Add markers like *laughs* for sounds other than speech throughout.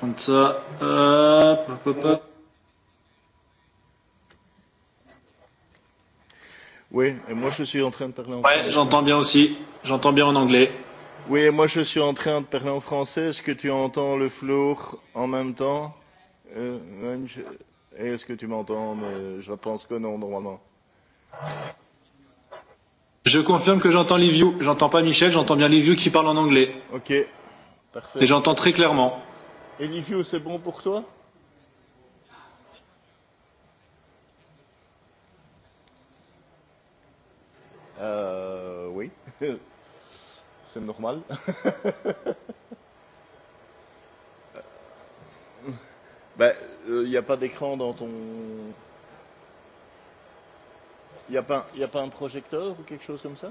von zur. Euh, oui, et moi je suis en train de parler en ouais, français. j'entends bien aussi. J'entends bien en anglais. Oui, et moi je suis en train de parler en français. Est-ce que tu entends le flour en même temps euh, Est-ce que tu m'entends Mais Je pense que non, normalement. Je confirme que j'entends Liviu. J'entends pas Michel, j'entends bien Liviu qui parle en anglais. Ok. Parfait. Et j'entends très clairement. Et Livio, c'est bon pour toi euh, Oui, *laughs* c'est normal. *laughs* Euh, ben, il euh, n'y a pas d'écran dans ton. Il n'y a, pas un, y a pas un projecteur ou quelque chose comme ça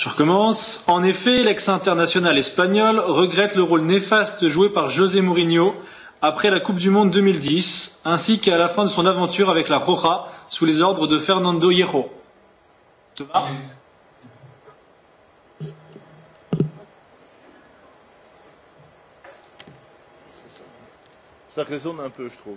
Je recommence. En effet, l'ex-international espagnol regrette le rôle néfaste joué par José Mourinho après la Coupe du Monde 2010, ainsi qu'à la fin de son aventure avec la Roja sous les ordres de Fernando Hierro. Thomas Ça résonne un peu, je trouve.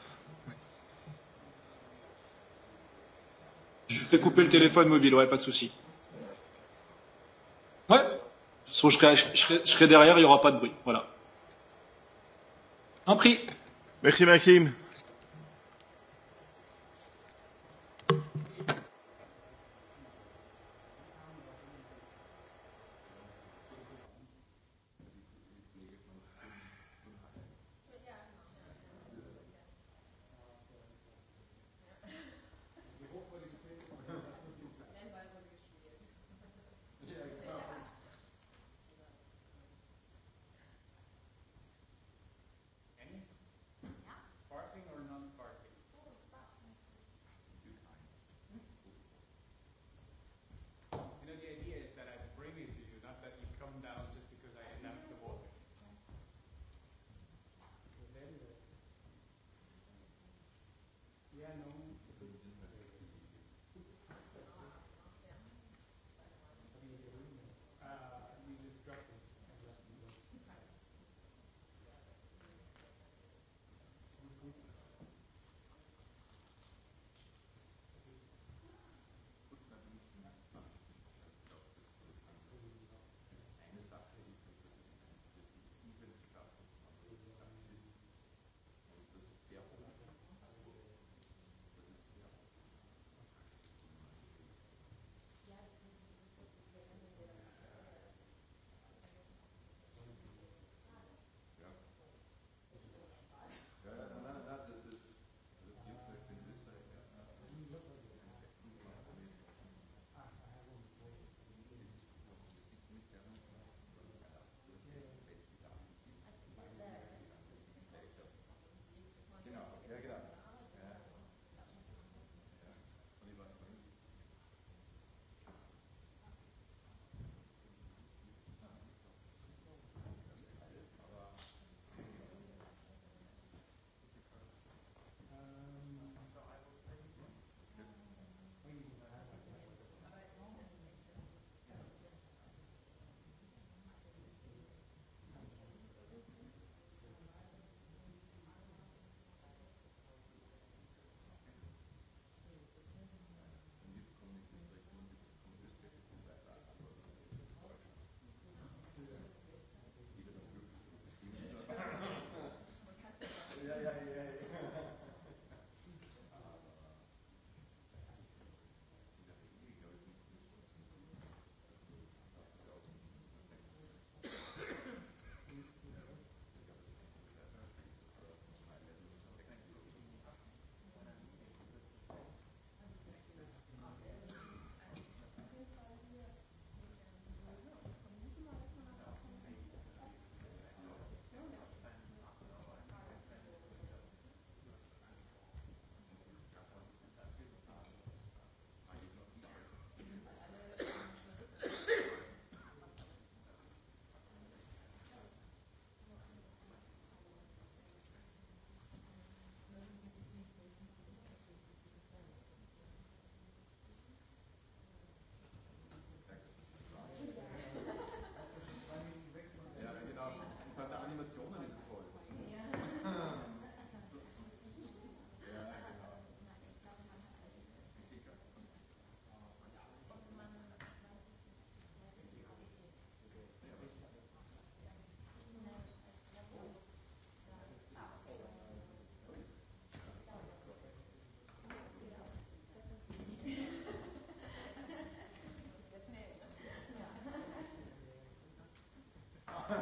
Je fais couper le téléphone mobile, ouais, pas de souci. Ouais. De toute façon, je serai, je serai, je serai derrière, il n'y aura pas de bruit. Voilà. Un prix. Merci Maxime.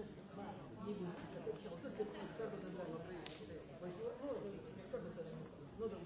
jeigu čia toks jausmas kad iš karto tave labai taip važiuoja nu iš karto tave nudavė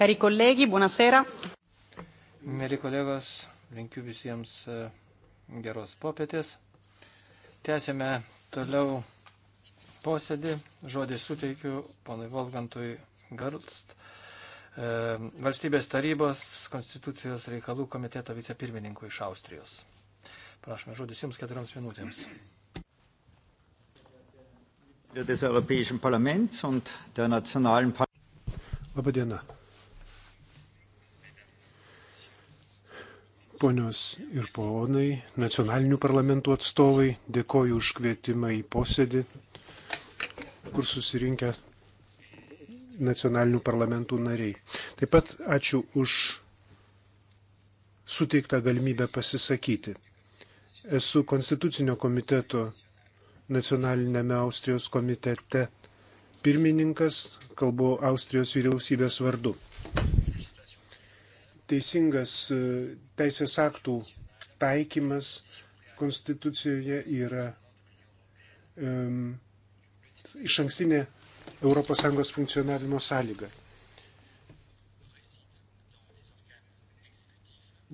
Cari colleghi, buonasera. Mėly kolegos, linkiu visiems e, geros popietės. Tęsėme toliau posėdį. Žodį suteikiu ponui Volgantui Garlst, e, valstybės tarybos konstitucijos reikalų komiteto vicepirmininkui iš Austrijos. Prašome, žodis jums keturioms minutėms. des Europäischen Parlaments und der nationalen Parlamente. Labadiena. Ponios ir ponai, nacionalinių parlamentų atstovai, dėkoju už kvietimą į posėdį, kur susirinkę nacionalinių parlamentų nariai. Taip pat ačiū už suteiktą galimybę pasisakyti. Esu Konstitucinio komiteto nacionalinėme Austrijos komitete pirmininkas, kalbu Austrijos vyriausybės vardu teisingas e, teisės aktų taikymas konstitucijoje yra um, iš ankstinė ES funkcionavimo sąlyga.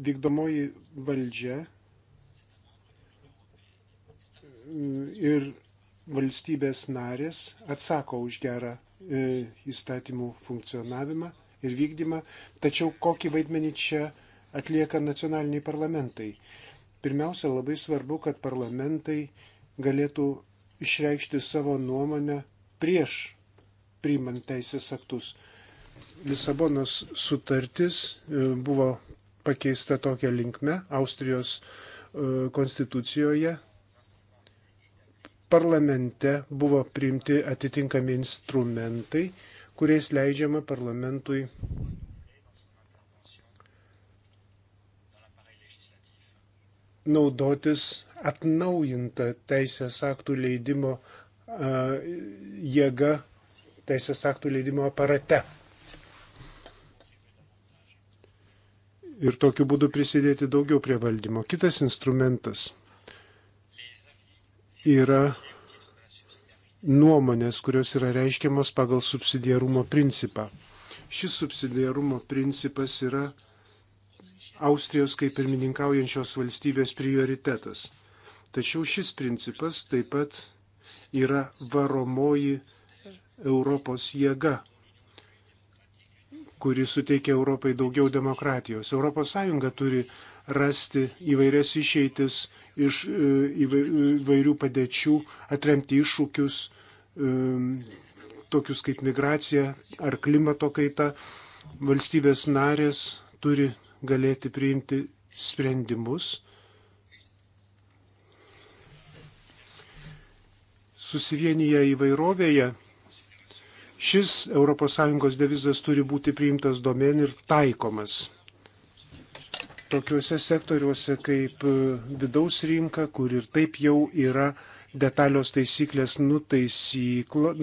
Vykdomoji valdžia e, ir valstybės narės atsako už gerą e, įstatymų funkcionavimą ir vykdymą, tačiau kokį vaidmenį čia atlieka nacionaliniai parlamentai. Pirmiausia, labai svarbu, kad parlamentai galėtų išreikšti savo nuomonę prieš priimant teisės aktus. Lisabonos sutartis e, buvo pakeista tokia linkme Austrijos e, konstitucijoje. Parlamente buvo priimti atitinkami instrumentai, kuriais leidžiama parlamentui naudotis atnaujinta teisės aktų leidimo jėga, teisės aktų leidimo aparate. Ir tokiu būdu prisidėti daugiau prie valdymo. Kitas instrumentas yra nuomonės, kurios yra reiškiamas pagal subsidiarumo principą. Šis subsidiarumo principas yra Austrijos kaip pirmininkaujančios valstybės prioritetas. Tačiau šis principas taip pat yra varomoji Europos jėga, kuri suteikia Europai daugiau demokratijos. ES turi rasti įvairias išeitis iš e, įvairių padėčių, atremti iššūkius, e, tokius kaip migracija ar klimato kaita. Valstybės narės turi galėti priimti sprendimus susivienyje įvairovėje, šis ES devizas turi būti priimtas domen ir taikomas tokiuose sektoriuose kaip e, vidaus rinka, kur ir taip jau yra detalios taisyklės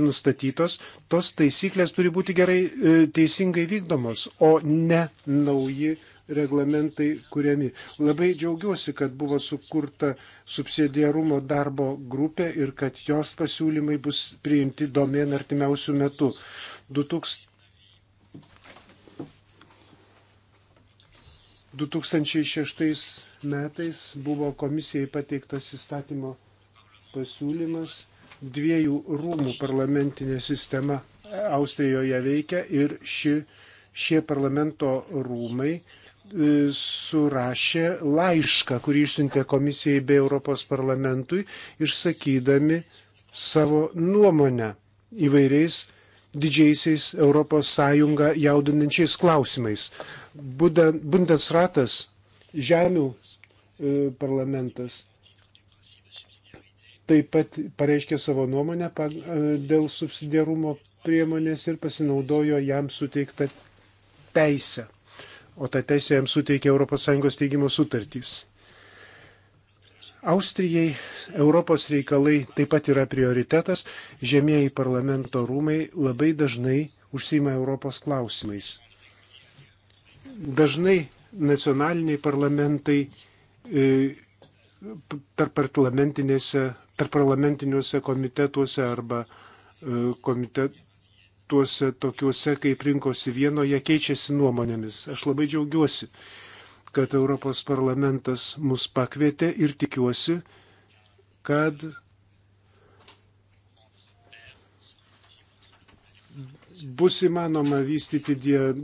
nustatytos, tos taisyklės turi būti gerai e, teisingai vykdomos, o ne nauji reglamentai kuriami. Labai džiaugiuosi, kad buvo sukurta subsidiarumo darbo grupė ir kad jos pasiūlymai bus priimti domėn artimiausių metų. 2000 2006 metais buvo komisijai pateiktas įstatymo pasiūlymas dviejų rūmų parlamentinė sistema Austrijoje veikia ir ši, šie parlamento rūmai e, surašė laišką, kurį išsintė komisijai bei Europos parlamentui, išsakydami savo nuomonę įvairiais didžiaisiais ES jaudinančiais klausimais. Bundesratas, žemių e, parlamentas, taip pat pareiškė savo nuomonę e, dėl subsidiarumo priemonės ir pasinaudojo jam suteiktą teisę. O tą teisę jam suteikė ES teigimo sutartys. Austrijai Europos reikalai taip pat yra prioritetas, žemieji parlamento rūmai labai dažnai užsima Europos klausimais. Dažnai nacionaliniai parlamentai e, per, per parlamentiniuose komitetuose arba e, komitetuose tokiuose, kaip rinkosi vienoje, keičiasi nuomonėmis. Aš labai džiaugiuosi, kad Europos parlamentas mus pakvietė ir tikiuosi, kad bus įmanoma vystyti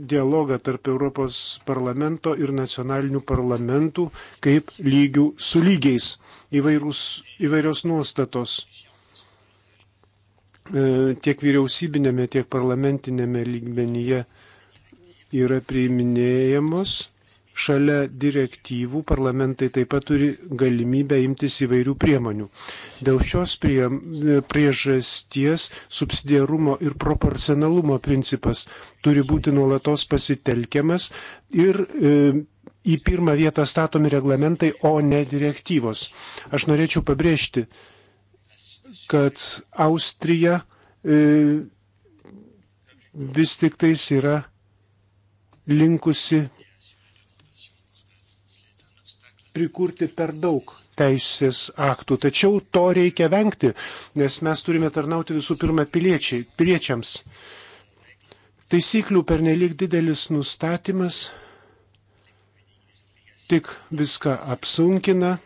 dialogą tarp Europos parlamento ir nacionalinių parlamentų kaip lygių su lygiais įvairūs, įvairios nuostatos e, tiek vyriausybinėme, tiek parlamentinėme lygmenyje yra priiminėjamos Šalia direktyvų parlamentai taip pat turi galimybę imtis įvairių priemonių. Dėl šios prie, priežasties subsidiarumo ir proporcionalumo principas turi būti nuolatos pasitelkiamas ir e, į pirmą vietą statomi reglamentai, o ne direktyvos. Aš norėčiau pabrėžti, kad Austrija e, vis tik tais yra linkusi prikurti per daug teisės aktų. Tačiau to reikia vengti, nes mes turime tarnauti visų pirma piliečiai, piliečiams. Taisyklių pernelik didelis nustatymas tik viską apsunkina.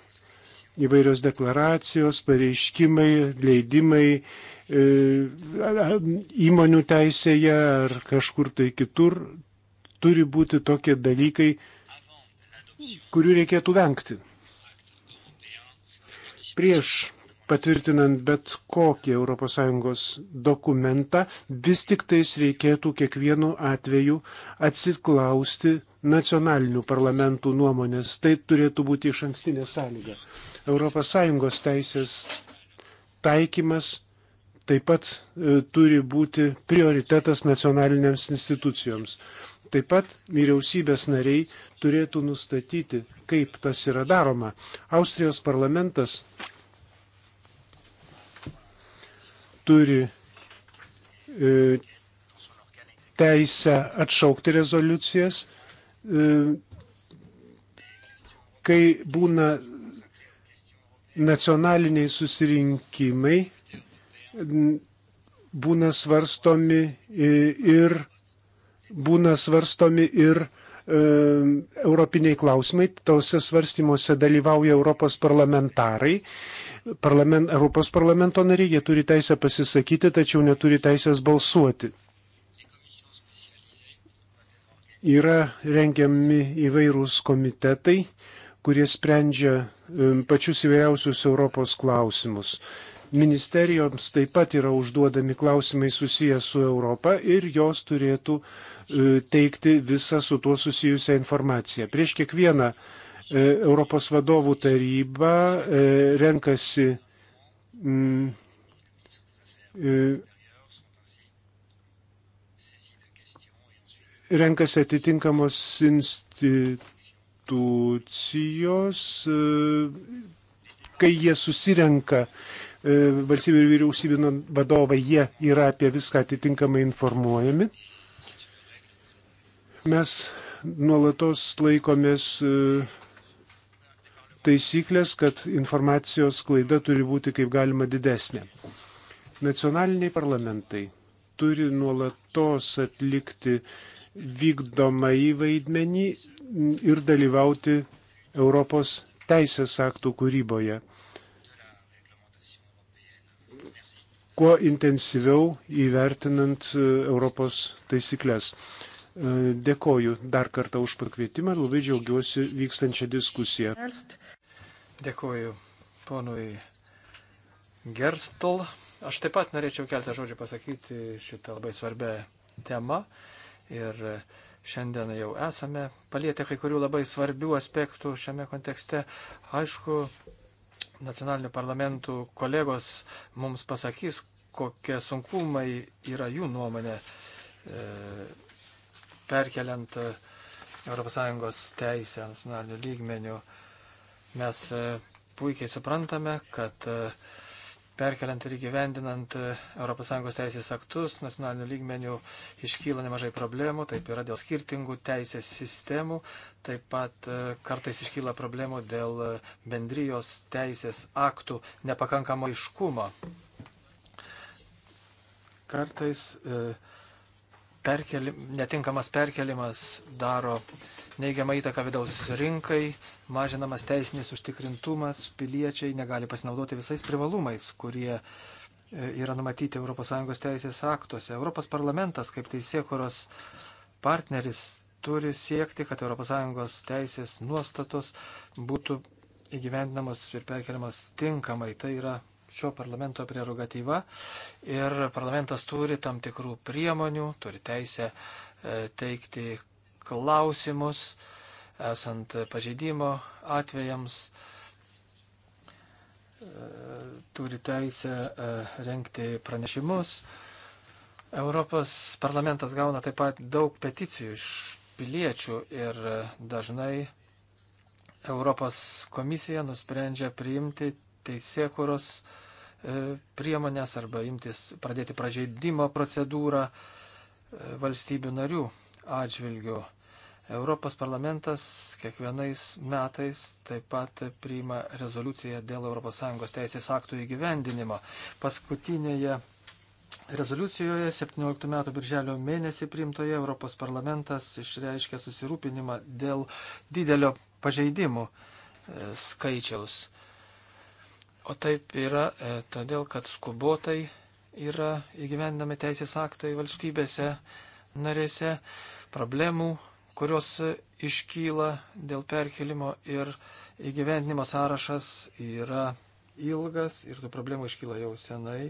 Įvairios deklaracijos, pareiškimai, leidimai e, įmonių teisėje ar kažkur tai kitur turi būti tokie dalykai, kurių reikėtų vengti. Prieš patvirtinant bet kokį ES dokumentą, vis tik tais reikėtų kiekvienu atveju atsiklausti nacionalinių parlamentų nuomonės. Tai turėtų būti iš ankstinė sąlyga. ES teisės taikymas taip pat e, turi būti prioritetas nacionalinėms institucijoms. Taip pat vyriausybės nariai turėtų nustatyti, kaip tas yra daroma. Austrijos parlamentas turi e, teisę atšaukti rezoliucijas, e, kai būna nacionaliniai susirinkimai, būna svarstomi e, ir būna svarstomi ir e, europiniai klausimai, tose svarstymuose dalyvauja Europos parlamentarai. Parlament, Europos parlamento nariai, jie turi teisę pasisakyti, tačiau neturi teisės balsuoti. Yra rengiami įvairūs komitetai, kurie sprendžia e, pačius įvairiausius Europos klausimus. Ministerijoms taip pat yra užduodami klausimai susiję su Europa ir jos turėtų e, teikti visą su tuo susijusią informaciją. Prieš kiekvieną e, Europos vadovų tarybą e, renkasi mm, renkasi atitinkamos institucijos, kai jie susirenka E, valstybių ir vyriausybių vadovai, jie yra apie viską atitinkamai informuojami. Mes nuolatos laikomės e, taisyklės, kad informacijos klaida turi būti kaip galima didesnė. Nacionaliniai parlamentai turi nuolatos atlikti vykdomą įvaidmenį ir dalyvauti Europos teisės aktų kūryboje kuo intensyviau įvertinant e, Europos taisyklės. E, dėkoju dar kartą už pakvietimą ir labai džiaugiuosi vykstančią diskusiją. Dėkoju ponui Gerstol. Aš taip pat norėčiau keltą žodžių pasakyti šitą labai svarbę temą. Ir šiandien jau esame palietę kai kurių labai svarbių aspektų šiame kontekste. Aišku, nacionalinių parlamentų kolegos mums pasakys, kokie sunkumai yra jų nuomonė e, perkeliant e, ES teisę nacionalinių lygmenių. Mes e, puikiai suprantame, kad perkeliant ir gyvendinant ES teisės aktus, nacionalinių lygmenių iškyla nemažai problemų, taip yra dėl skirtingų teisės sistemų, taip pat e, kartais iškyla problemų dėl e, bendrijos teisės aktų nepakankamo iškumo. Kartais e, perkeli, netinkamas perkelimas daro neigiamą įtaką vidaus rinkai, mažinamas teisinis užtikrintumas, piliečiai negali pasinaudoti visais privalumais, kurie e, yra numatyti ES teisės aktuose. Europos parlamentas kaip teisėkuros partneris turi siekti, kad ES teisės nuostatos būtų įgyvendinamos ir perkeliamos tinkamai. Tai yra šio parlamento prerogatyva ir parlamentas turi tam tikrų priemonių, turi teisę e, teikti klausimus, esant pažeidimo atvejams, turi teisę e, renkti pranešimus. Europos parlamentas gauna taip pat daug peticijų iš piliečių ir e, dažnai Europos komisija nusprendžia priimti teisėkuros e, priemonės arba imtis pradėti pražeidimo procedūrą valstybių narių atžvilgių. Europos parlamentas kiekvienais metais taip pat priima rezoliuciją dėl ES teisės aktų įgyvendinimo. Paskutinėje Rezoliucijoje 17 metų birželio mėnesį priimtoje Europos parlamentas išreiškė susirūpinimą dėl didelio pažeidimų e, skaičiaus. O taip yra e, todėl, kad skubotai yra įgyvendinami teisės aktai valstybėse narėse problemų, kurios iškyla dėl perkelimo ir įgyvendinimo sąrašas yra ilgas ir tų problemų iškyla jau senai.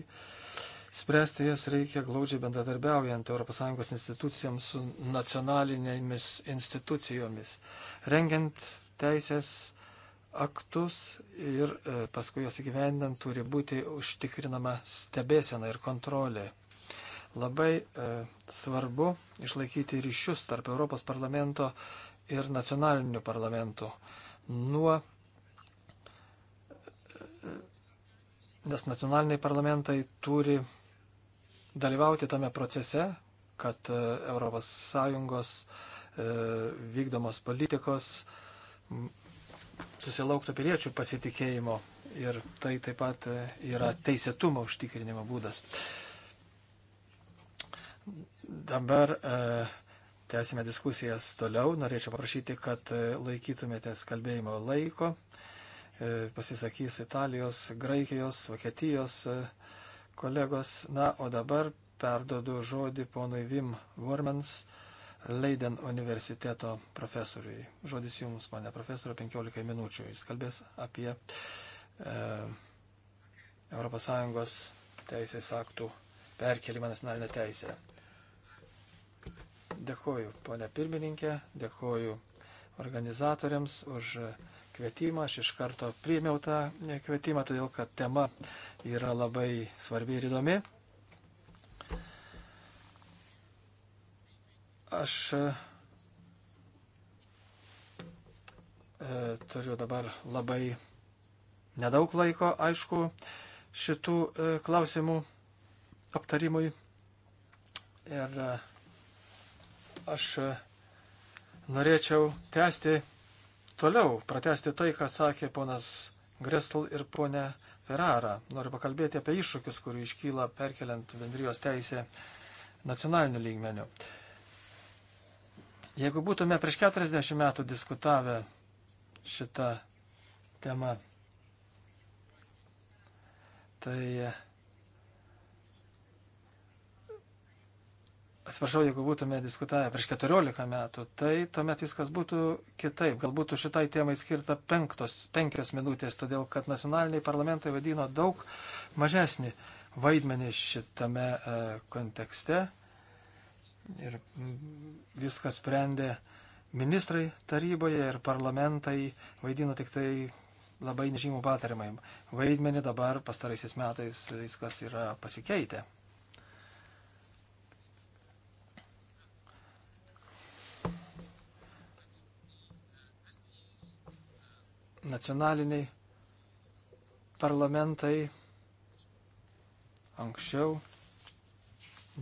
Spręsti jas reikia glaudžiai bendradarbiaujant ES institucijoms su nacionalinėmis institucijomis, rengiant teisės aktus ir e, paskui juos įgyvendant turi būti užtikrinama stebėsena ir kontrolė. Labai e, svarbu išlaikyti ryšius tarp Europos parlamento ir nacionalinių parlamentų. Nuo, e, nes nacionaliniai parlamentai turi dalyvauti tame procese, kad ES e, vykdomos politikos susilauktų piliečių pasitikėjimo ir tai taip pat e, yra teisėtumo užtikrinimo būdas. Dabar e, tęsime diskusijas toliau. Norėčiau paprašyti, kad e, laikytumėtės kalbėjimo laiko. E, pasisakys Italijos, Graikijos, Vokietijos e, kolegos. Na, o dabar perdodu žodį ponui Vim Vormans, Leiden universiteto profesoriui. Žodis jums, mane profesorio, 15 minučių. Jis kalbės apie e, ES teisės aktų perkelimą nacionalinę teisę. Dėkoju, ponė pirmininkė, dėkoju organizatoriams už kvietimą. Aš iš karto priėmiau tą kvietimą, todėl kad tema yra labai svarbi ir įdomi. Aš e, turiu dabar labai nedaug laiko, aišku, šitų e, klausimų aptarimui. Ir e, Aš e, norėčiau tęsti toliau, pratesti tai, ką sakė ponas Gresl ir ponė Ferrara. Noriu pakalbėti apie iššūkius, kurių iškyla perkeliant bendrijos teisę nacionaliniu lygmeniu. Jeigu būtume prieš 40 metų diskutavę šitą temą, tai Atsiprašau, jeigu būtume diskutavę prieš 14 metų, tai tuomet viskas būtų kitaip. Gal būtų šitai temai skirta penktos, penkios minutės, todėl kad nacionaliniai parlamentai vadino daug mažesnį vaidmenį šitame e, kontekste ir viskas sprendė ministrai taryboje ir parlamentai vaidino tik tai labai nežymų patarimai. Vaidmenį dabar pastaraisiais metais viskas yra pasikeitę. nacionaliniai parlamentai anksčiau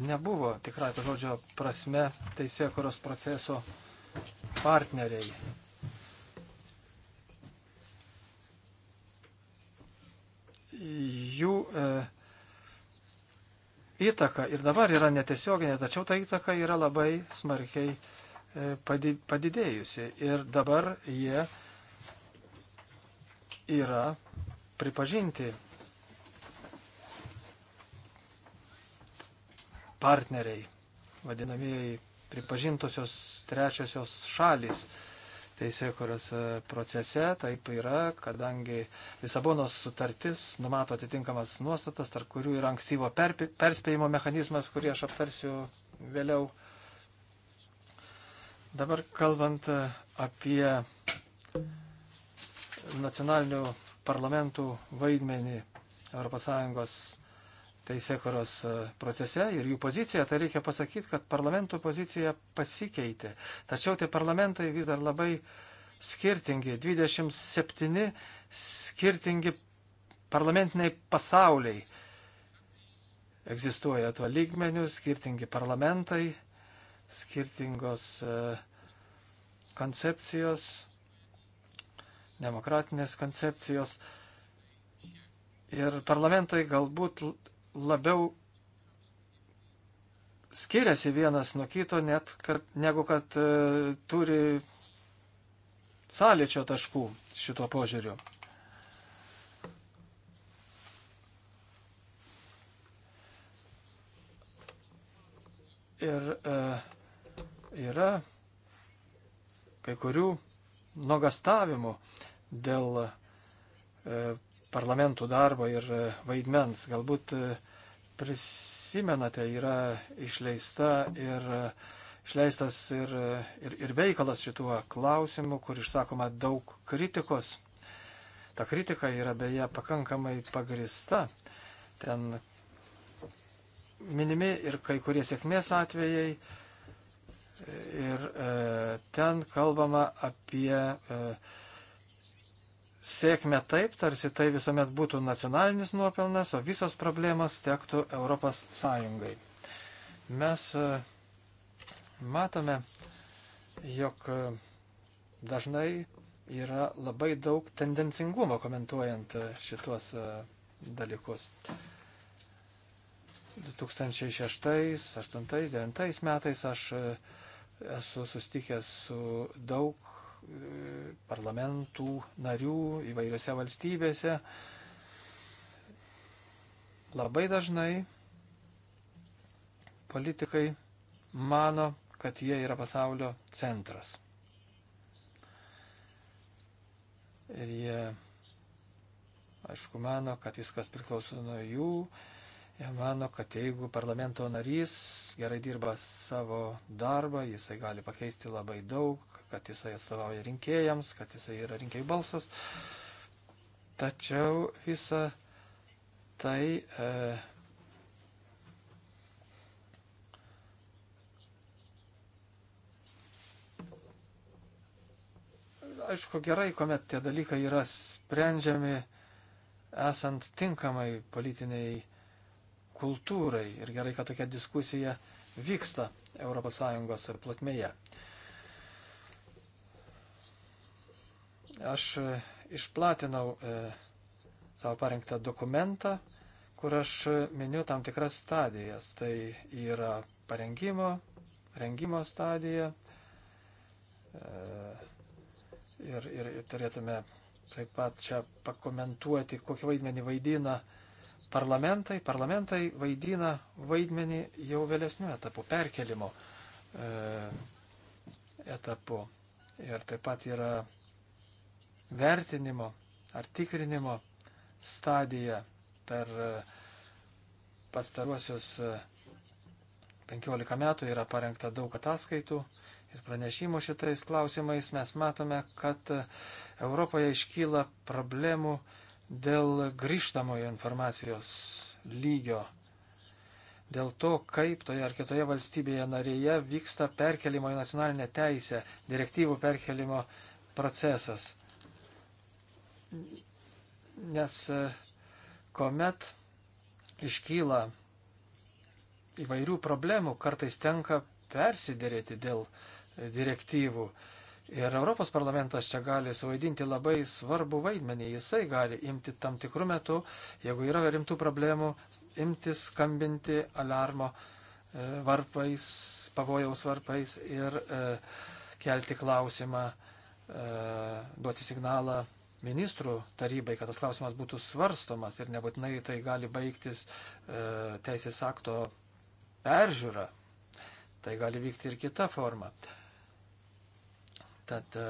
nebuvo tikrai to žodžio prasme teisėkuros proceso partneriai. Jų e, įtaka ir dabar yra netiesioginė, tačiau ta įtaka yra labai smarkiai e, padidėjusi. Ir dabar jie e, yra pripažinti partneriai, vadinamieji pripažintosios trečiosios šalis teisėkuros e, procese. Taip yra, kadangi Lisabonos sutartis numato atitinkamas nuostatas, tarp kurių yra ankstyvo perspėjimo mechanizmas, kurį aš aptarsiu vėliau. Dabar kalbant e, apie nacionalinių parlamentų vaidmenį ES teisėkuros e, procese ir jų poziciją, tai reikia pasakyti, kad parlamentų pozicija pasikeitė. Tačiau tie parlamentai vis dar labai skirtingi. 27 skirtingi parlamentiniai pasauliai egzistuoja tuo lygmeniu, skirtingi parlamentai, skirtingos e, koncepcijos, demokratinės koncepcijos. Ir parlamentai galbūt labiau skiriasi vienas nuo kito, net kad, negu kad e, turi sąlyčio taškų šituo požiūriu. Ir e, yra kai kurių nuogastavimų dėl e, parlamentų darbo ir e, vaidmens. Galbūt e, prisimenate, yra išleista ir išleistas ir, ir, ir veikalas šituo klausimu, kur išsakoma daug kritikos. Ta kritika yra beje pakankamai pagrista. Ten minimi ir kai kurie sėkmės atvejai. Ir e, ten kalbama apie e, sėkmę taip, tarsi tai visuomet būtų nacionalinis nuopelnas, o visos problemos tektų Europos Sąjungai. Mes e, matome, jog e, dažnai yra labai daug tendencingumo komentuojant e, šitos dalykus. 2006, 2008, 2009 metais aš esu sustikęs su daug parlamentų narių įvairiose valstybėse labai dažnai politikai mano, kad jie yra pasaulio centras. Ir jie, aišku, mano, kad viskas priklauso nuo jų. Jie mano, kad jeigu parlamento narys gerai dirba savo darbą, jisai gali pakeisti labai daug, kad jisai atstovauja rinkėjams, kad jisai yra rinkėjų balsas. Tačiau visa tai e, aišku, gerai, kuomet tie dalykai yra sprendžiami esant tinkamai politiniai kultūrai ir gerai, kad tokia diskusija vyksta ES plotmėje. Aš e, išplatinau e, savo parengtą dokumentą, kur aš e, miniu tam tikras stadijas. Tai yra parengimo, rengimo stadija. E, ir, ir turėtume taip pat čia pakomentuoti, kokį vaidmenį vaidina parlamentai. Parlamentai vaidina vaidmenį jau vėlesniu etapu, perkelimo e, etapu. Ir taip pat yra vertinimo ar tikrinimo stadiją per e, pastaruosius 15 e, metų yra parengta daug ataskaitų ir pranešimų šitais klausimais. Mes matome, kad e, Europoje iškyla problemų dėl grįžtamojo informacijos lygio. Dėl to, kaip toje ar kitoje valstybėje narėje vyksta perkelimo į nacionalinę teisę direktyvų perkelimo procesas nes e, kuomet iškyla įvairių problemų, kartais tenka persidėrėti dėl direktyvų. Ir Europos parlamentas čia gali suvaidinti labai svarbų vaidmenį. Jisai gali imti tam tikrų metų, jeigu yra rimtų problemų, imti skambinti alarmo e, varpais, pavojaus varpais ir e, kelti klausimą, duoti signalą ministrų tarybai, kad tas klausimas būtų svarstomas ir nebūtinai tai gali baigtis e, teisės akto peržiūra. Tai gali vykti ir kita forma. Tad e,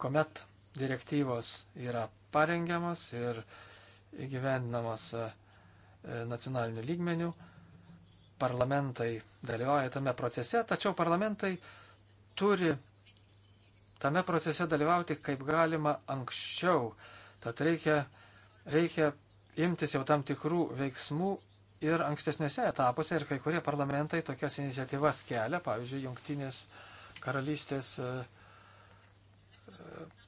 kuomet direktyvos yra parengiamas ir įgyvendinamos e, nacionaliniu lygmeniu, parlamentai dalyvauja tame procese, tačiau parlamentai turi tame procese dalyvauti kaip galima anksčiau. Tad reikia, reikia imtis jau tam tikrų veiksmų ir ankstesniuose etapuose ir kai kurie parlamentai tokias iniciatyvas kelia, pavyzdžiui, Junktinės karalystės e, e,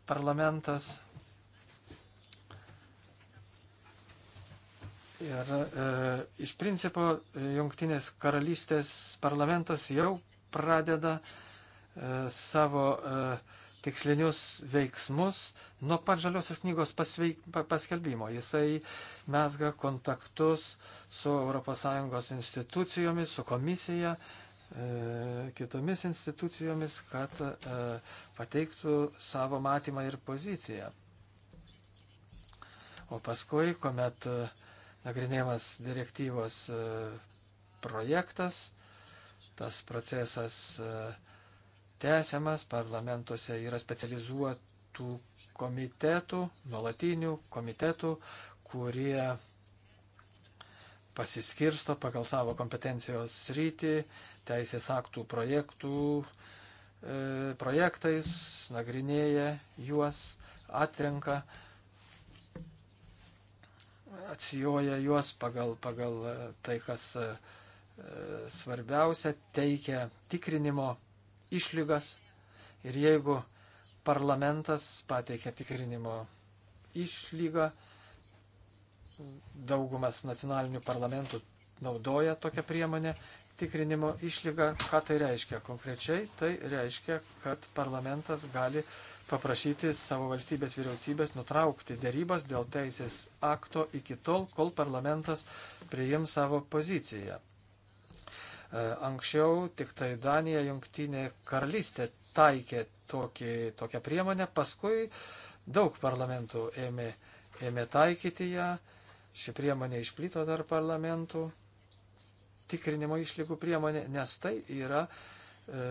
parlamentas. Ir e, iš principo Junktinės karalystės parlamentas jau pradeda e, savo e, tikslinius veiksmus nuo pat žaliosios knygos pasveik, paskelbimo. Jisai mesga kontaktus su ES institucijomis, su komisija, e, kitomis institucijomis, kad e, pateiktų savo matymą ir poziciją. O paskui, kuomet e, nagrinėjamas direktyvos e, projektas, tas procesas e, tęsiamas, parlamentuose yra specializuotų komitetų, nuolatinių komitetų, kurie pasiskirsto pagal savo kompetencijos rytį, teisės aktų projektų, e, projektais, nagrinėja juos, atrenka, atsijoja juos pagal, pagal e, tai, kas e, e, svarbiausia, teikia tikrinimo išlygas ir jeigu parlamentas pateikia tikrinimo išlygą, daugumas nacionalinių parlamentų naudoja tokią priemonę tikrinimo išlygą. Ką tai reiškia konkrečiai? Tai reiškia, kad parlamentas gali paprašyti savo valstybės vyriausybės nutraukti dėrybas dėl teisės akto iki tol, kol parlamentas priims savo poziciją. E, anksčiau tik tai Danija, Jungtinė karalystė taikė tokį, tokią priemonę, paskui daug parlamentų ėmė, ėmė taikyti ją, ši priemonė išplito tarp parlamentų, tikrinimo išlygų priemonė, nes tai yra e,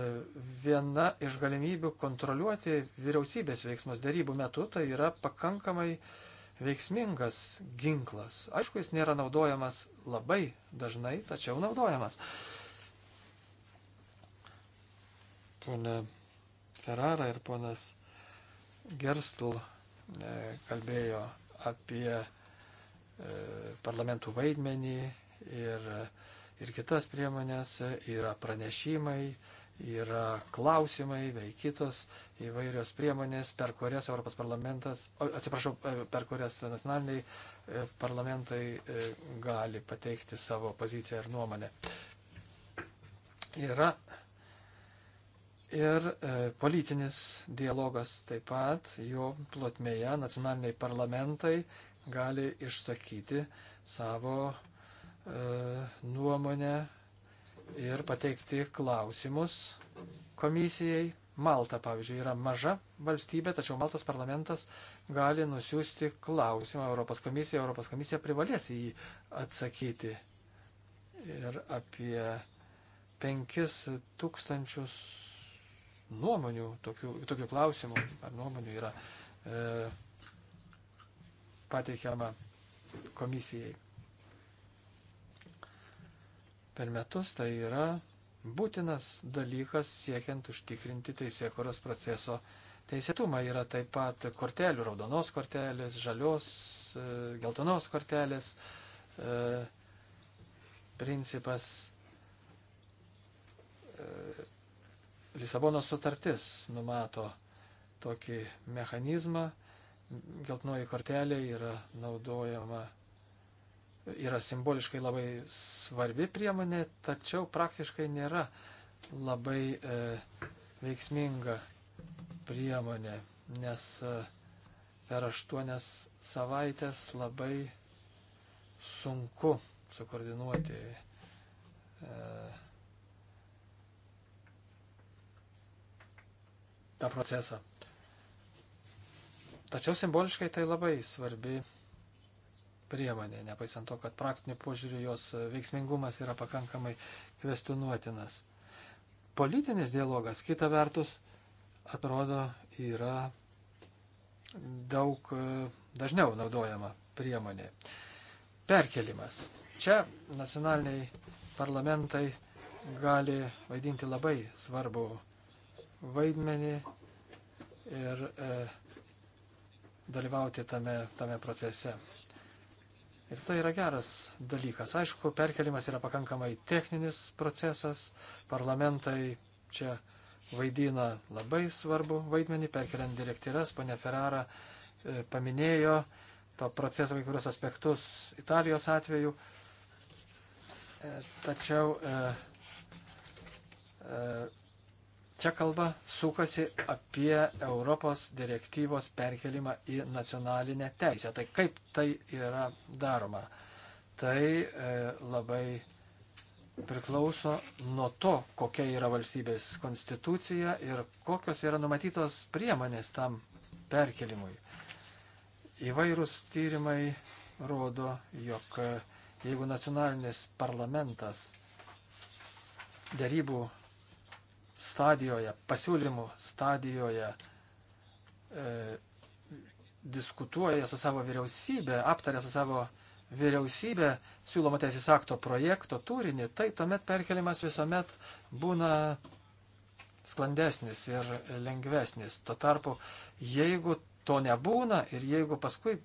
viena iš galimybių kontroliuoti vyriausybės veiksmus darybų metu, tai yra pakankamai veiksmingas ginklas. Aišku, jis nėra naudojamas labai dažnai, tačiau naudojamas. ponė Ferrara ir ponas Gerstl e, kalbėjo apie e, parlamentų vaidmenį ir, e, ir kitas priemonės, yra pranešimai, yra klausimai bei kitos įvairios priemonės, per kurias Europos parlamentas, o, atsiprašau, per kurias nacionaliniai parlamentai gali pateikti savo poziciją ir nuomonę. Yra Ir e, politinis dialogas taip pat, jo plotmėje nacionaliniai parlamentai gali išsakyti savo e, nuomonę ir pateikti klausimus komisijai. Malta, pavyzdžiui, yra maža valstybė, tačiau Maltos parlamentas gali nusiųsti klausimą Europos komisijai, Europos komisija privalės jį atsakyti. Ir apie 5 tūkstančius nuomonių, tokių, tokių klausimų ar nuomonių yra e, pateikiama komisijai per metus. Tai yra būtinas dalykas siekiant užtikrinti teisėkoros proceso teisėtumą. Yra taip pat kortelių, raudonos kortelės, žalios, e, geltonos kortelės e, principas. E, Lisabono sutartis numato tokį mechanizmą, geltonoji kortelė yra naudojama, yra simboliškai labai svarbi priemonė, tačiau praktiškai nėra labai e, veiksminga priemonė, nes e, per aštuonias savaitės labai sunku sukoordinuoti. E, tą procesą. Tačiau simboliškai tai labai svarbi priemonė, nepaisant to, kad praktiniu požiūriu jos veiksmingumas yra pakankamai kvestionuotinas. Politinis dialogas, kita vertus, atrodo, yra daug dažniau naudojama priemonė. Perkelimas. Čia nacionaliniai parlamentai gali vaidinti labai svarbu vaidmenį ir e, dalyvauti tame, tame procese. Ir tai yra geras dalykas. Aišku, perkelimas yra pakankamai techninis procesas, parlamentai čia vaidina labai svarbu vaidmenį, perkeliant direktyras, ponia Ferrara e, paminėjo to proceso kai kurios aspektus Italijos atveju. E, tačiau e, e, Čia kalba sukasi apie Europos direktyvos perkelimą į nacionalinę teisę. Tai kaip tai yra daroma? Tai e, labai priklauso nuo to, kokia yra valstybės konstitucija ir kokios yra numatytos priemonės tam perkelimui. Įvairūs tyrimai rodo, jog jeigu nacionalinis parlamentas darybų stadijoje, pasiūlymų stadijoje e, diskutuoja su savo vyriausybė, aptarė su savo vyriausybė siūloma teisės akto projekto turinį, tai tuomet perkelimas visuomet būna sklandesnis ir lengvesnis. Tuo tarpu, jeigu to nebūna ir jeigu paskui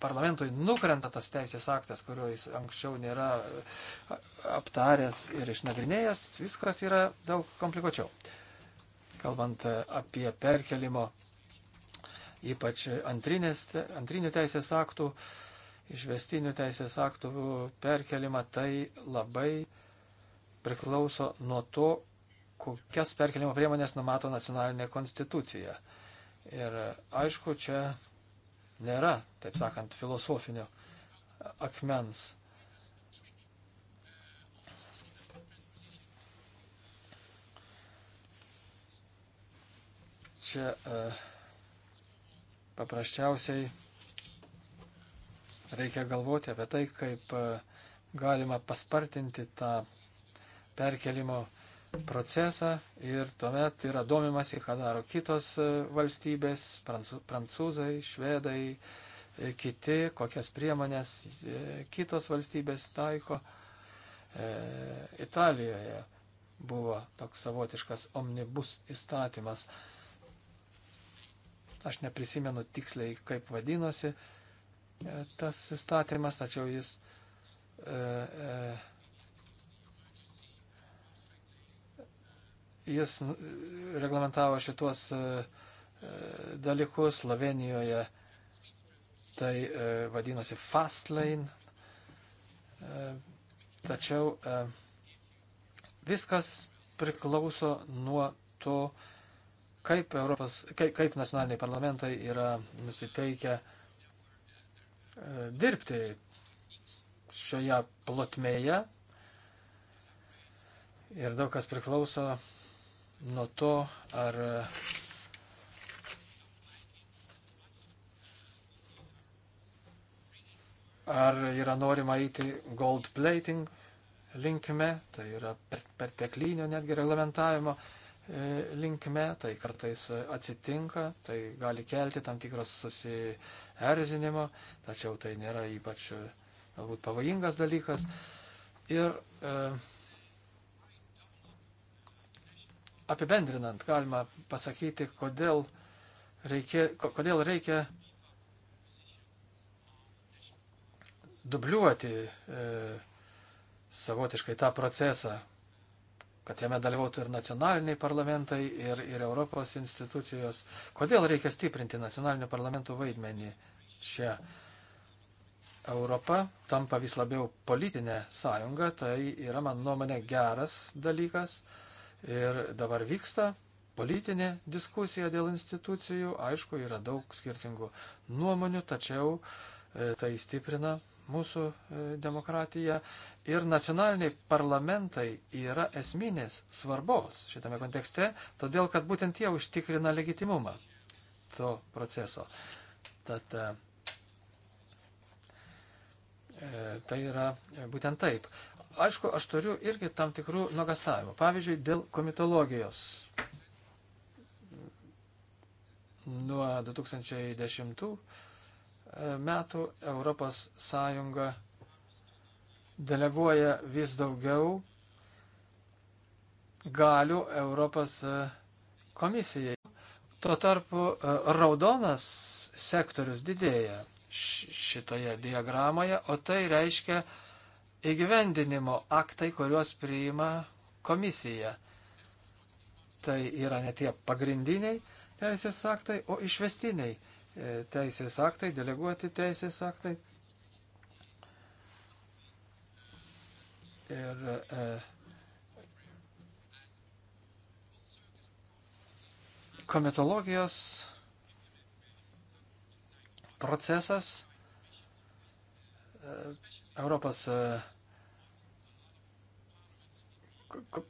parlamentui nukrenta tas teisės aktas, kurio jis anksčiau nėra aptaręs ir išnagrinėjęs, viskas yra daug komplikuočiau. Kalbant e, apie perkelimo, ypač antrinės, antrinių teisės aktų, išvestinių teisės aktų perkelimą, tai labai priklauso nuo to, kokias perkelimo priemonės numato nacionalinė konstitucija. Ir e, aišku, čia nėra, taip sakant, filosofinio akmens čia e, paprasčiausiai reikia galvoti apie tai, kaip e, galima paspartinti tą perkelimo procesą ir tuomet yra domimasi, ką daro kitos e, valstybės, prancūzai, švedai, kiti, kokias priemonės kitos valstybės taiko. Italijoje buvo toks savotiškas omnibus įstatymas, Aš neprisimenu tiksliai, kaip vadinosi e, tas įstatymas, tačiau jis e, e, jis reglamentavo šitos e, e, dalykus Slovenijoje. Tai e, vadinosi Fastlane. E, tačiau e, viskas priklauso nuo to, e, Kaip, Europos, kaip, kaip nacionaliniai parlamentai yra nusiteikę e, dirbti šioje plotmėje ir daug kas priklauso nuo to, ar ar yra norima eiti gold plating linkme, tai yra perteklinio netgi reglamentavimo E, linkme, tai kartais atsitinka, tai gali kelti tam tikros susierzinimo, tačiau tai nėra ypač e, galbūt pavojingas dalykas. Ir e, apibendrinant, galima pasakyti, kodėl reikia, kodėl reikia dubliuoti e, savotiškai tą procesą, kad jame dalyvautų ir nacionaliniai parlamentai, ir, ir Europos institucijos. Kodėl reikia stiprinti nacionalinių parlamentų vaidmenį čia? Europa tampa vis labiau politinė sąjunga, tai yra, man nuomonė, geras dalykas. Ir dabar vyksta politinė diskusija dėl institucijų, aišku, yra daug skirtingų nuomonių, tačiau e, tai stiprina mūsų e, demokratiją ir nacionaliniai parlamentai yra esminės svarbos šitame kontekste, todėl kad būtent jie užtikrina legitimumą to proceso. Tad e, tai yra būtent taip. Aišku, aš turiu irgi tam tikrų nuogastavimų. Pavyzdžiui, dėl komitologijos nuo 2010 metų Europos Sąjunga deleguoja vis daugiau galių Europos e, komisijai. Tuo tarpu e, raudonas sektorius didėja šitoje diagramoje, o tai reiškia įgyvendinimo aktai, kuriuos priima komisija. Tai yra ne tie pagrindiniai teisės aktai, o išvestiniai E, teisės aktai, deleguoti teisės aktai. Ir e, komitologijos procesas e, Europos e,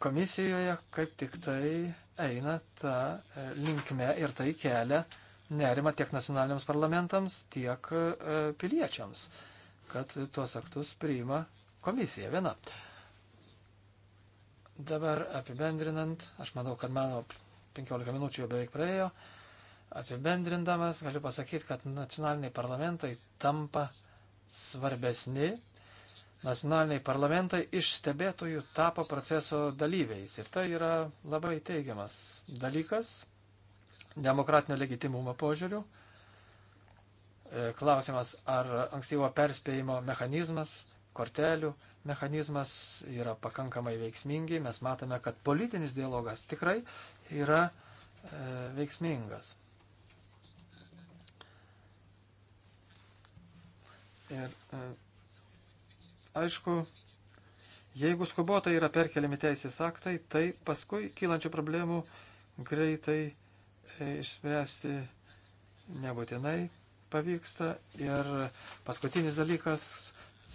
komisijoje kaip tik tai eina tą e, linkme ir tai kelia e, nerima tiek nacionaliniams parlamentams, tiek e, piliečiams, kad tuos aktus priima komisija viena. Dabar apibendrinant, aš manau, kad mano 15 minučių jau beveik praėjo, apibendrindamas galiu pasakyti, kad nacionaliniai parlamentai tampa svarbesni nacionaliniai parlamentai iš stebėtojų tapo proceso dalyviais. Ir tai yra labai teigiamas dalykas demokratinio legitimumo požiūrių. E, klausimas, ar ankstyvo perspėjimo mechanizmas, kortelių mechanizmas yra pakankamai veiksmingi. Mes matome, kad politinis dialogas tikrai yra e, veiksmingas. Ir e, aišku, Jeigu skubotai yra perkeliami teisės aktai, tai paskui kylančių problemų greitai išspręsti nebūtinai pavyksta. Ir paskutinis dalykas -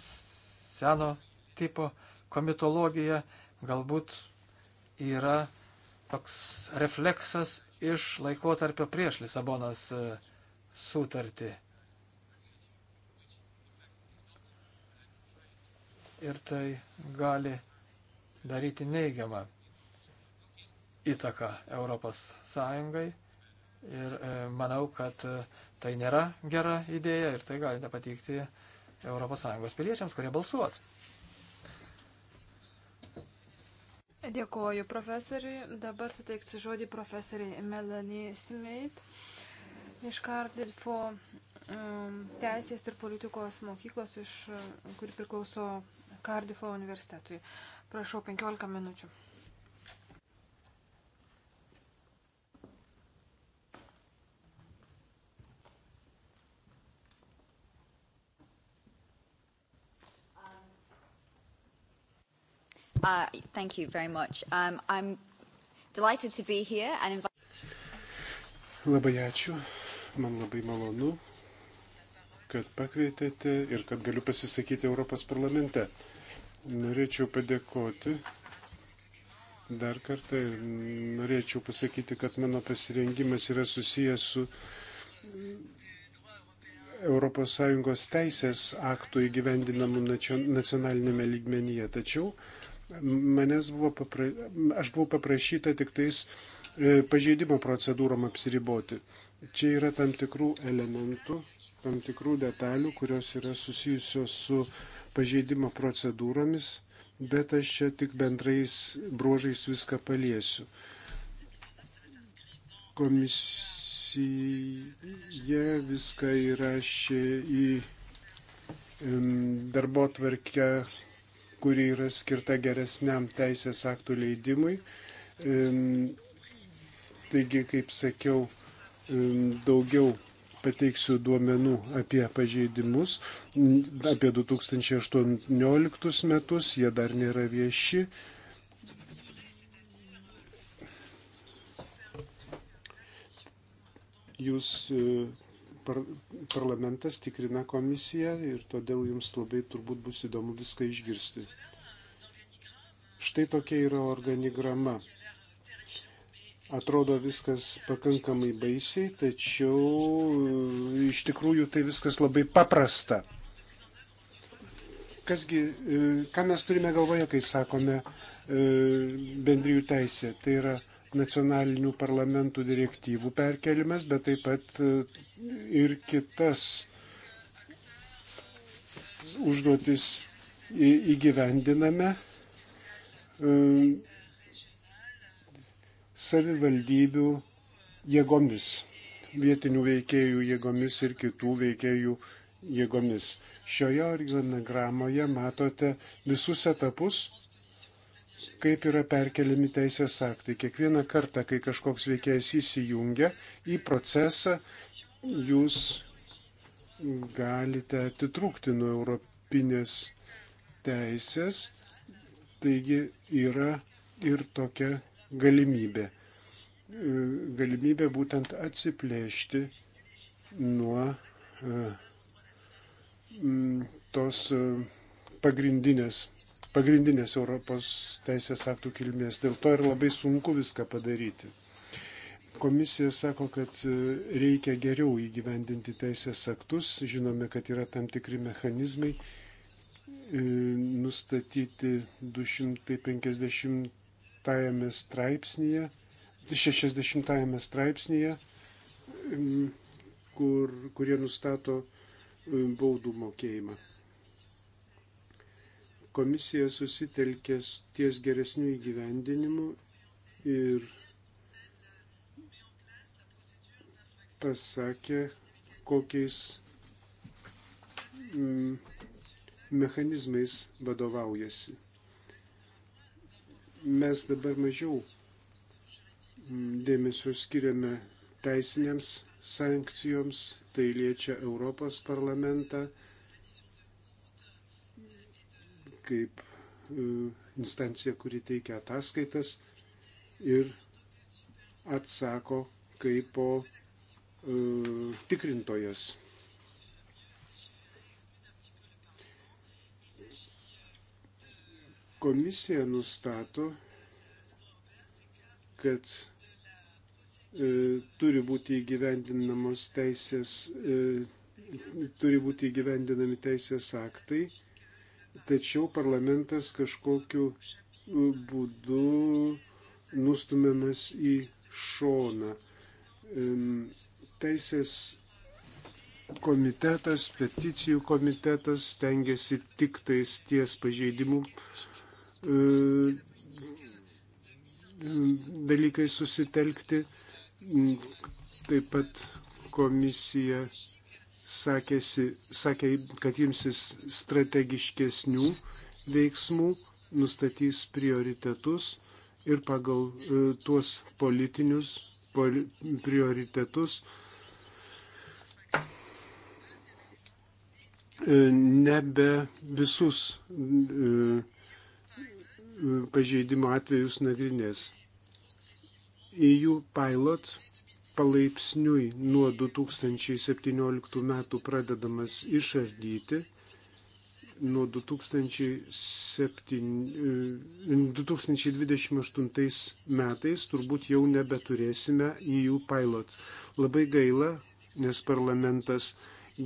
seno tipo komitologija galbūt yra toks refleksas iš laikotarpio prieš Lisabonos e, sutartį. Ir tai gali daryti neigiamą įtaką Europos Sąjungai. Ir e, manau, kad e, tai nėra gera idėja ir tai gali nepatikti ES piliečiams, kurie balsuos. Dėkoju profesoriui. Dabar suteiksiu žodį profesoriai Melanie Smith iš Cardiffo um, e, teisės ir politikos mokyklos, iš, kuri priklauso Cardiffo universitetui. Prašau, 15 minučių. Uh, thank you very much. Um, I'm delighted to be here and invite... Labai ačiū. Man labai malonu, kad pakvietėte ir kad galiu pasisakyti Europos parlamente. Norėčiau padėkoti dar kartą ir norėčiau pasakyti, kad mano pasirengimas yra susijęs su ES teisės aktų įgyvendinamų nacionalinėme lygmenyje. Tačiau Manęs buvo papra... Aš buvau paprašyta tik tais e, pažeidimo procedūrom apsiriboti. Čia yra tam tikrų elementų, tam tikrų detalių, kurios yra susijusios su pažeidimo procedūromis, bet aš čia tik bendrais bruožais viską paliesiu. Komisija viską įrašė į darbo tvarkę kuri yra skirta geresniam teisės aktų leidimui. Taigi, kaip sakiau, daugiau pateiksiu duomenų apie pažeidimus, apie 2018 metus, jie dar nėra vieši. Jūs par, parlamentas tikrina komisiją ir todėl jums labai turbūt bus įdomu viską išgirsti. Štai tokia yra organigrama. Atrodo viskas pakankamai baisiai, tačiau e, iš tikrųjų tai viskas labai paprasta. Kasgi, e, ką mes turime galvoje, kai sakome e, bendrijų teisė? Tai yra nacionalinių parlamentų direktyvų perkelimas, bet taip pat e, ir kitas užduotis įgyvendiname e, savivaldybių jėgomis, vietinių veikėjų jėgomis ir kitų veikėjų jėgomis. Šioje organogramoje matote visus etapus, kaip yra perkeliami teisės aktai. Kiekvieną kartą, kai kažkoks veikėjas įsijungia į procesą, jūs galite atitrūkti nuo europinės teisės. Taigi yra ir tokia galimybė. E, galimybė būtent atsiplėšti nuo e, tos e, pagrindinės pagrindinės Europos teisės aktų kilmės. Dėl to ir labai sunku viską padaryti. Komisija sako, kad e, reikia geriau įgyvendinti teisės aktus. Žinome, kad yra tam tikri mechanizmai e, nustatyti 250 straipsnėje, 60 straipsnėje, kur, kurie nustato baudų mokėjimą. Komisija susitelkė ties geresnių įgyvendinimų ir pasakė, kokiais mm, mechanizmais vadovaujasi. Mes dabar mažiau mm, dėmesio skiriame teisinėms sankcijoms, tai liečia Europos parlamentą kaip e, instancija, kuri teikia ataskaitas ir atsako kaip po e, tikrintojas. Komisija nustato, kad e, turi būti įgyvendinamos teisės, turi būti įgyvendinami teisės aktai tačiau parlamentas kažkokiu e, būdu nustumiamas į šoną. Teisės komitetas, peticijų komitetas tengiasi tik tais ties pažeidimų e, dalykai susitelkti. Taip pat komisija sakėsi, sakė, kad imsis strategiškesnių veiksmų, nustatys prioritetus ir pagal e, tuos politinius poli, prioritetus e, nebe visus e, e pažeidimo atvejus nagrinės. EU pilot palaipsniui nuo 2017 metų pradedamas išardyti. Nuo 2007, 2028 e, metais turbūt jau nebeturėsime EU pilot. Labai gaila, nes parlamentas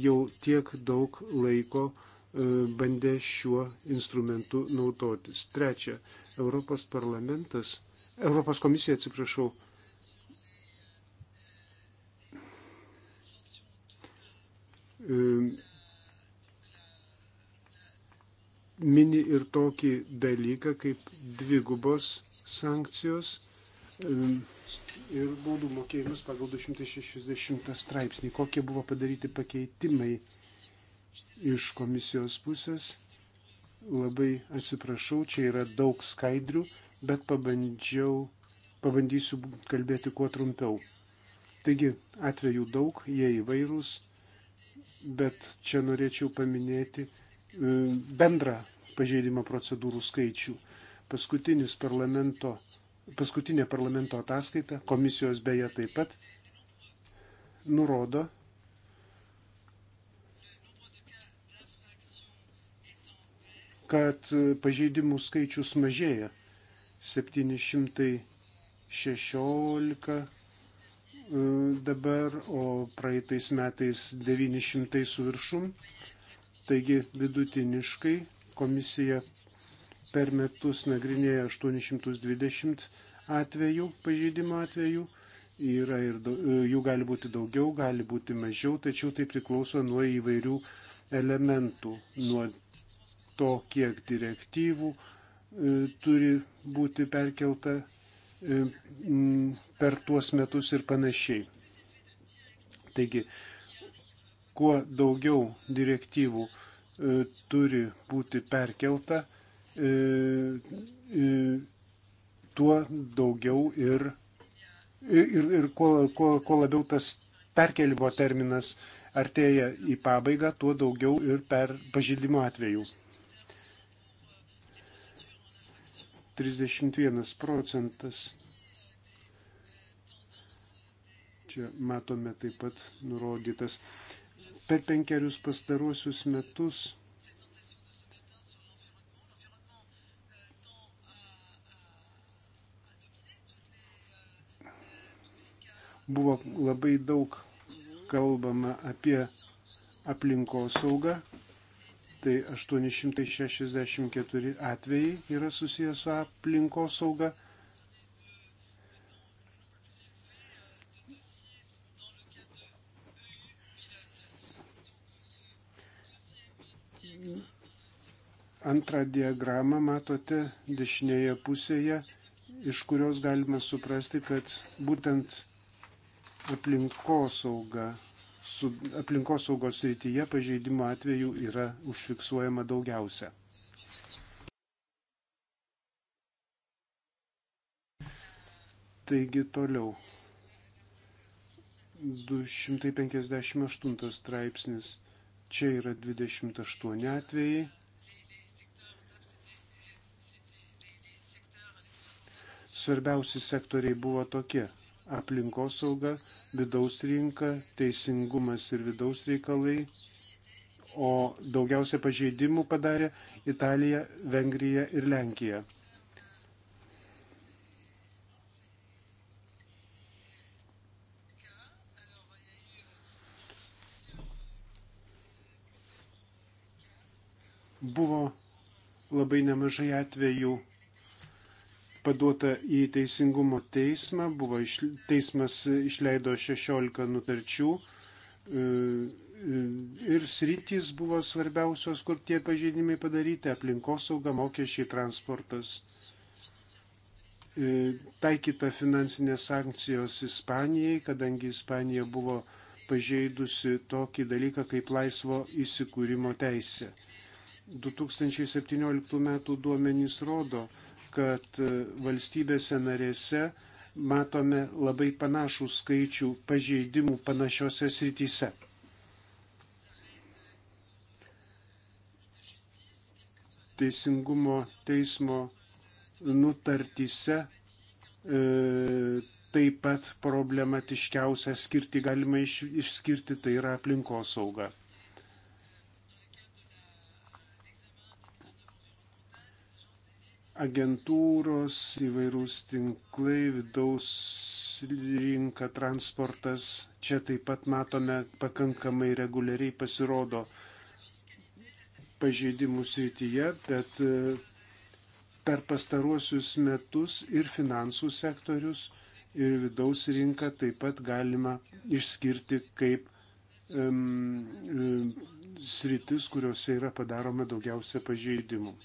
jau tiek daug laiko e, bandė šiuo instrumentu naudotis. Trečia, Europos parlamentas, Europos komisija, atsiprašau, mini ir tokį dalyką kaip dvigubos sankcijos ir baudų mokėjimas pagal 260 straipsnį. Kokie buvo padaryti pakeitimai iš komisijos pusės? Labai atsiprašau, čia yra daug skaidrių, bet pabandžiau, pabandysiu kalbėti kuo trumpiau. Taigi, atvejų daug, jie įvairūs bet čia norėčiau paminėti e, bendrą pažeidimo procedūrų skaičių. Paskutinis parlamento, paskutinė parlamento ataskaita, komisijos beje taip pat, nurodo, kad pažeidimų skaičius mažėja 716 dabar, o praeitais metais 900 su viršum. Taigi vidutiniškai komisija per metus nagrinėja 820 atvejų, pažeidimo atvejų. Yra ir jų gali būti daugiau, gali būti mažiau, tačiau tai priklauso nuo įvairių elementų, nuo to, kiek direktyvų e, turi būti perkelta, e, per tuos metus ir panašiai. Taigi, kuo daugiau direktyvų e, turi būti perkelta, e, e, tuo daugiau ir, ir, ir kuo, kuo, kuo labiau tas perkelimo terminas artėja į pabaigą, tuo daugiau ir per pažydimo atveju. 31 procentas Čia matome taip pat nurodytas. Per penkerius pastaruosius metus buvo labai daug kalbama apie aplinkosaugą. Tai 864 atvejai yra susijęs su aplinkosauga. Antrą diagramą matote dešinėje pusėje, iš kurios galima suprasti, kad būtent aplinkosauga, su aplinkosaugos rytyje pažeidimo atveju yra užfiksuojama daugiausia. Taigi toliau. 258 straipsnis. Čia yra 28 atvejai. Svarbiausi sektoriai buvo tokie - aplinkosauga, vidaus rinka, teisingumas ir vidaus reikalai, o daugiausia pažeidimų padarė Italija, Vengrija ir Lenkija. Buvo labai nemažai atvejų paduota į teisingumo teismą, buvo iš, teismas išleido 16 nutarčių e, e, ir sritys buvo svarbiausios, kur tie pažeidimai padaryti - aplinkosauga, mokesčiai, transportas. E, taikyta finansinės sankcijos Ispanijai, kadangi Ispanija buvo pažeidusi tokį dalyką kaip laisvo įsikūrimo teisė. 2017 m. duomenys rodo, kad e, valstybėse narėse matome labai panašų skaičių pažeidimų panašiose srityse. Teisingumo teismo nutartyse e, taip pat problematiškiausią skirti galima iš, išskirti, tai yra aplinkosauga. agentūros, įvairūs tinklai, vidaus rinka, transportas. Čia taip pat matome pakankamai reguliariai pasirodo pažeidimų srityje, bet e, per pastaruosius metus ir finansų sektorius, ir vidaus rinką taip pat galima išskirti kaip um, um, sritis, kuriuose yra padaroma daugiausia pažeidimų.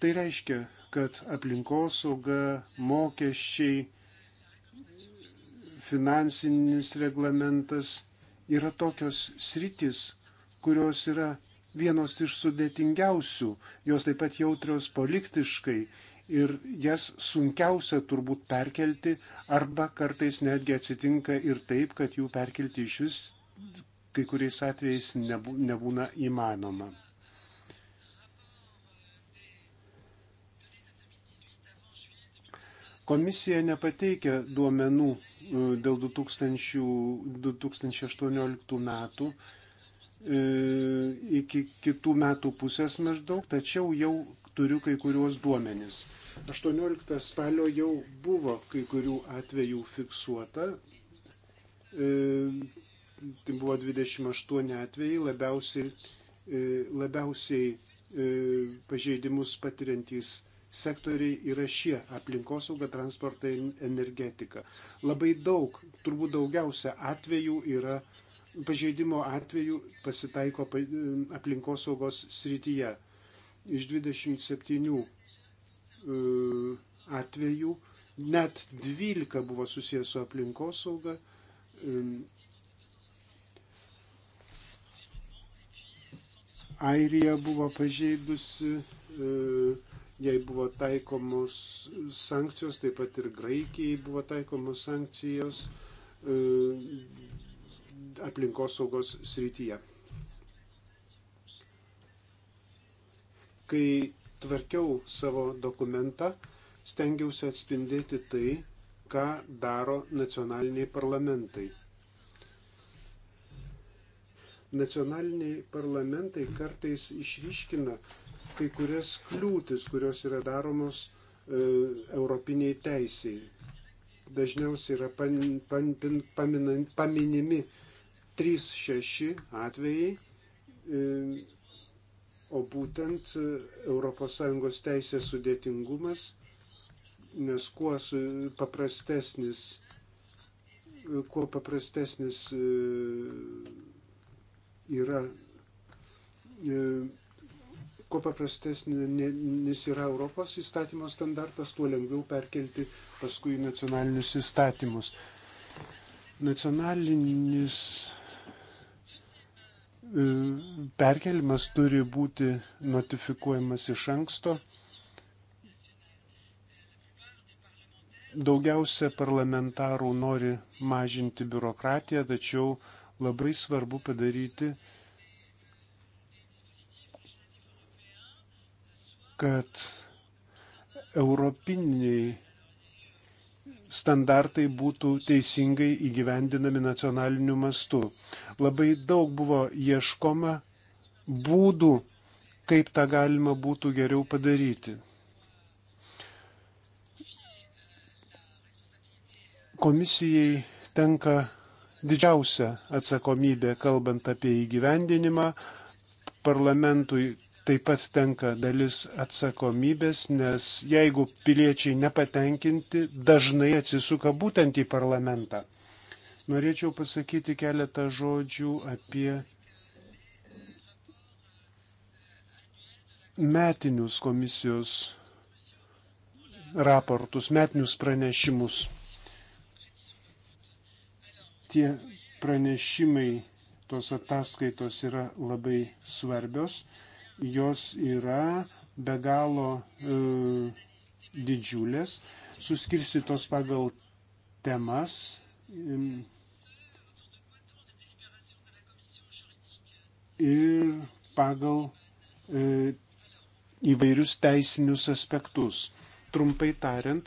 Tai reiškia, kad aplinkosauga, mokesčiai, finansinis reglamentas yra tokios sritis, kurios yra vienos iš sudėtingiausių, jos taip pat jautrios politikškai ir jas sunkiausia turbūt perkelti arba kartais netgi atsitinka ir taip, kad jų perkelti iš vis kai kuriais atvejais nebūna įmanoma. Komisija nepateikia duomenų e, dėl 2000, 2018 metų e, iki kitų metų pusės maždaug, tačiau jau turiu kai kuriuos duomenis. 18 spalio jau buvo kai kurių atvejų fiksuota. E, tai buvo 28 atvejai, labiausiai, labiausiai pažeidimus patiriantys sektoriai yra šie - aplinkosauga, transportai, energetika. Labai daug, turbūt daugiausia atvejų yra, pažeidimo atvejų pasitaiko aplinkosaugos srityje. Iš 27 e, atvejų net 12 buvo susijęs su aplinkosauga. Airija buvo pažeidusi e, jai buvo taikomos sankcijos, taip pat ir Graikijai buvo taikomos sankcijos e, aplinkosaugos srityje. Kai tvarkiau savo dokumentą, stengiausi atspindėti tai, ką daro nacionaliniai parlamentai. Nacionaliniai parlamentai kartais išryškina kai kurias kliūtis, kurios yra daromos e, europiniai teisiai. Dažniausiai yra pan, pan, pan, paminan, paminimi 3-6 atvejai, e, o būtent ES teisės sudėtingumas, nes kuo su, paprastesnis, e, kuo paprastesnis e, yra e, kuo paprastesnis yra Europos įstatymo standartas, tuo lengviau perkelti paskui nacionalinius įstatymus. Nacionalinis e, perkelimas turi būti notifikuojamas iš anksto. Daugiausia parlamentarų nori mažinti biurokratiją, tačiau labai svarbu padaryti uh, kad europiniai standartai būtų teisingai įgyvendinami nacionaliniu mastu. Labai daug buvo ieškoma būdų, kaip tą galima būtų geriau padaryti. Komisijai tenka didžiausia atsakomybė, kalbant apie įgyvendinimą, parlamentui taip pat tenka dalis atsakomybės, nes jeigu piliečiai nepatenkinti, dažnai atsisuka būtent į parlamentą. Norėčiau pasakyti keletą žodžių apie metinius komisijos raportus, metinius pranešimus. Tie pranešimai tos ataskaitos yra labai svarbios jos yra be galo e, didžiulės, suskirstytos pagal temas. Ir pagal e, įvairius teisinius aspektus. Trumpai tariant,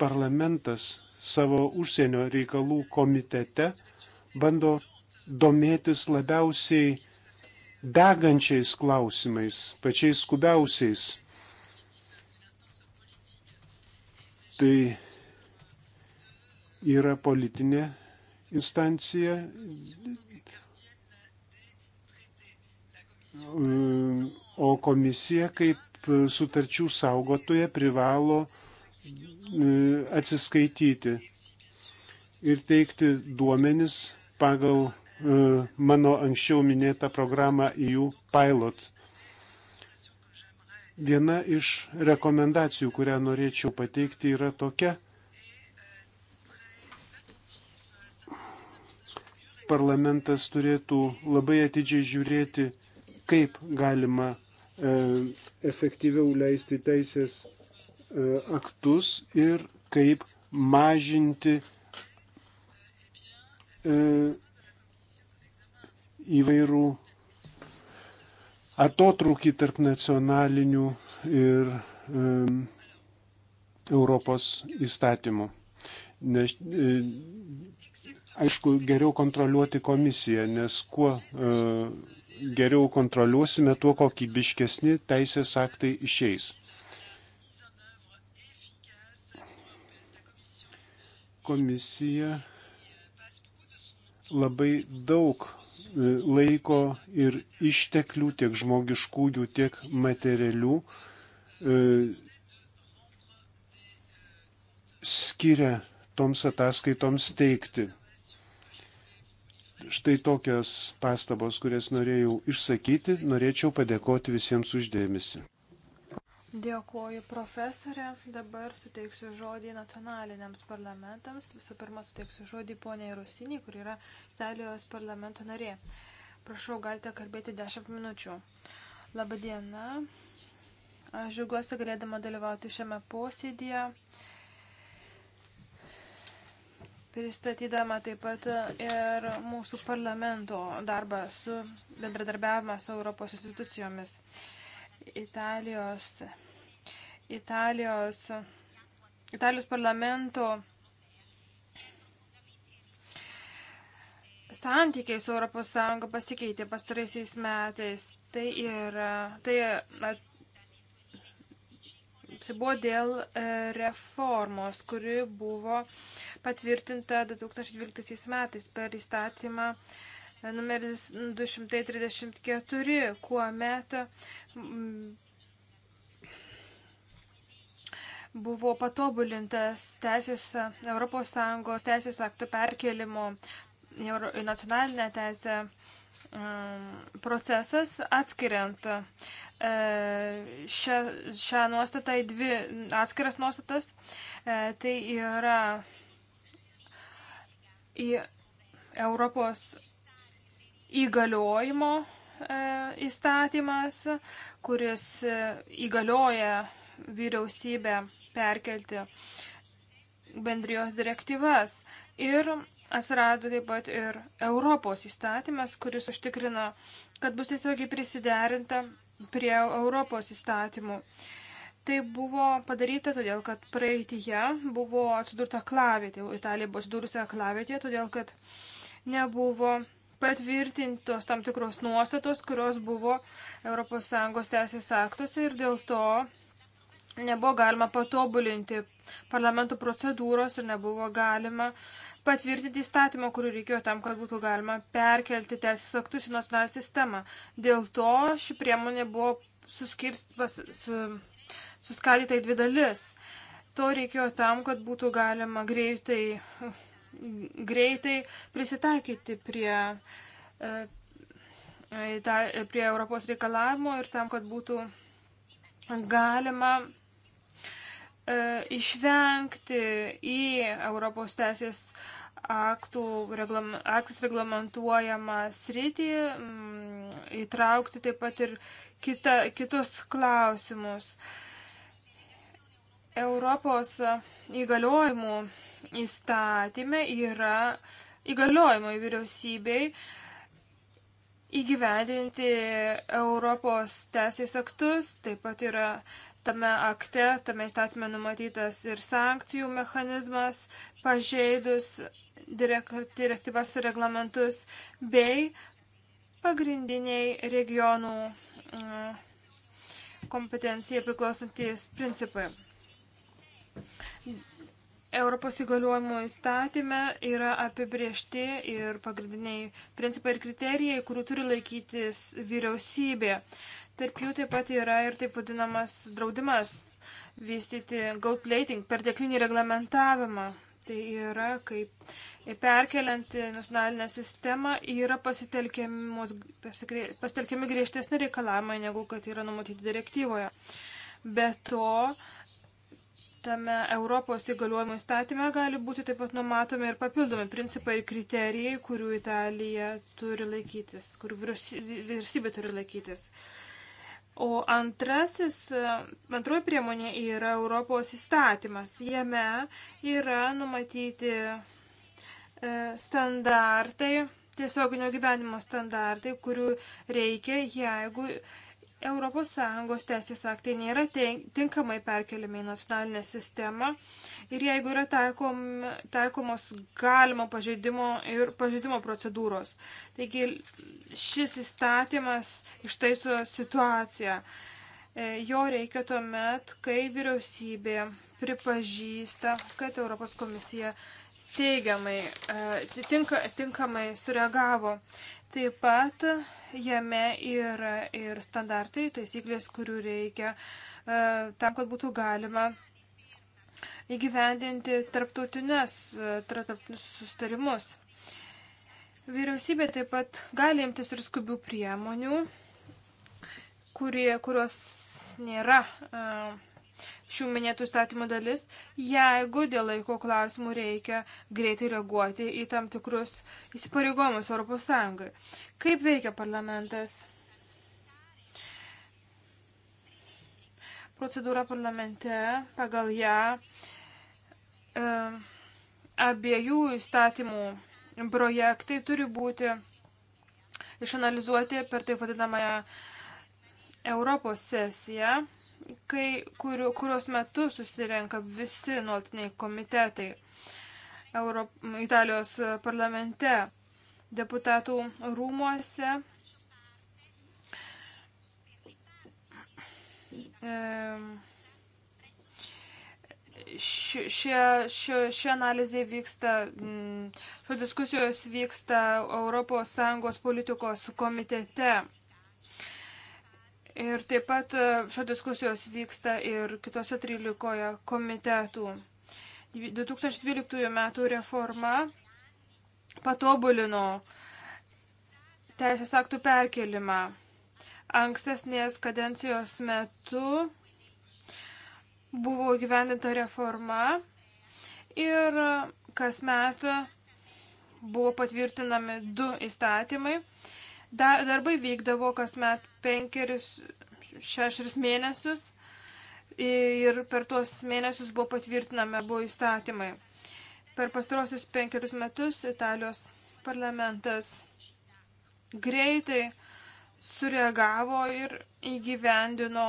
parlamentas savo užsienio reikalų komitete bando domėtis labiausiai degančiais klausimais, pačiais skubiausiais. Tai yra politinė instancija, o komisija kaip sutarčių saugotoje privalo e, atsiskaityti ir teikti duomenis pagal E, mano anksčiau minėtą programą EU Pilot. Viena iš rekomendacijų, kurią norėčiau pateikti, yra tokia. Parlamentas turėtų labai atidžiai žiūrėti, kaip galima e, efektyviau leisti teisės e, aktus ir kaip mažinti e, įvairų atotrūkį tarp nacionalinių ir um, Europos įstatymų. Nes, e, aišku, geriau kontroliuoti komisiją, nes kuo e, geriau kontroliuosime, tuo kokybiškesni teisės aktai išeis. Komisija labai daug E, laiko ir išteklių, tiek žmogiškųjų, tiek materialių, e, skiria toms ataskaitoms teikti. Štai tokios pastabos, kurias norėjau išsakyti, norėčiau padėkoti visiems uždėmesi. Dėkuoju profesorė. Dabar suteiksiu žodį nacionaliniams parlamentams. Visų pirma, suteiksiu žodį poniai Rusinį, kur yra Italijos parlamento narė. Prašau, galite kalbėti 10 minučių. Labadiena. Aš žiūguosi galėdama dalyvauti šiame posėdėje. Pristatydama taip pat ir mūsų parlamento darbą su bendradarbiavimą su Europos institucijomis. Uh, Italijos, Italijos, Italijos parlamento santykiai su ES pasikeitė pastaraisiais metais. Tai yra, tai, tai buvo dėl e, reformos, kuri buvo patvirtinta 2012 metais per įstatymą numeris 234, kuomet mm, buvo patobulintas teisės, ES teisės aktų perkelimo į nacionalinę teisę mm, procesas atskiriant e, šią, šią nuostatą į dvi atskiras nuostatas. E, tai yra į Europos įgaliojimo e, įstatymas, kuris e, įgalioja vyriausybę perkelti bendrijos direktyvas. Ir atsirado taip pat ir Europos įstatymas, kuris užtikrina, kad bus tiesiogiai prisiderinta prie Europos įstatymų. Tai buvo padaryta todėl, kad praeitįje buvo atsidurta klavėtė, Italija buvo atsidūrusi klavėtė, todėl kad nebuvo patvirtintos tam tikros nuostatos, kurios buvo ES teisės aktuose ir dėl to nebuvo galima patobulinti parlamento procedūros ir nebuvo galima patvirtinti įstatymą, kurį reikėjo tam, kad būtų galima perkelti teisės aktus į nacionalinę sistemą. Dėl to ši priemonė buvo suskirstytas, su, suskaldyta į dvi dalis. To reikėjo tam, kad būtų galima greitai greitai prisitaikyti prie, e, e, prie Europos reikalavimo ir tam, kad būtų galima e, išvengti į Europos teisės aktų reglam, aktas reglamentuojamą sritį, m, mm, įtraukti taip pat ir kita, kitus klausimus. Europos įgaliojimų įstatymė yra įgaliojimai vyriausybei įgyvendinti Europos teisės aktus, taip pat yra tame akte, tame įstatymė numatytas ir sankcijų mechanizmas, pažeidus direktyvas ir reglamentus, bei pagrindiniai regionų mm, kompetencijai priklausantis principai. Europos įgaliojimo įstatymė yra apibriešti ir pagrindiniai principai ir kriterijai, kurių turi laikytis vyriausybė. Tarp jų taip pat yra ir taip vadinamas draudimas vystyti gold plating, perteklinį reglamentavimą. Tai yra, kaip perkeliant nacionalinę sistemą yra pasitelkiami griežtesni reikalavimai, negu kad yra numatyti direktyvoje. Be to, tame Europos įgaliojimų įstatyme gali būti taip pat numatomi ir papildomi principai ir kriterijai, kurių Italija turi laikytis, kurių vyriausybė turi laikytis. O antrasis, antroji priemonė yra Europos įstatymas. Jame yra numatyti e, standartai, tiesioginio gyvenimo standartai, kurių reikia, jeigu ES teisės aktai nėra tinkamai perkeliami į nacionalinę sistemą ir jeigu yra taikom, taikomos galimo pažeidimo ir pažeidimo procedūros. Taigi šis įstatymas ištaiso situaciją. E, jo reikia tuomet, kai vyriausybė pripažįsta, kad Europos komisija teigiamai, e, tinka, tinkamai sureagavo. Taip pat jame yra ir standartai, taisyklės, kurių reikia e, tam, kad būtų galima įgyvendinti e, tarptautinius sustarimus. Vyriausybė taip pat gali imtis ir skubių priemonių, kurie, kurios nėra uh, šių minėtų statymų dalis, jeigu dėl laiko klausimų reikia greitai reaguoti į tam tikrus įsipareigojimus ES. Kaip veikia parlamentas? Procedūra parlamente pagal ją e, abiejų įstatymų projektai turi būti išanalizuoti per taip vadinamąją Europos sesiją kai, kur, kurios metu susirenka visi nuolatiniai komitetai Euro, Italijos parlamente, deputatų rūmuose. E, šie, šie, šie analizai vyksta, šios diskusijos vyksta ES politikos komitete. Ir taip pat e, šio diskusijos vyksta ir kitose 13 komitetų. 2012 m. reforma patobulino teisės aktų perkelimą. Ankstesnės kadencijos metu buvo gyveninta reforma ir kas metą buvo patvirtinami du įstatymai. Darbai vykdavo kasmet penkerius, šešerius mėnesius ir per tuos mėnesius buvo patvirtinami buvo įstatymai. Per pastarosius penkerius metus Italijos parlamentas greitai sureagavo ir įgyvendino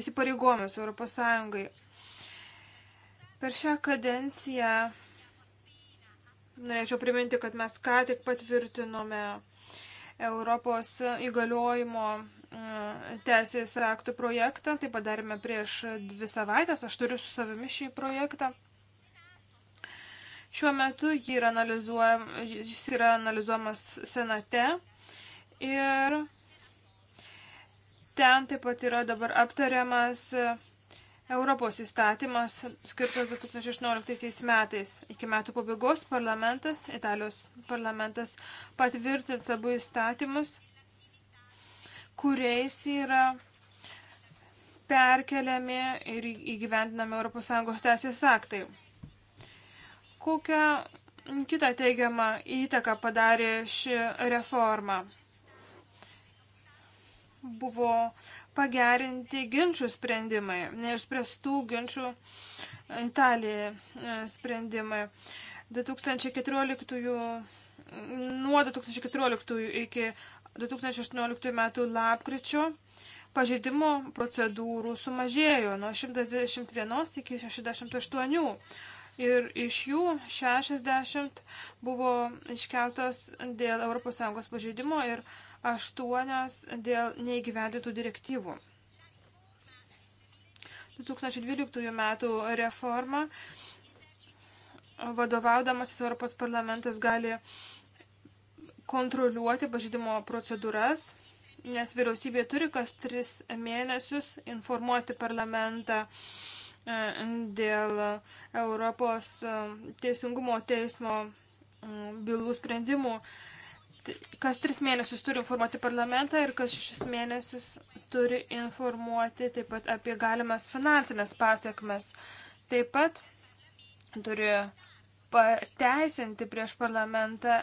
įsipareigojimus Europos Sąjungai. Per šią kadenciją norėčiau priminti, kad mes ką tik patvirtinome Europos įgaliojimo e, teisės aktų projektą. Tai padarėme prieš dvi savaitės. Aš turiu su savimi šį projektą. Šiuo metu jis yra, analizuojam, jis yra analizuojamas senate ir ten taip pat yra dabar aptariamas uh, Europos įstatymas skirtas 2016 metais. Iki metų pabaigos parlamentas, Italijos parlamentas patvirtins abu įstatymus, kuriais yra perkeliami ir įgyvendinami ES teisės aktai. Kokią kitą teigiamą įtaką padarė ši reforma? Buvo uh, pagerinti ginčių sprendimai, neišspręstų ginčių Italijoje e, sprendimai. 2014 nuo 2014 iki 2018 metų lapkričio pažeidimo procedūrų sumažėjo nuo 121 iki 68 ir iš jų 60 buvo iškeltos dėl ES pažeidimo ir aštuonios dėl neįgyvendintų direktyvų. 2012 m. reforma vadovaudamasis Europos parlamentas gali kontroliuoti pažydimo procedūras, nes vyriausybė turi kas tris mėnesius informuoti parlamentą e, dėl Europos e, teisingumo teismo bylų sprendimų kas tris mėnesius turi informuoti parlamentą ir kas šešis mėnesius turi informuoti taip pat apie galimas finansinės pasiekmes. Taip pat turi pateisinti prieš parlamentą,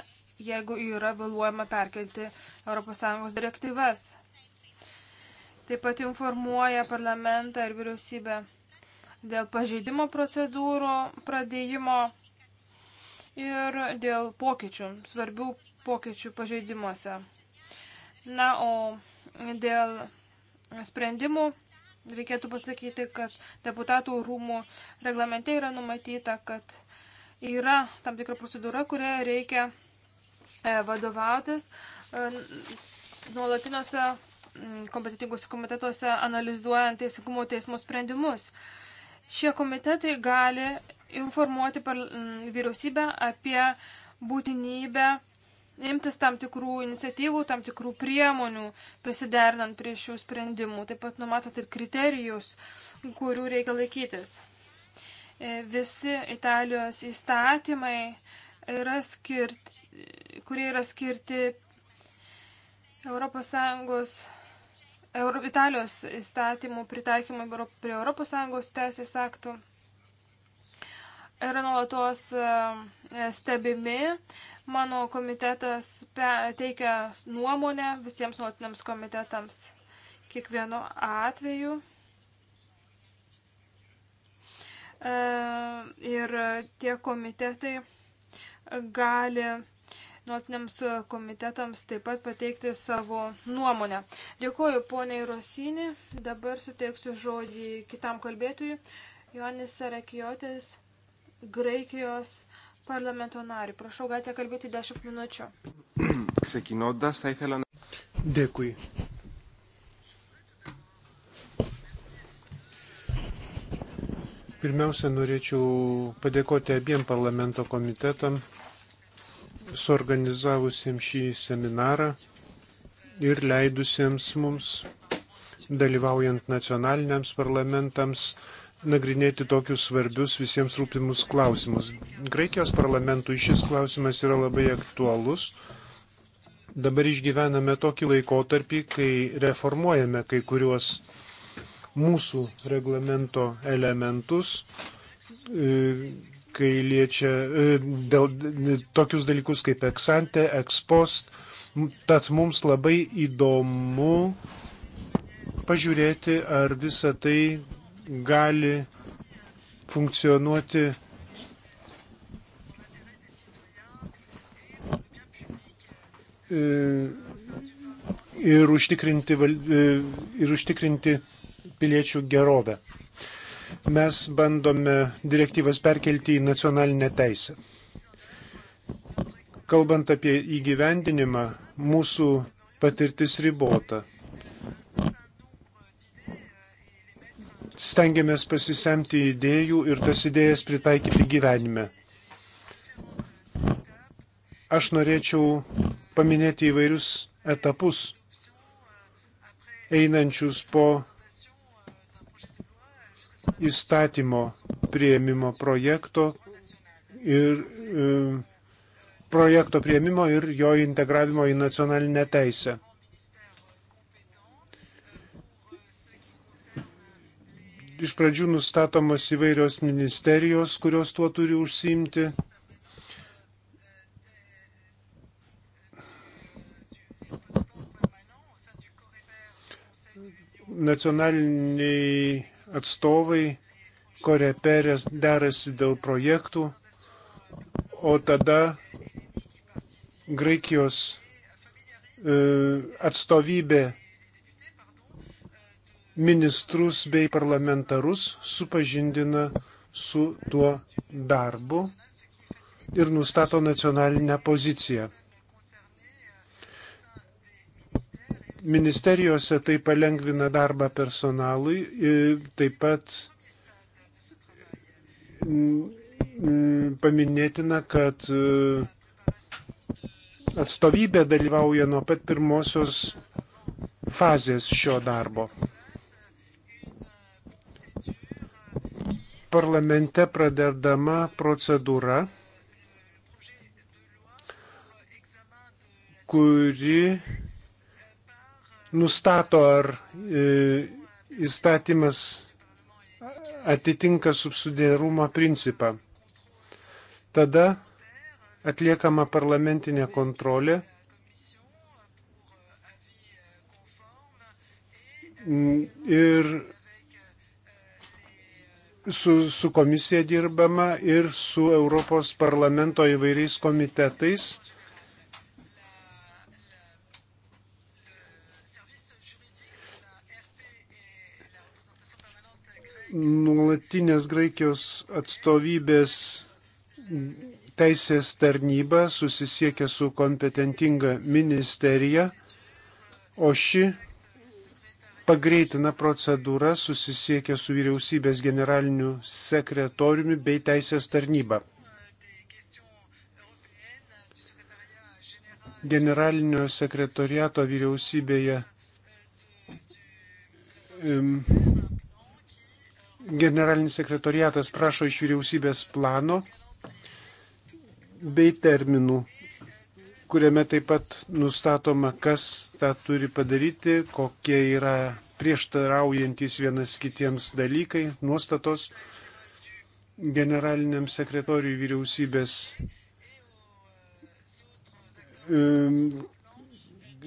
jeigu yra vėluojama perkelti ES direktyvas. Taip pat informuoja parlamentą ir vyriausybę dėl pažeidimo procedūrų pradėjimo ir dėl pokyčių, svarbių pokyčių pažeidimuose. Na, o dėl sprendimų reikėtų pasakyti, kad deputatų rūmų reglamente yra numatyta, kad yra tam tikra procedūra, kurią reikia e, vadovautis e, nuolatiniuose kompetitinguose komitetuose analizuojant teisingumo teismo sprendimus. Šie komitetai gali informuoti per vyriausybę apie būtinybę imtis tam tikrų iniciatyvų, tam tikrų priemonių, prisidernant prie šių sprendimų. Taip pat numatot ir kriterijus, kurių reikia laikytis. E, visi Italijos įstatymai, yra skirti, kurie yra skirti ES. Euro, Italijos įstatymų pritaikymą prie ES teisės aktų yra nuolatos e, stebimi, Mano komitetas teikia nuomonę visiems nuotiniams komitetams kiekvienu atveju. E, ir tie komitetai gali nuotiniams komitetams taip pat pateikti savo nuomonę. Dėkuoju poniai Rosinį, dabar suteiksiu žodį kitam kalbėtojui, Jonis Sarakijotis, Graikijos parlamento narį. Prašau, galite kalbėti 10 minučių. Ξεκινώντας, θα ήθελα να... Dėkui. Pirmiausia, norėčiau padėkoti abiem parlamento komitetam, suorganizavusiems šį seminarą ir leidusiems mums, dalyvaujant nacionaliniams parlamentams, nagrinėti tokius svarbius visiems rūpimus klausimus. Graikijos parlamentui šis klausimas yra labai aktualus. Dabar išgyvename tokį laikotarpį, kai reformuojame kai kuriuos mūsų reglamento elementus, e, kai liečia e, dėl, e, tokius dalykus kaip eksante, ekspost. Tad mums labai įdomu pažiūrėti, ar visa tai gali funkcionuoti e, ir užtikrinti, e, ir užtikrinti piliečių gerovę. Mes bandome direktyvas perkelti į nacionalinę teisę. Kalbant apie įgyvendinimą, mūsų patirtis ribota. stengiamės pasisemti idėjų ir tas idėjas pritaikyti gyvenime. Aš norėčiau paminėti įvairius etapus einančius po įstatymo prieimimo projekto ir e, projekto prieimimo ir jo integravimo į nacionalinę teisę. iš pradžių nustatomos įvairios ministerijos, kurios tuo turi užsiimti. Nacionaliniai atstovai koreperės derasi dėl projektų, o tada Graikijos e, atstovybė ministrus bei parlamentarus supažindina su tuo darbu ir nustato nacionalinę poziciją. Ministerijose tai palengvina darbą personalui, taip pat paminėtina, kad e, atstovybė dalyvauja nuo pat pirmosios fazės šio darbo. parlamente pradedama procedūra, kuri nustato, ar e, įstatymas atitinka subsidiarumo principą. Tada atliekama parlamentinė kontrolė. Ir su, su komisija dirbama ir su Europos parlamento įvairiais komitetais. Nulatinės Graikijos atstovybės teisės tarnyba susisiekė su kompetentinga ministerija, o ši pagreitina procedūrą susisiekę su vyriausybės generaliniu sekretoriumi bei teisės tarnyba. Generalinio sekretoriato vyriausybėje generalinis sekretoriatas prašo iš vyriausybės plano bei terminų kuriame taip pat nustatoma, kas tą turi padaryti, kokie yra prieštaraujantis vienas kitiems dalykai, nuostatos generaliniam sekretoriui vyriausybės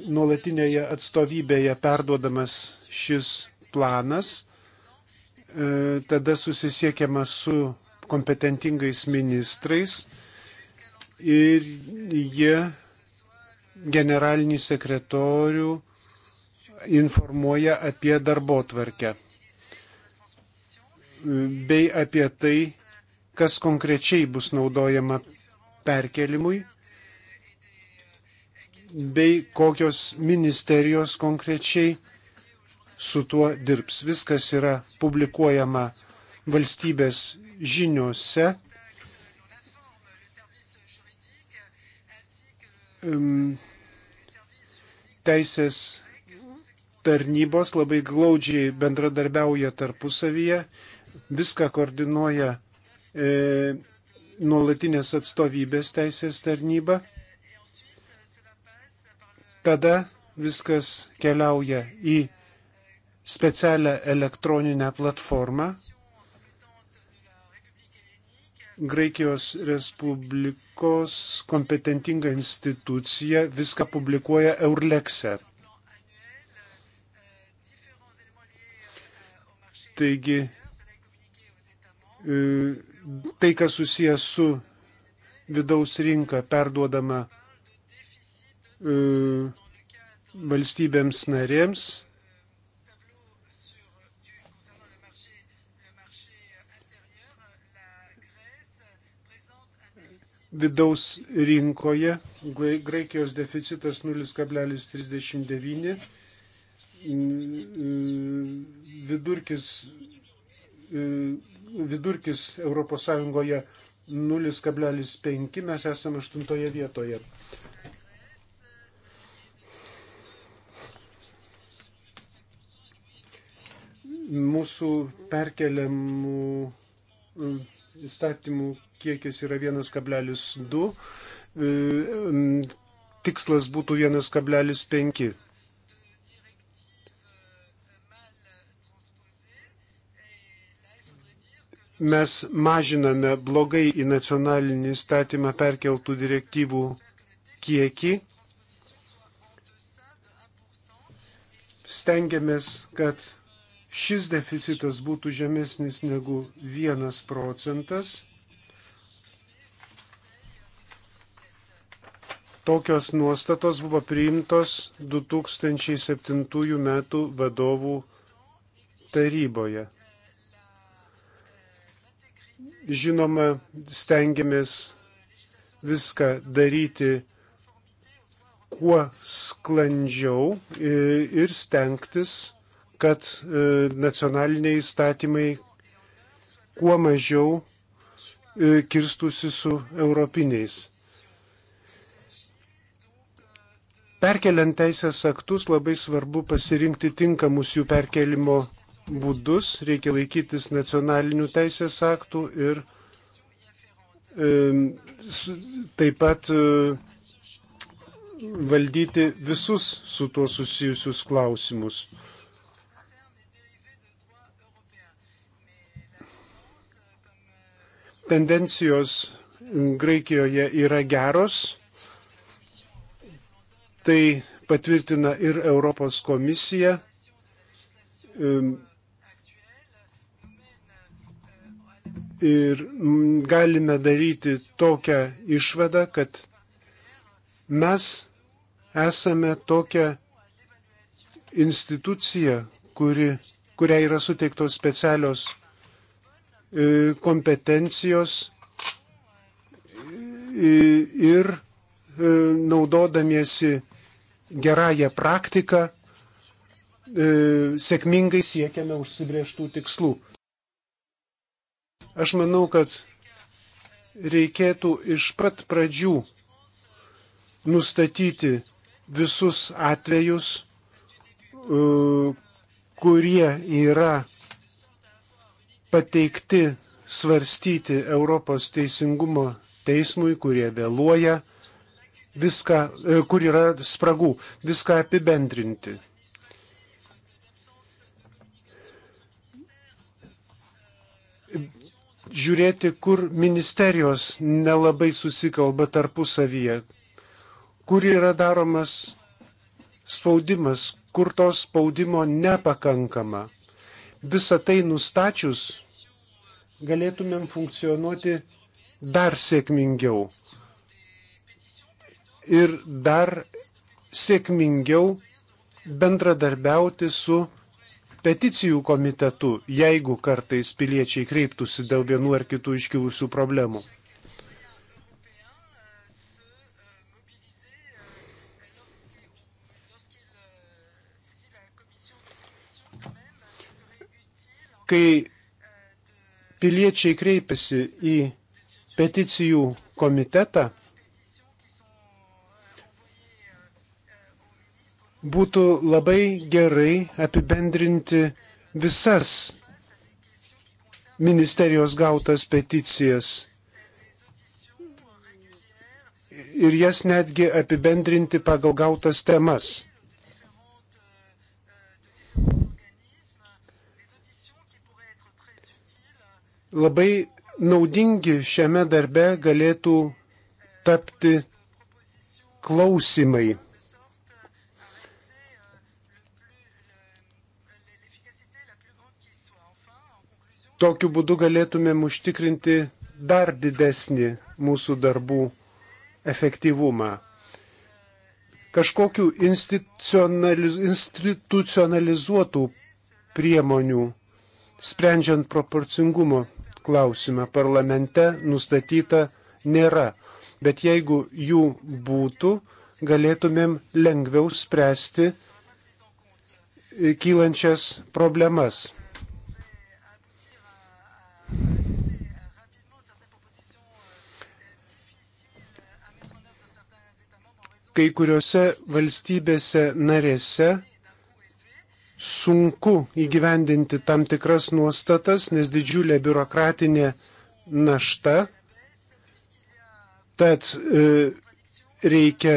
nuolatinėje atstovybėje perduodamas šis planas, e, tada susisiekiama su kompetentingais ministrais ir jie generalinį sekretorių informuoja apie darbo tvarkę bei apie tai, kas konkrečiai bus naudojama perkelimui bei kokios ministerijos konkrečiai su tuo dirbs. Viskas yra publikuojama valstybės žiniuose. Um, teisės tarnybos labai glaudžiai bendradarbiauja tarpusavyje, viską koordinuoja e, nuolatinės atstovybės teisės tarnyba. Tada viskas keliauja į specialią elektroninę platformą Graikijos Respublik Amerikos kompetentinga institucija viską publikuoja Eurlekse. Taigi, e, tai, kas susijęs su vidaus rinka, perduodama e, valstybėms narėms Vidaus rinkoje Graikijos deficitas 0,39, vidurkis, e, vidurkis ES 0,5, mes esame 8 vietoje. Mūsų perkeliamų įstatymų kiekis yra 1,2, e, tikslas būtų 1,5. Mes mažiname blogai į nacionalinį įstatymą perkeltų direktyvų kiekį. Stengiamės, kad šis deficitas būtų žemesnis negu 1 procentas, tokios nuostatos buvo priimtos 2007 m. vadovų taryboje. Žinoma, stengiamės viską daryti kuo sklandžiau ir stengtis kad e, nacionaliniai įstatymai kuo mažiau e, kirstusi su europiniais. Perkeliant teisės aktus labai svarbu pasirinkti tinkamus jų perkelimo būdus, reikia laikytis nacionalinių teisės aktų ir e, su, taip pat e, valdyti visus su tuo susijusius klausimus. E, tendencijos Graikijoje yra geros. Tai patvirtina ir Europos komisija. Ehm, ir galime daryti tokią išvadą, kad mes esame tokia institucija, kuri, kuriai yra suteiktos specialios E, kompetencijos e, ir e, naudodamiesi gerąją praktiką sėkmingai siekiame užsibrieštų tikslų. Aš manau, kad reikėtų iš pat pradžių nustatyti visus atvejus, kurie yra pateikti svarstyti Europos teisingumo teismui, kurie vėluoja, viską, e, kur yra spragų, viską apibendrinti. Žiūrėti, kur ministerijos nelabai susikalba tarpusavyje, kur yra daromas spaudimas, kur to spaudimo nepakankama visą tai nustačius galėtumėm funkcionuoti dar sėkmingiau ir dar sėkmingiau bendradarbiauti su peticijų komitetu, jeigu kartais piliečiai kreiptųsi dėl vienų ar kitų iškilusių problemų. kai piliečiai kreipiasi į peticijų komitetą, būtų labai gerai apibendrinti visas ministerijos gautas peticijas ir jas netgi apibendrinti pagal gautas temas. labai naudingi šiame darbe galėtų tapti klausimai. Tokiu būdu galėtumėm užtikrinti dar didesnį mūsų darbų efektyvumą. Kažkokių institucionaliz, institucionalizuotų priemonių, sprendžiant proporcingumo klausime parlamente nustatyta nėra. Bet jeigu jų būtų, galėtumėm lengviau spręsti kylančias problemas. Kai kuriuose valstybėse narėse sunku įgyvendinti tam tikras nuostatas, nes didžiulė biurokratinė našta. Tad e, reikia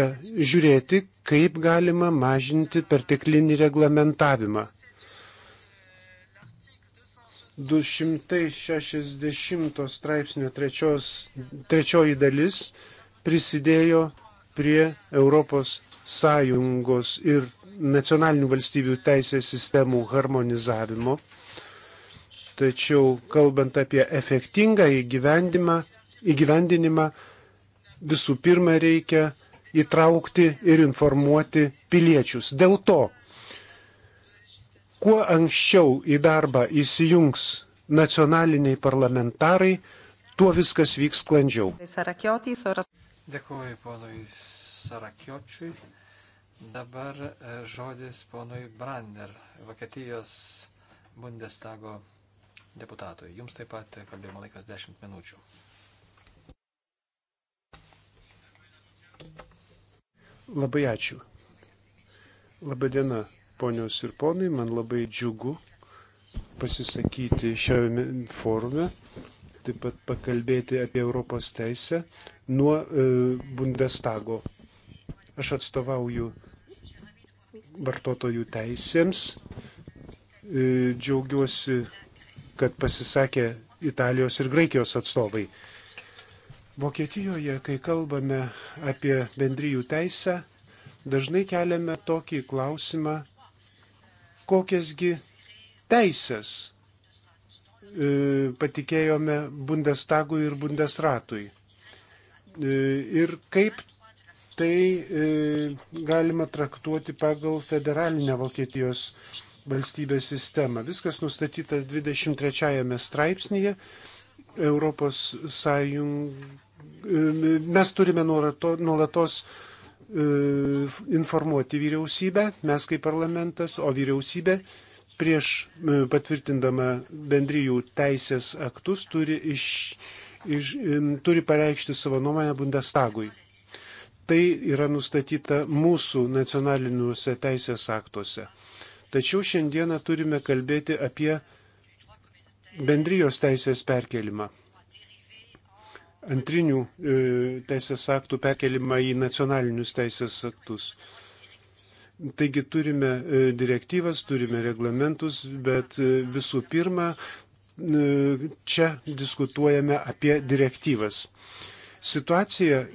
žiūrėti, kaip galima mažinti perteklinį reglamentavimą. 260 straipsnio trečios, trečioji dalis prisidėjo prie Europos Sąjungos ir nacionalinių valstybių teisės sistemų harmonizavimo. Tačiau, kalbant apie efektingą įgyvendinimą, visų pirma reikia įtraukti ir informuoti piliečius. Dėl to, kuo anksčiau į darbą įsijungs nacionaliniai parlamentarai, tuo viskas vyks sklandžiau. Dėkuoju, ponui Sarakiočiui. Dabar e, žodis ponui Branner, Vokietijos Bundestago deputatui. Jums taip pat kalbėjimo laikas 10 minučių. Labai ačiū. Labadiena, ponios ir ponai, man labai džiugu pasisakyti šiame forume, taip pat pakalbėti apie Europos teisę nuo e, Bundestago. Aš atstovauju vartotojų teisėms. E, džiaugiuosi, kad pasisakė Italijos ir Graikijos atstovai. Vokietijoje, kai kalbame apie bendryjų teisę, dažnai keliame tokį klausimą, kokiasgi teisės e, patikėjome Bundestagui ir Bundesratui. E, ir kaip tai e, galima traktuoti pagal federalinę Vokietijos valstybės sistemą. Viskas nustatytas 23 straipsnėje. Europos sąjung... E, mes turime nuolato, nuolatos e, informuoti vyriausybę, mes kaip parlamentas, o vyriausybė prieš e, patvirtindama bendryjų teisės aktus turi, iš, iš, e, turi pareikšti savo nuomonę Bundestagui. Tai yra nustatyta mūsų nacionaliniuose teisės aktuose. Tačiau šiandieną turime kalbėti apie bendrijos teisės perkelimą. Antrinių e, teisės aktų perkelimą į nacionalinius teisės aktus. Taigi turime e, direktyvas, turime reglamentus, bet e, visų pirma, e, čia diskutuojame apie direktyvas. Situacija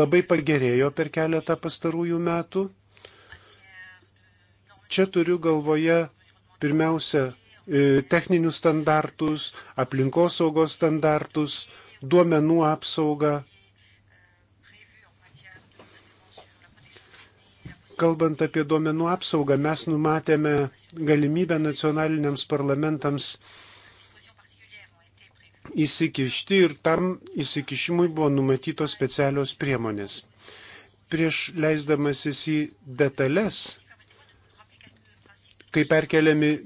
labai pagerėjo per keletą pastarųjų metų. Čia turiu galvoje pirmiausia e, techninius standartus, aplinkosaugos standartus, duomenų apsaugą. Kalbant apie duomenų apsaugą, mes numatėme galimybę nacionaliniams parlamentams uh, įsikišti ir tam įsikišimui buvo numatytos specialios priemonės. Prieš leisdamasis į detalės, kai perkeliami e,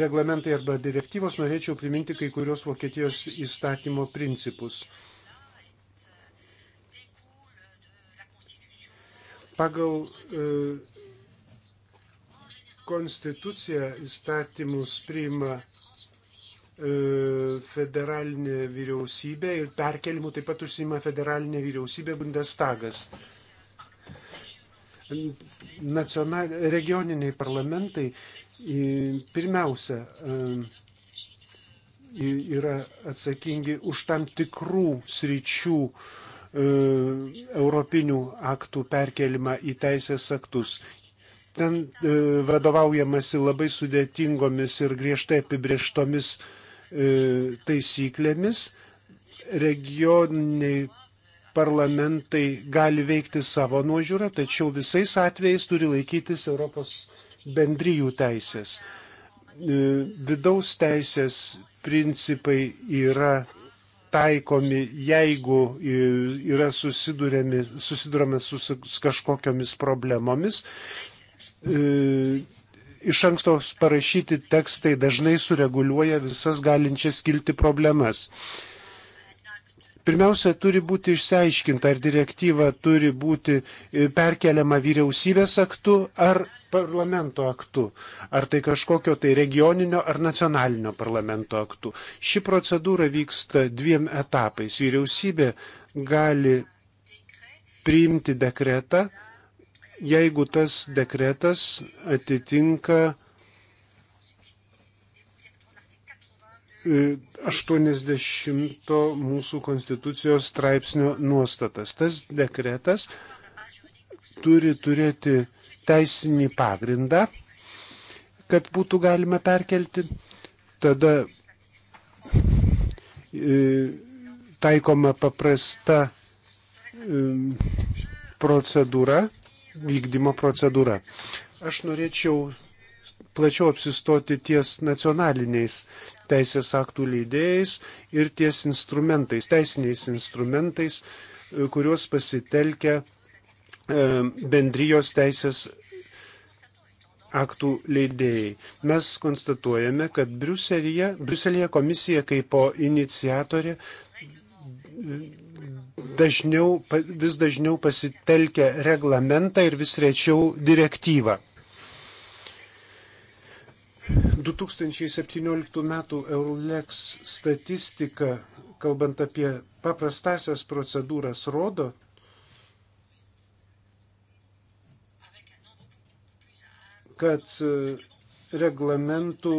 reglamentai arba direktyvos, norėčiau priminti kai kurios Vokietijos įstatymo principus. Pagal e, konstituciją įstatymus priima E, federalinė vyriausybė ir perkelimu taip pat užsima federalinė vyriausybė Bundestagas. Nacional, regioniniai parlamentai pirmiausia e, yra atsakingi už tam tikrų sričių e, europinių aktų perkelimą į teisės aktus. Ten vadovaujamasi labai sudėtingomis ir griežtai apibrieštomis uh, E, taisyklėmis regioniniai parlamentai gali veikti savo nuožiūrą, tačiau visais atvejais turi laikytis Europos bendryjų teisės. E, vidaus teisės principai yra taikomi, jeigu yra susidurėme su kažkokiamis problemomis e, iš anksto parašyti tekstai dažnai sureguliuoja visas galinčias kilti problemas. Pirmiausia, turi būti išsiaiškinta, ar direktyva turi būti e, perkeliama vyriausybės aktu ar parlamento aktu, ar tai kažkokio tai regioninio ar nacionalinio parlamento aktu. Ši procedūra vyksta dviem etapais. Vyriausybė gali priimti dekretą jeigu tas dekretas atitinka 80 e, mūsų konstitucijos straipsnio nuostatas. Tas dekretas turi turėti teisinį pagrindą, kad būtų galima perkelti. Tada e, taikoma paprasta e, procedūra vykdymo procedūra. Aš norėčiau plačiau apsistoti ties nacionaliniais teisės aktų leidėjais ir ties instrumentais, teisiniais instrumentais, e, kuriuos pasitelkia e, bendrijos teisės aktų leidėjai. Mes konstatuojame, kad Briuselėje, Briuselėje komisija kaip po iniciatorė dažniau, vis dažniau pasitelkia reglamentą ir vis rečiau direktyvą. 2017 m. Eurlex statistika, kalbant apie paprastasias procedūras, rodo, kad e, reglamentų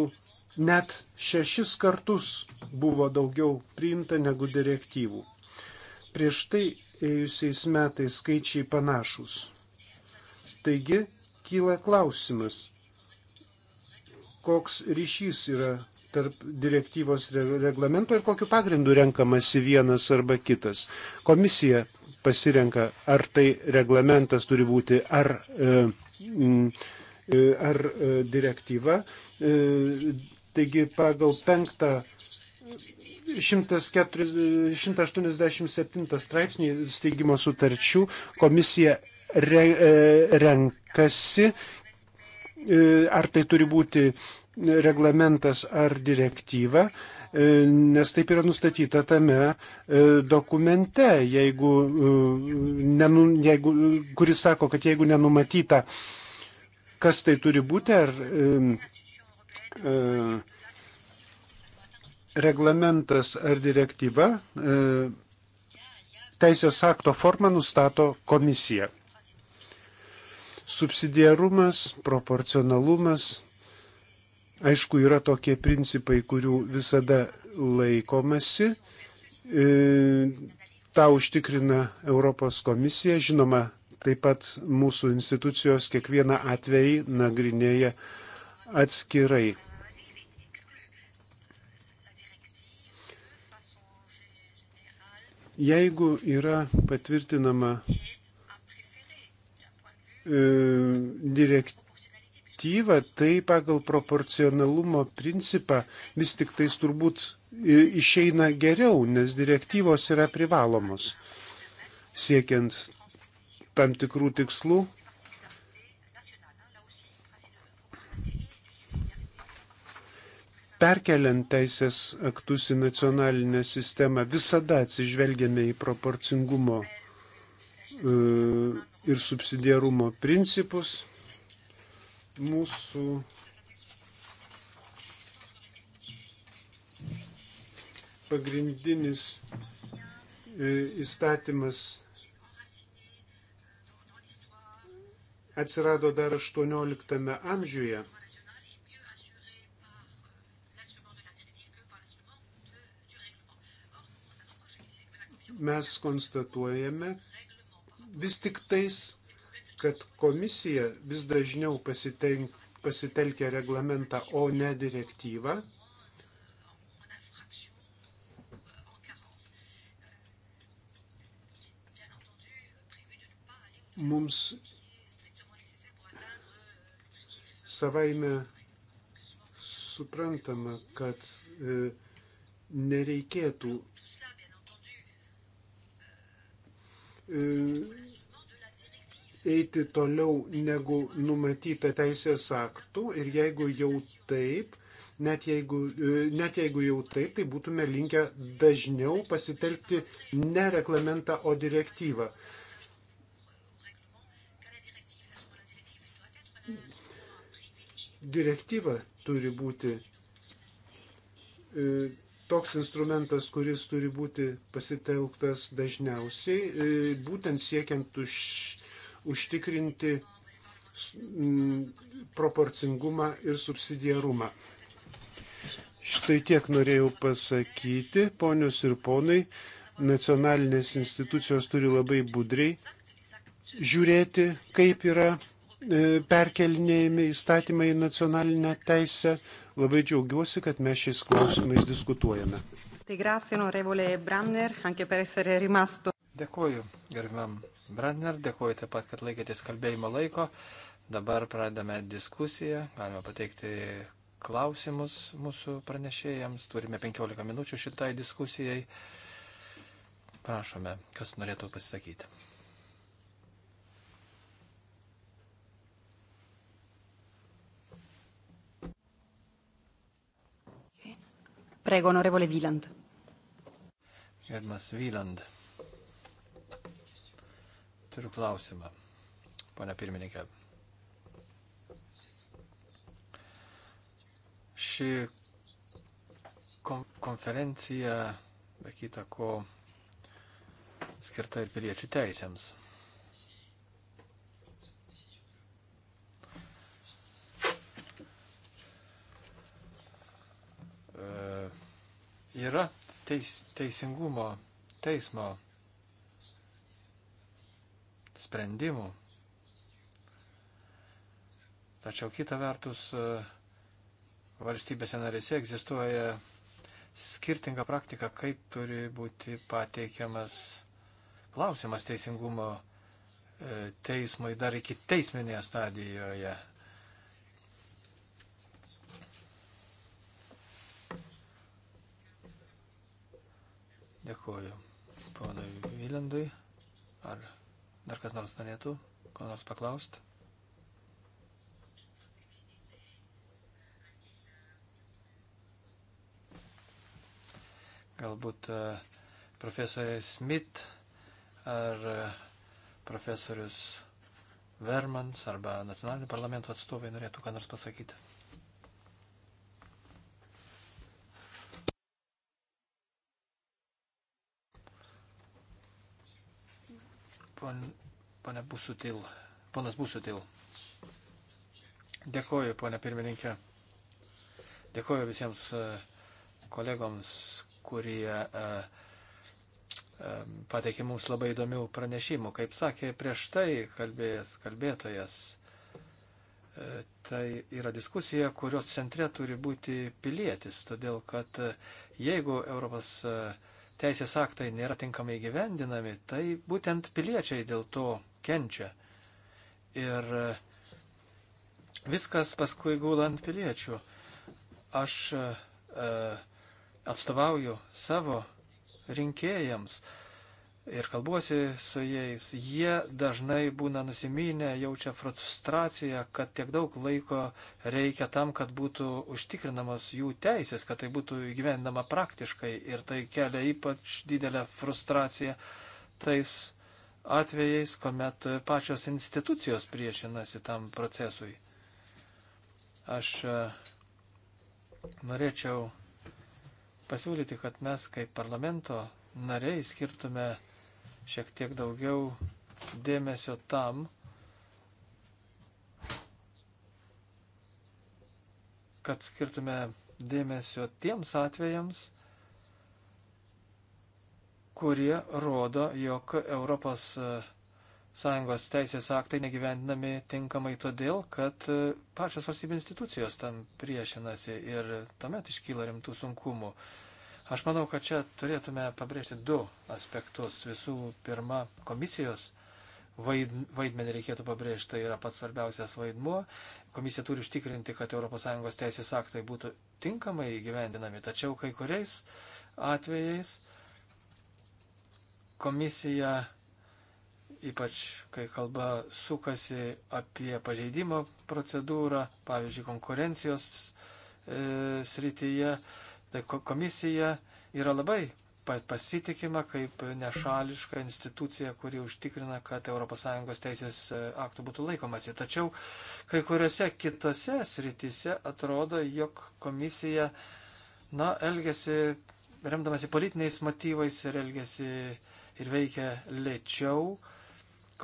net šešis kartus buvo daugiau priimta negu direktyvų prieš tai ėjusiais metais skaičiai panašus. Taigi kyla klausimas, koks ryšys yra tarp direktyvos reglamento ir kokiu pagrindu renkamasi vienas arba kitas. Komisija pasirenka, ar tai reglamentas turi būti, ar, e, e, ar e, direktyva. Taigi pagal penktą 187 straipsnį steigimo sutarčių komisija re, e, renkasi, e, ar tai turi būti reglamentas ar direktyva, e, nes taip yra nustatyta tame dokumente, jeigu, nenu, jeigu, kuris sako, kad jeigu nenumatyta, kas tai turi būti, ar. ar reglamentas ar direktyva e, teisės akto formą nustato komisija. Subsidiarumas, proporcionalumas, aišku, yra tokie principai, kurių visada laikomasi. E, Ta užtikrina Europos komisija, žinoma, taip pat mūsų institucijos kiekvieną atvejį nagrinėja atskirai. Jeigu yra patvirtinama e, direktyva, tai pagal proporcionalumo principą vis tik tais turbūt e, išeina geriau, nes direktyvos yra privalomos siekiant tam tikrų tikslų Perkeliant teisės aktus į nacionalinę sistemą visada atsižvelgiame į proporcingumo e, ir subsidiarumo principus. Mūsų pagrindinis e, įstatymas atsirado dar 18 amžiuje. mes konstatuojame vis tik tais, kad komisija vis dažniau pasitenk, pasitelkia reglamentą, o ne direktyvą. Mums savaime suprantama, kad e, nereikėtų E, eiti toliau negu numatyta teisės aktų ir jeigu jau taip, net jeigu, e, net jeigu jau taip, tai būtume linkę dažniau pasitelkti ne reglamentą, o direktyvą. Direktyva turi būti e, toks instrumentas, kuris turi būti pasitelktas dažniausiai, e, būtent siekiant už, užtikrinti proporcingumą ir subsidiarumą. Štai tiek norėjau pasakyti, ponios ir ponai, nacionalinės institucijos turi labai budriai žiūrėti, kaip yra e, perkelinėjami įstatymai į nacionalinę teisę, Labai džiaugiuosi, kad mes šiais klausimais diskutuojame. Tai grazie, onorevole Branner, anche per essere rimasto. Dėkuoju, gerbiam Branner, dėkuoju taip pat, kad laikėtės kalbėjimo laiko. Dabar pradame diskusiją, galime pateikti klausimus mūsų pranešėjams. Turime 15 minučių šitai diskusijai. Prašome, kas norėtų pasisakyti. Prego, onorevole Viland. Gerbiamas Vyland, turiu klausimą, ponia pirmininkė. Ši konferencija, be kita ko, skirta ir piliečių teisėms. yra teis, teisingumo teismo sprendimų. Tačiau kita vertus e, valstybėse narėse egzistuoja skirtinga praktika, kaip turi būti pateikiamas klausimas teisingumo e, teismui dar iki teisminėje stadijoje. Dėkuoju ponui Vilendui. Ar dar kas nors norėtų, ko nors paklausti? Galbūt e, profesorė Smith ar e, profesorius Vermans arba nacionalinio parlamento atstovai norėtų ką nors pasakyti. Pon, pana Busutil. Ponas Busutil. Dėkoju, ponė pirmininkė. Dėkoju visiems e, kolegoms, kurie e, e, pateikė mums labai įdomių pranešimų. Kaip sakė prieš tai kalbėjęs kalbėtojas, tai yra diskusija, kurios centre turi būti pilietis, todėl kad jeigu Europos uh, teisės aktai nėra tinkamai gyvendinami, tai būtent piliečiai dėl to kenčia. Ir e, viskas paskui gula ant piliečių. Aš e, e atstovauju savo rinkėjams. E, ir kalbuosi su jais, jie dažnai būna nusiminę, jaučia frustraciją, kad tiek daug laiko reikia tam, kad būtų užtikrinamos jų teisės, kad tai būtų įgyvendama praktiškai ir tai kelia ypač didelę frustraciją tais atvejais, kuomet pačios institucijos priešinasi tam procesui. Aš e, norėčiau pasiūlyti, kad mes kaip parlamento nariai skirtume šiek tiek daugiau dėmesio tam, kad skirtume dėmesio tiems atvejams, kurie rodo, jog Europos e, Sąjungos teisės aktai negyvendinami tinkamai todėl, kad e, pačios valstybės institucijos tam priešinasi ir tuomet iškyla rimtų sunkumų. Aš manau, kad čia turėtume pabrėžti du aspektus. Visų pirma, komisijos vaidmenį reikėtų pabrėžti, tai yra pats svarbiausias vaidmuo. Komisija turi užtikrinti, kad ES teisės aktai būtų tinkamai įgyvendinami, tačiau kai kuriais atvejais komisija, ypač kai kalba sukasi apie pažeidimo procedūrą, pavyzdžiui, konkurencijos e, srityje, e, Tai komisija yra labai pasitikima kaip nešališka institucija, kuri užtikrina, kad ES teisės e, aktų būtų laikomasi. Tačiau kai kuriuose kitose sritise atrodo, jog komisija na, elgesi remdamasi politiniais motyvais ir elgesi ir veikia lėčiau,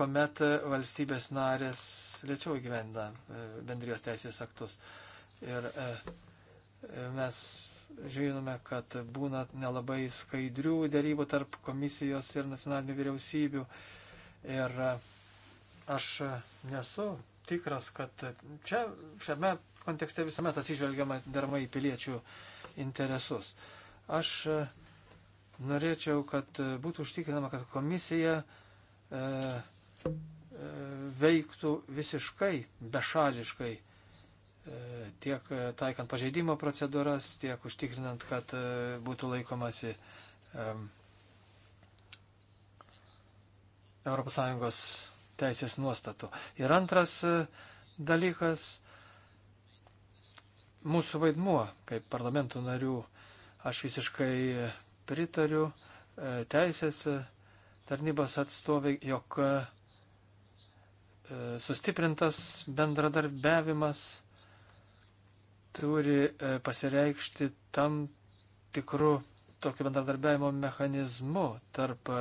kuomet valstybės narės lėčiau gyvenda e, bendrijos teisės aktus. Ir e, mes žinome, kad būna nelabai skaidrių dėrybų tarp komisijos ir nacionalinių vyriausybių. Ir aš nesu tikras, kad čia šiame kontekste visuomet atsižvelgiama deramai į piliečių interesus. Aš norėčiau, kad būtų užtikrinama, kad komisija e, e, veiktų visiškai bešališkai tiek e, taikant pažeidimo procedūras, tiek užtikrinant, kad e, būtų laikomasi ES teisės nuostatų. Ir antras e, dalykas - mūsų vaidmuo kaip parlamentų narių. Aš visiškai pritariu teisės tarnybos atstovai, jog sustiprintas bendradarbiavimas turi e, pasireikšti tam tikru tokio bendradarbiavimo mechanizmu tarp e,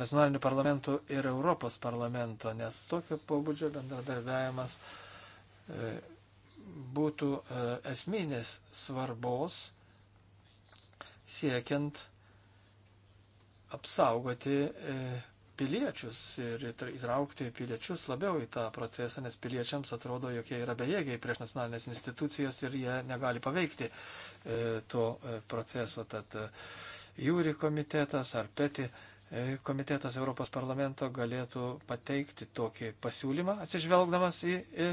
nacionalinių parlamentų ir Europos parlamento, nes tokio pobūdžio bendradarbiavimas e, būtų esminės svarbos siekiant apsaugoti piliečius ir įtraukti piliečius labiau į tą procesą, nes piliečiams atrodo, jog jie yra bejėgiai prieš nacionalinės institucijas ir jie negali paveikti e, to e, proceso. Tad e, jūri komitetas ar peti e, komitetas Europos parlamento galėtų pateikti tokį pasiūlymą, atsižvelgdamas į, į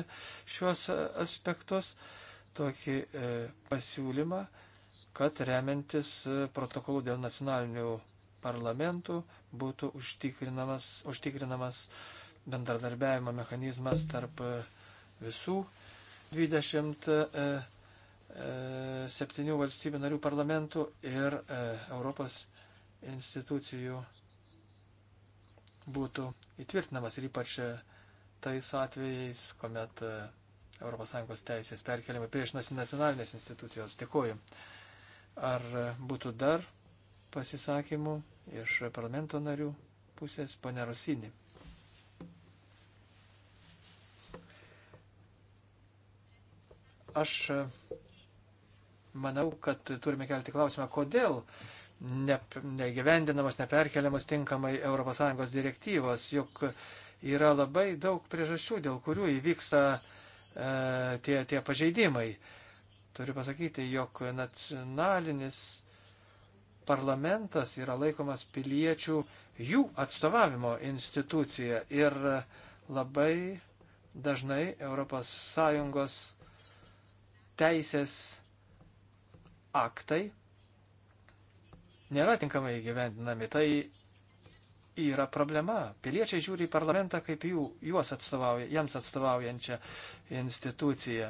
šiuos e, aspektus, tokį e, pasiūlymą, kad remiantis e, protokolų dėl nacionalinių parlamentų, būtų užtikrinamas, užtikrinamas bendradarbiavimo mechanizmas tarp e, visų 27 e, e, valstybių narių parlamentų ir Europos institucijų būtų įtvirtinamas ir ypač tais atvejais, kuomet ES teisės perkeliama prieš nacionalinės institucijos. Dėkuoju. Ar būtų dar pasisakymų? iš parlamento narių pusės, ponia Rosinė. Aš e, manau, kad turime kelti klausimą, kodėl ne, negyvendinamos, neperkeliamos tinkamai ES direktyvos, juk yra labai daug priežasčių, dėl kurių įvyksta e, tie, tie pažeidimai. Turiu pasakyti, jog nacionalinis parlamentas yra laikomas piliečių jų atstovavimo institucija ir labai dažnai ES teisės aktai nėra tinkamai gyvendinami. Tai yra problema. Piliečiai žiūri į parlamentą kaip jų, juos atstovauja, jiems atstovaujančią instituciją.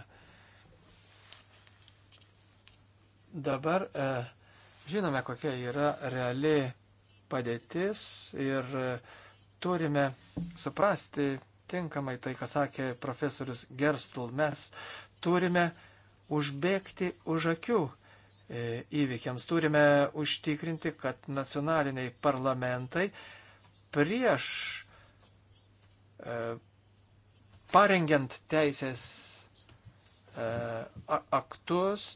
Dabar e, Žinome, kokia yra reali padėtis ir turime suprasti tinkamai tai, ką sakė profesorius Gerstl. Mes turime užbėgti už akių e, įvykiams. Turime užtikrinti, kad nacionaliniai parlamentai prieš e, parengiant teisės e, aktus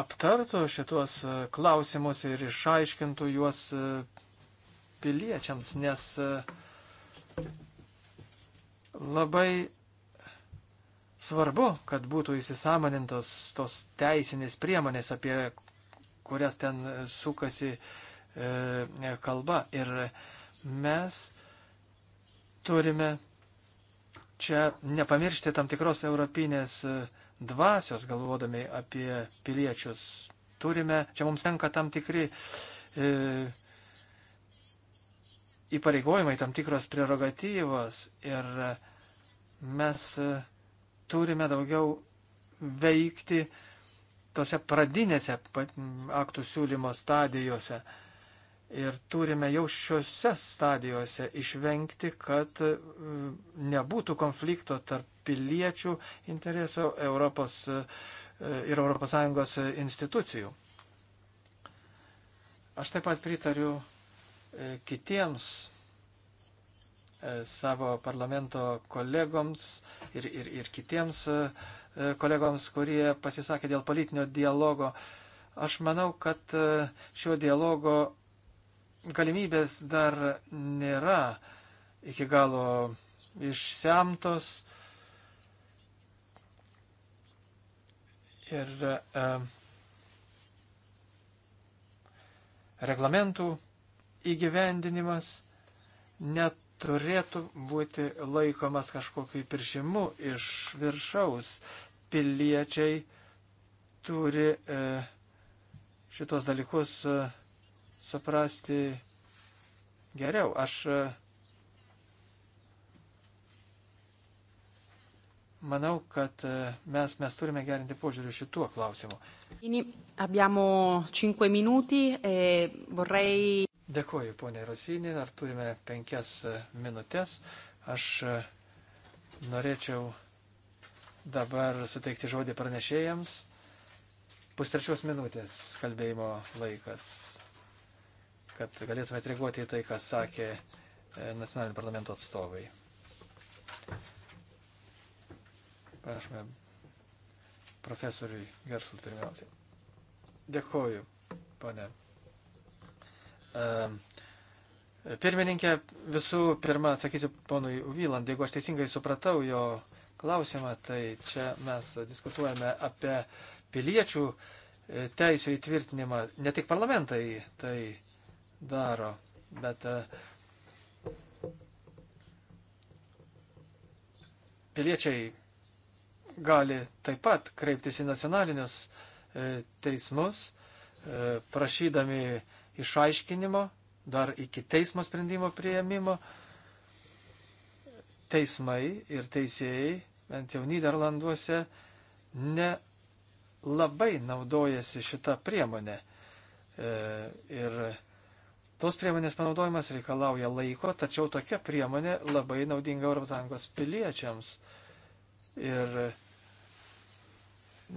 aptartų šitos e, klausimus ir išaiškintų juos e, piliečiams, nes e, labai svarbu, kad būtų įsisamonintos tos teisinės priemonės, apie kurias ten sukasi kalba. Ir mes turime čia nepamiršti tam tikros europinės uh, dvasios, galvodami apie piliečius. Turime, čia mums tenka tam tikri e, įpareigojimai, tam tikros prerogatyvos ir mes e, turime daugiau veikti tose pradinėse aktų siūlymo stadijose. Ir turime jau šiuose stadijose išvengti, kad e, nebūtų konflikto tarp piliečių interesų Europos e, ir ES institucijų. Aš taip pat pritariu e, kitiems e, savo parlamento kolegoms ir, ir, ir kitiems kolegoms, kurie pasisakė dėl politinio dialogo. Aš manau, kad šio dialogo galimybės dar nėra iki galo išsemtos ir e, reglamentų įgyvendinimas neturėtų būti laikomas kažkokiu piršimu iš viršaus. Piliečiai turi e, šitos dalykus e, suprasti geriau. Aš e, Manau, kad e, mes, mes turime gerinti požiūrį šituo klausimu. E Dėkuoju, ponė Rosinė, ar turime penkias e, minutės. Aš norėčiau dabar suteikti žodį pranešėjams. Pustrečios minutės kalbėjimo laikas, kad galėtume atreaguoti į tai, kas sakė nacionalinio parlamento atstovai parašome profesoriui Geršlui pirmiausiai. Dėkoju, ponė. Pirmininkė, visų pirma, atsakysiu ponui Vyland, jeigu aš teisingai supratau jo klausimą, tai čia mes diskutuojame apie piliečių e, teisų įtvirtinimą. Ne tik parlamentai tai daro, bet e, piliečiai gali taip pat kreiptis į nacionalinius e, teismus, e, prašydami išaiškinimo dar iki teismo sprendimo prieimimo. Teismai ir teisėjai, bent jau Niderlanduose, nelabai naudojasi šitą priemonę. E, ir Tos priemonės panaudojimas reikalauja laiko, tačiau tokia priemonė labai naudinga ES piliečiams. Ir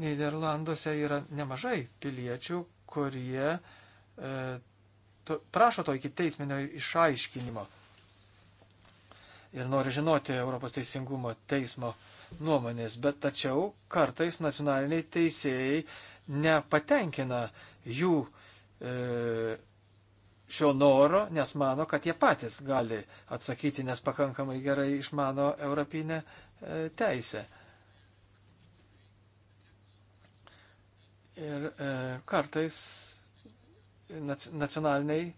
Niderlanduose yra nemažai piliečių, kurie e, to, prašo to iki teisminio išaiškinimo ir nori žinoti Europos teisingumo teismo nuomonės, bet tačiau kartais nacionaliniai teisėjai nepatenkina jų e, šio noro, nes mano, kad jie patys gali atsakyti, nes pakankamai gerai išmano europinę e, teisę. E, Ir e, kartais nacionaliniai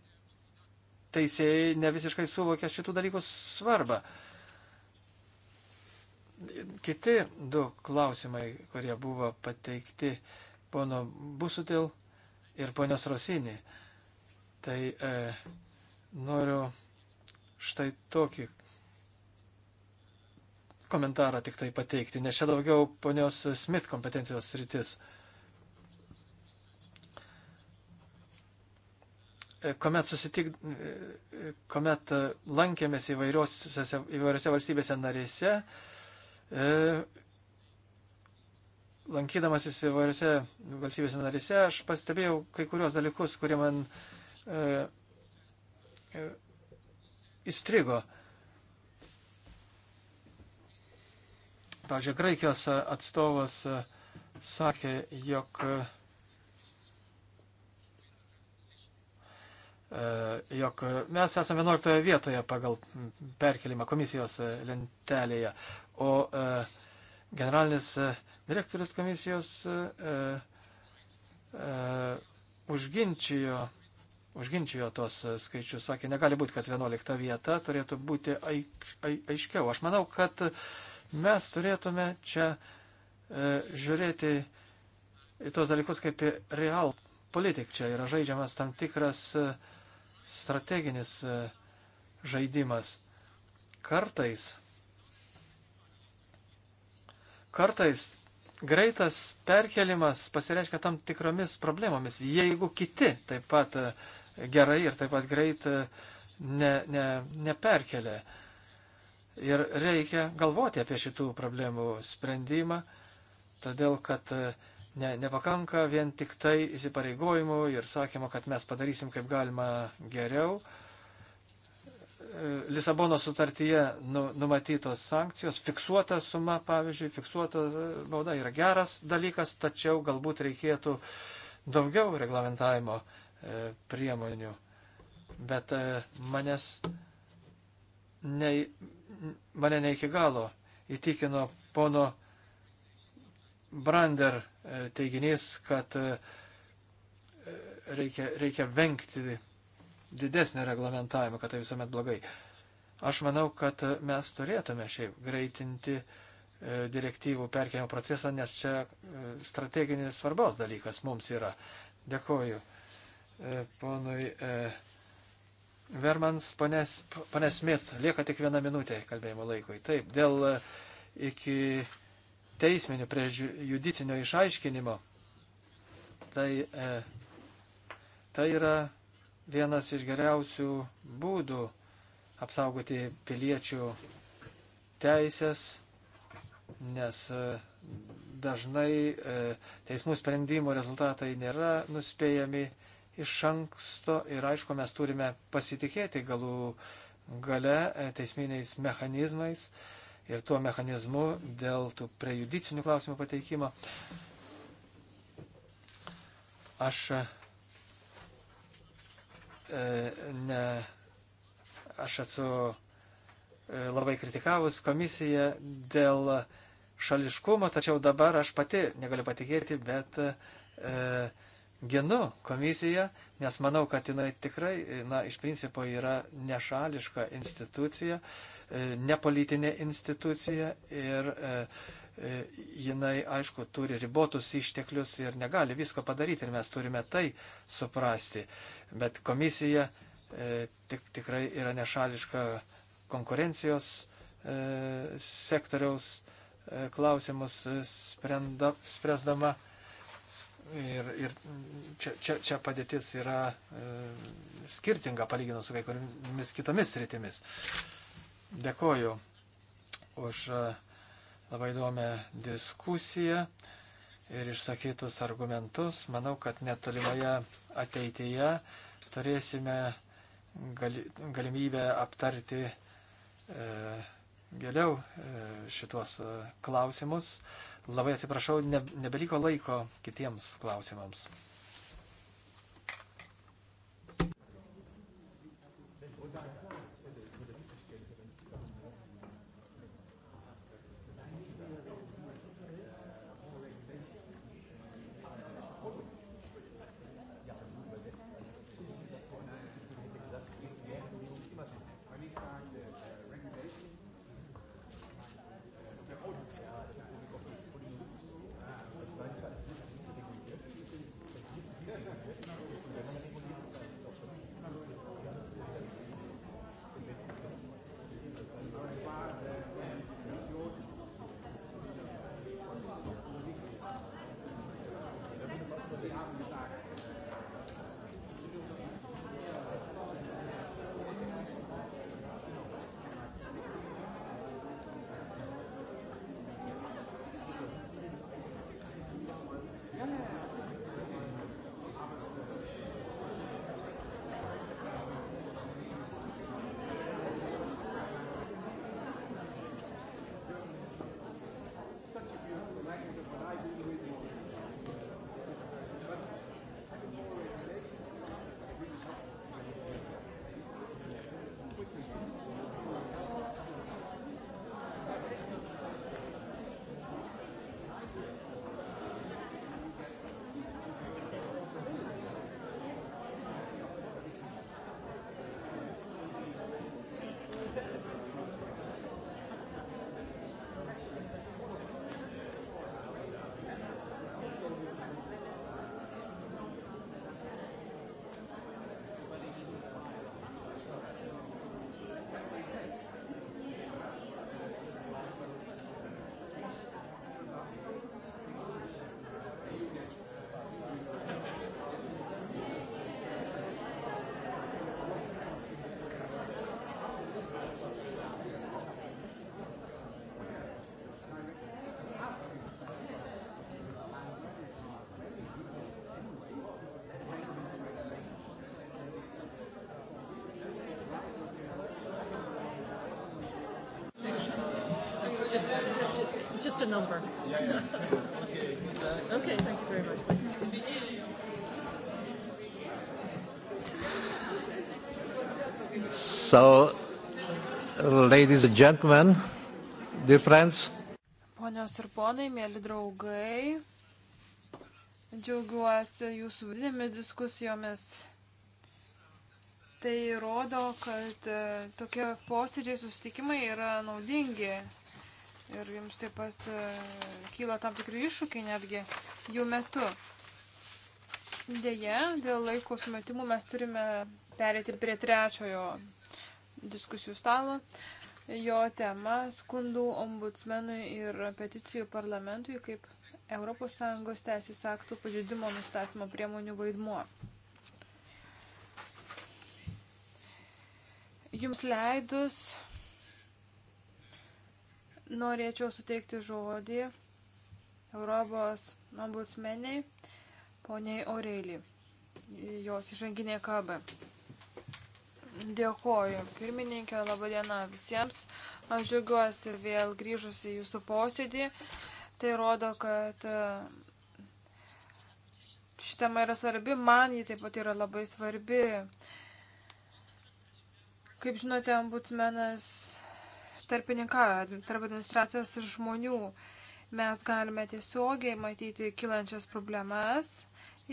teisėjai ne visiškai suvokia šitų dalykų svarbą. Kiti du klausimai, kurie buvo pateikti pono Busutil ir ponios Rosinį, tai e, noriu štai tokį komentarą tik tai pateikti, nes čia daugiau ponios Smith kompetencijos rytis. E, kuomet, susitik, kuomet lankėmės įvairiose, įvairiose valstybėse narėse, e, lankydamasis įvairiose valstybėse narėse, aš pastebėjau kai kurios dalykus, kurie man e, e, įstrigo. Pavyzdžiui, Graikijos atstovas sakė, jog E, jog mes esame 11 vietoje pagal perkelimą komisijos lentelėje, o e, generalinis direktorius komisijos e, užginčijo, užginčijo tos skaičius, sakė, negali būti, kad 11 vieta turėtų būti aiškiau. Aš manau, kad mes turėtume čia žiūrėti į tos dalykus kaip į real politik. Čia yra žaidžiamas tam tikras uh, strateginis e, žaidimas. Kartais, kartais greitas perkelimas pasireiškia tam tikromis problemomis, jeigu kiti taip pat e, gerai ir taip pat greit e, ne, ne, neperkelia. Ir reikia galvoti apie šitų problemų sprendimą, todėl kad uh, Ne, nepakanka vien tik tai įsipareigojimų ir sakymo, kad mes padarysim kaip galima geriau. E, Lisabono sutartyje nu, numatytos sankcijos, fiksuota suma, pavyzdžiui, fiksuota e, bauda yra geras dalykas, tačiau galbūt reikėtų daugiau reglamentavimo e, priemonių. Bet manęs ne, mane ne iki galo įtikino pono Brander teiginys, kad e, reikia, reikia vengti didesnio reglamentavimo, kad tai visuomet blogai. Aš manau, kad mes turėtume šiaip greitinti e, direktyvų perkėlimo procesą, nes čia e, strateginis svarbos dalykas mums yra. Dėkoju ponui Vermans, ponės, ponės Smith, lieka tik viena minutė kalbėjimo laikui. Taip, dėl iki teisminio, prie judicinio išaiškinimo. Tai, e, tai yra vienas iš geriausių būdų apsaugoti piliečių teisės, nes e, dažnai e, teismų sprendimų rezultatai nėra nuspėjami iš anksto ir aišku, mes turime pasitikėti galų gale e, teisminiais mechanizmais, ir tuo mechanizmu dėl tų prejudicinių klausimų pateikimo. Aš e, ne, aš esu e, labai kritikavus komisiją dėl šališkumo, tačiau dabar aš pati negaliu patikėti, bet e, ginu komisiją, nes manau, kad jinai tikrai, na, iš principo yra nešališka institucija, e, nepolitinė institucija ir e, e, jinai, aišku, turi ribotus išteklius ir negali visko padaryti ir mes turime tai suprasti. Bet komisija tik, tikrai yra nešališka konkurencijos sektoriaus klausimus sprendama. Ir, ir čia, čia, čia padėtis yra e, skirtinga palyginus su kai kuriomis kitomis sritimis. Dėkoju už e, labai įdomią diskusiją ir išsakytus argumentus. Manau, kad netolimoje ateityje turėsime gali, galimybę aptarti e, giliau e, šitos e, klausimus. E, Labai atsiprašau, ne, nebeliko laiko kitiems klausimams. just a number. Yeah, yeah. okay, exactly. okay, thank you very much. Thanks. So, ladies and gentlemen, dear friends. Ponios ir ponai, mėly draugai, džiaugiuosi jūsų vidinėmis diskusijomis. Tai rodo, kad e, tokie posėdžiai, susitikimai yra naudingi ir jums taip pat e, kyla tam tikri iššūkiai netgi jų metu. Deja, dėl laiko sumetimų mes turime perėti prie trečiojo diskusijų stalo. Jo tema - skundų ombudsmenui ir peticijų parlamentui kaip ES teisės aktų pažeidimo nustatymo priemonių vaidmuo. Jums leidus norėčiau suteikti žodį Europos ombudsmeniai, poniai Aurelijai, jos įžanginė kalba. Dėkoju, pirmininkė, laba diena visiems. Aš džiaugiuosi vėl grįžusi į jūsų posėdį. Tai rodo, kad e, ši tema yra svarbi, man ji taip pat yra labai svarbi. Kaip žinote, ombudsmenas tarpininkauja tarp administracijos ir žmonių. Mes galime tiesiogiai matyti kilančias problemas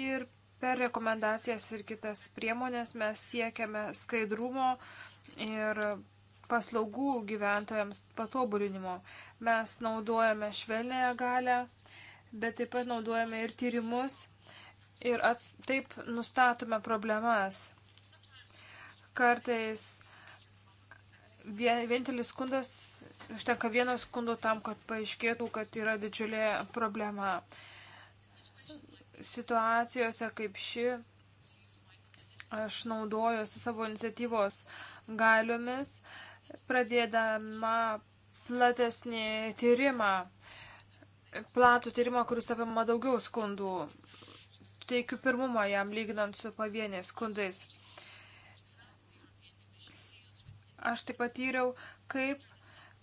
ir per rekomendacijas ir kitas priemonės mes siekiame skaidrumo ir paslaugų gyventojams patobulinimo. Mes naudojame švelnėją galę, bet taip pat naudojame ir tyrimus ir ats, taip nustatome problemas. Kartais vienintelis skundas, užtenka vieno skundo tam, kad paaiškėtų, kad yra didžiulė problema. Situacijose kaip ši aš naudojuosi savo iniciatyvos galiomis, pradėdama platesnį tyrimą, platų tyrimą, kuris apima daugiau skundų. Teikiu pirmumą jam lyginant su pavieniais skundais. Aš taip patyriau, kaip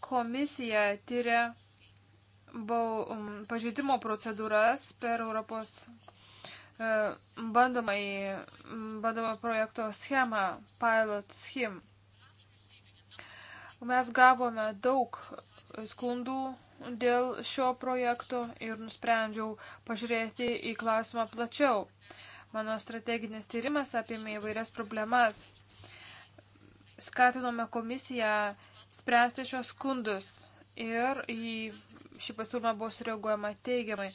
komisija tyria um, pažeidimo procedūras per Europos e, bandomai, bandomą projekto schemą, pilot scheme. Mes gavome daug skundų dėl šio projekto ir nusprendžiau pažiūrėti į klausimą plačiau. Mano strateginis tyrimas apėmė įvairias problemas skatinome komisiją spręsti šios skundus ir į šį pasiūlymą buvo sureaguojama teigiamai.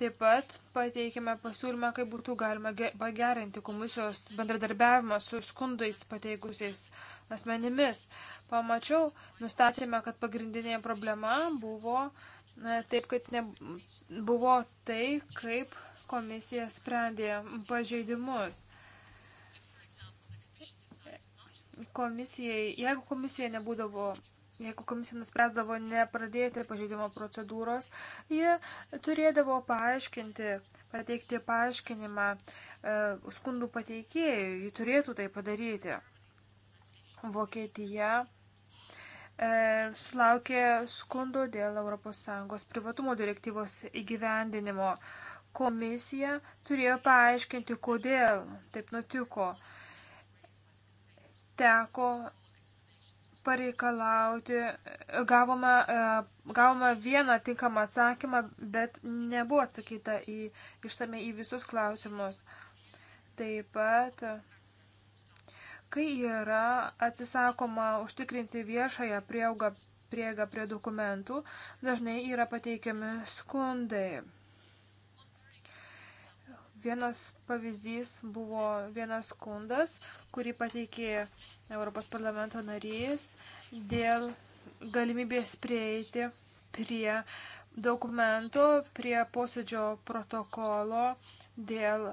Taip pat pateikime pasiūlymą, kaip būtų galima pagerinti komisijos bendradarbiavimą su skundais pateikusiais asmenimis. Pamačiau, nustatėme, kad pagrindinė problema buvo na, taip, kad ne, buvo tai, kaip komisija sprendė pažeidimus. komisijai, jeigu komisija nebūdavo jeigu komisija nuspręsdavo nepradėti pažeidimo procedūros, ji turėdavo paaiškinti, pateikti paaiškinimą e, skundų pateikėjui, ji turėtų tai padaryti. Vokietija e, sulaukė skundų dėl ES privatumo direktyvos įgyvendinimo. Komisija turėjo paaiškinti, kodėl taip nutiko teko pareikalauti, gavome, e, gavome vieną tinkamą atsakymą, bet nebuvo atsakyta į, išsame į visus klausimus. Taip pat, kai yra atsisakoma užtikrinti viešąją prieigą prie dokumentų, dažnai yra pateikiami skundai. Vienas pavyzdys buvo vienas skundas, kurį pateikė Europos parlamento narys dėl galimybės prieiti prie dokumento, prie posėdžio protokolo dėl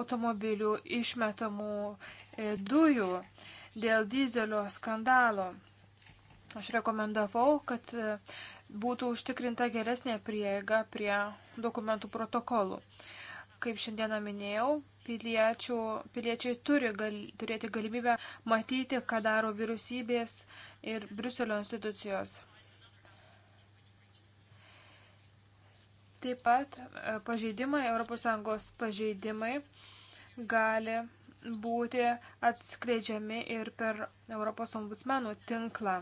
automobilių išmetamų e, dujų, dėl dizelio skandalo. Aš rekomendavau, kad e, būtų užtikrinta geresnė prieiga prie dokumentų protokolų. Kaip šiandieną minėjau, piliečių, piliečiai turi gal, turėti galimybę matyti, ką daro vyriausybės ir Briuselio institucijos. Taip pat e, pažeidimai, ES pažeidimai gali būti atskleidžiami ir per Europos ombudsmenų tinklą.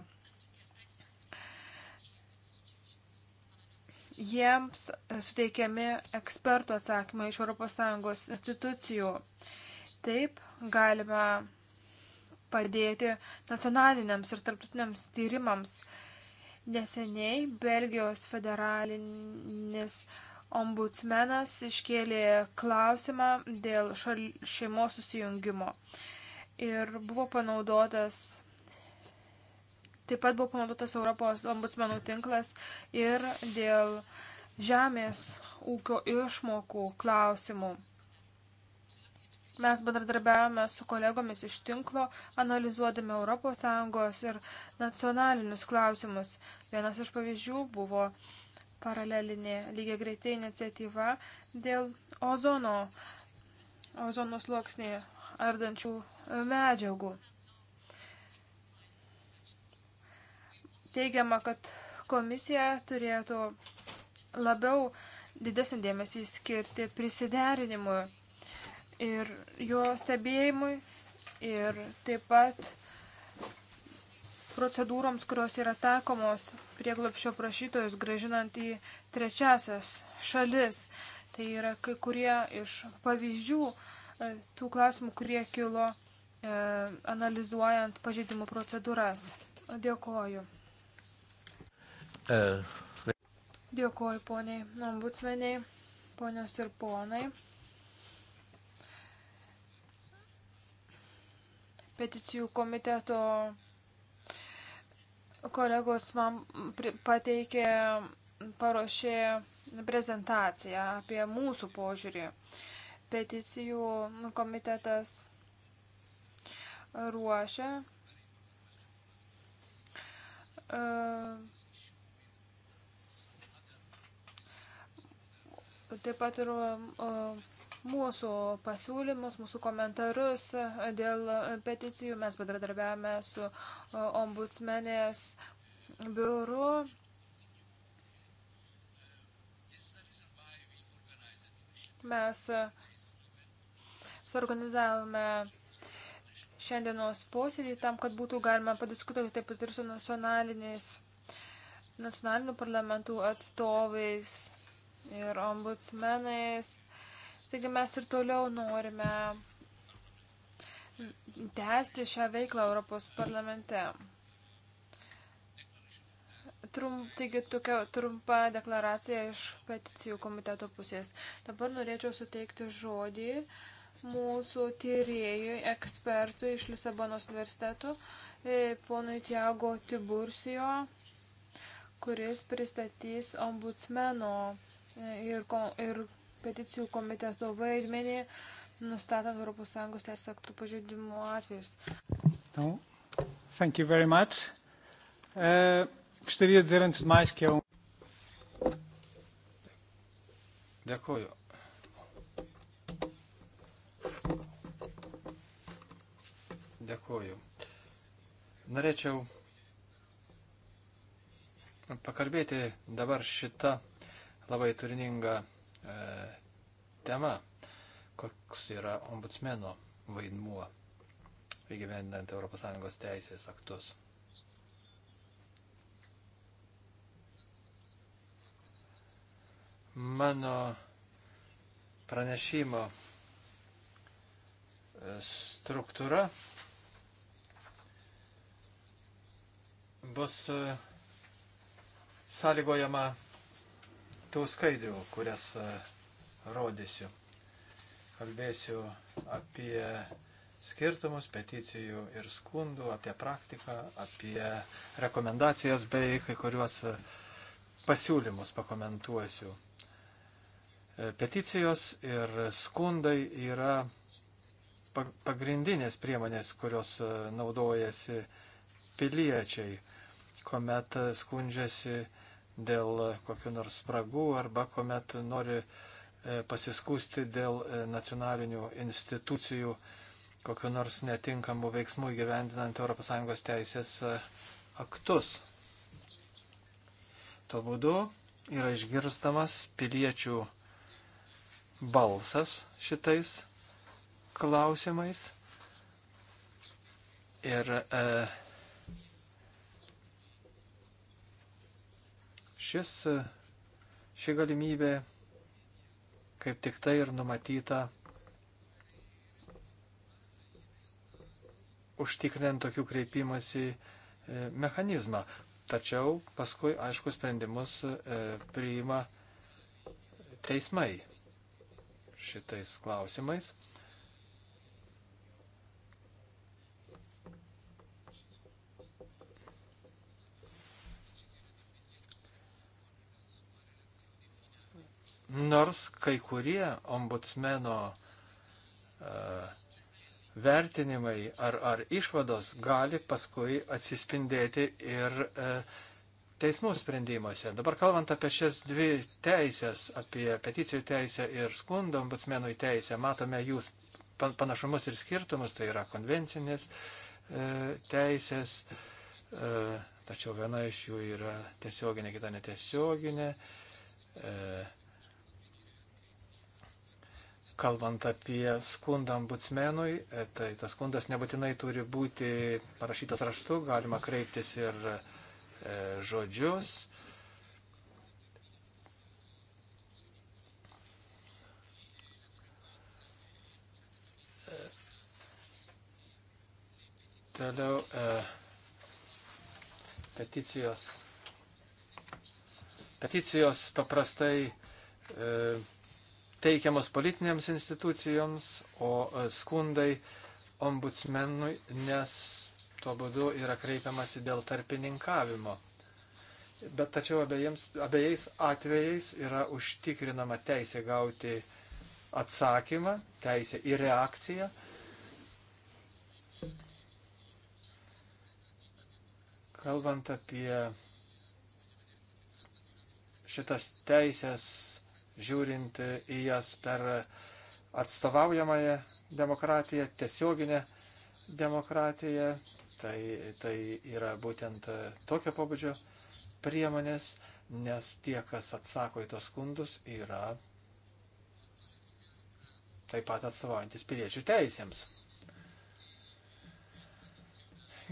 jiems e, suteikiami ekspertų atsakymai iš ES institucijų. Taip galime padėti nacionaliniams ir tarptautiniams tyrimams. Neseniai Belgijos federalinis ombudsmenas iškėlė klausimą dėl šeimos susijungimo ir buvo panaudotas Taip pat buvo panaudotas Europos ombudsmenų tinklas ir dėl žemės ūkio išmokų klausimų. Mes bendradarbiavome su kolegomis iš tinklo, analizuodami ES ir nacionalinius klausimus. Vienas iš pavyzdžių buvo paralelinė lygiai greitai iniciatyva dėl ozono, ozono sluoksnį ardančių medžiagų. teigiama, kad komisija turėtų labiau didesnį dėmesį skirti prisiderinimui ir jo stebėjimui ir taip pat procedūroms, kurios yra taikomos prieglopščio prašytojus gražinant į trečiasias šalis. Tai yra kai kurie iš pavyzdžių e, tų klausimų, kurie kilo e, analizuojant pažeidimų procedūras. Dėkoju. Dėkuoju poniai ombudsmeniai, ponios ir ponai. Peticijų komiteto kolegos man pateikė, paruošė prezentaciją apie mūsų požiūrį. Peticijų komitetas ruošia e, taip pat ir mūsų pasiūlymus, mūsų komentarus dėl peticijų. Mes bendradarbiavome su ombudsmenės biuru. Mes suorganizavome šiandienos posėdį tam, kad būtų galima padiskutuoti taip pat ir su nacionaliniais, nacionalinių parlamentų atstovais ir ombudsmenais. Taigi mes ir toliau norime tęsti šią veiklą Europos parlamente. Trump, taigi tokia trumpa deklaracija iš peticijų komiteto pusės. Dabar norėčiau suteikti žodį mūsų tyriejui, ekspertui iš Lisabonos universiteto, e, ponui Tiago Tibursijo, kuris pristatys ombudsmeno ir, ir peticijų komiteto vaidmenį, nustatant ES teisės aktų pažeidimų atvejus. Então, thank you very much. Uh, gostaria de dizer antes de mais que é um. Dėkuoju. Dėkuoju. Norėčiau pakalbėti dabar šitą labai turininga e, tema, koks yra ombudsmeno vaidmuo įgyvendinant ES teisės aktus. Mano pranešimo e, struktūra bus e, sąlygojama tų skaidrių, kurias e, rodysiu. Kalbėsiu apie skirtumus, peticijų ir skundų, apie praktiką, apie rekomendacijas bei kai kuriuos e, pasiūlymus pakomentuosiu. E, peticijos ir skundai yra pagrindinės priemonės, kurios naudojasi piliečiai, kuomet skundžiasi dėl e, kokiu nors spragų arba kuomet nori e, pasiskūsti dėl e, nacionalinių institucijų kokiu nors netinkamu veiksmu įgyvendinant ES teisės aktus. Tuo būdu yra išgirstamas piliečių balsas šitais klausimais ir e, Šis, ši galimybė kaip tik tai ir numatyta užtikrinant tokių kreipimasi e, mechanizmą. Tačiau paskui, aišku, sprendimus e, priima teismai šitais klausimais. nors kai kurie ombudsmeno uh, vertinimai ar, ar išvados gali paskui atsispindėti ir uh, teismų sprendimuose. Dabar kalbant apie šias dvi teisės, apie peticijų teisę ir skundą ombudsmenui teisę, matome jų panašumus ir skirtumus, tai yra konvencinės uh, teisės, tačiau viena iš jų yra tiesioginė, kita netiesioginė Kalbant apie skundą ambutsmenui, e, tai tas skundas nebūtinai turi būti parašytas raštu, galima kreiptis ir e, žodžius. Toliau e, peticijos. Peticijos paprastai e, teikiamos politinėms institucijoms, o e, skundai ombudsmenui, nes tuo būdu yra kreipiamasi dėl tarpininkavimo. Bet tačiau abiejams, abiejais atvejais yra užtikrinama teisė gauti atsakymą, teisė į reakciją. Kalbant apie šitas teisės žiūrint į jas per atstovaujamąją demokratiją, tiesioginę demokratiją. Tai, tai yra būtent tokio pobūdžio priemonės, nes tie, kas atsako į tos skundus, yra taip pat atstovaujantis piliečių teisėms.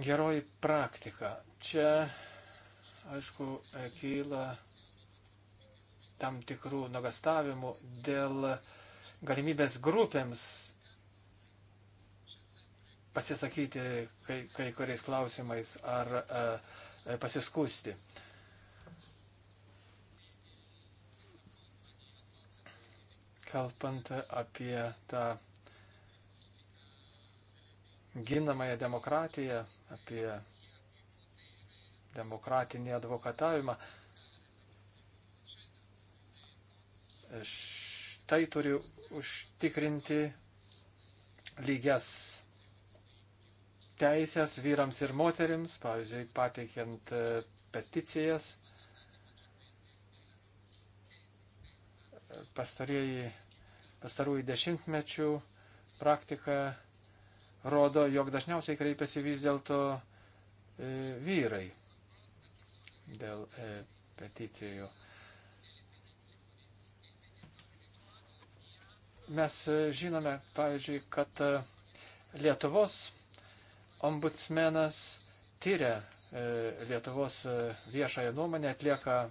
Geroji praktika. Čia, aišku, kyla tam tikrų nuogastavimų dėl galimybės grupėms pasisakyti kai, kai kuriais klausimais ar a, e, a, e, pasiskūsti. Kalbant apie tą ginamąją demokratiją, apie demokratinį advokatavimą, Tai turi užtikrinti lygias teisės vyrams ir moterims, pavyzdžiui, pateikiant e, peticijas. Pastarieji, pastarųjų dešimtmečių praktika rodo, jog dažniausiai kreipiasi vis dėlto e, vyrai dėl e, peticijų. Mes e, žinome, pavyzdžiui, kad e, Lietuvos ombudsmenas tyria e, Lietuvos viešąją nuomonę, atlieka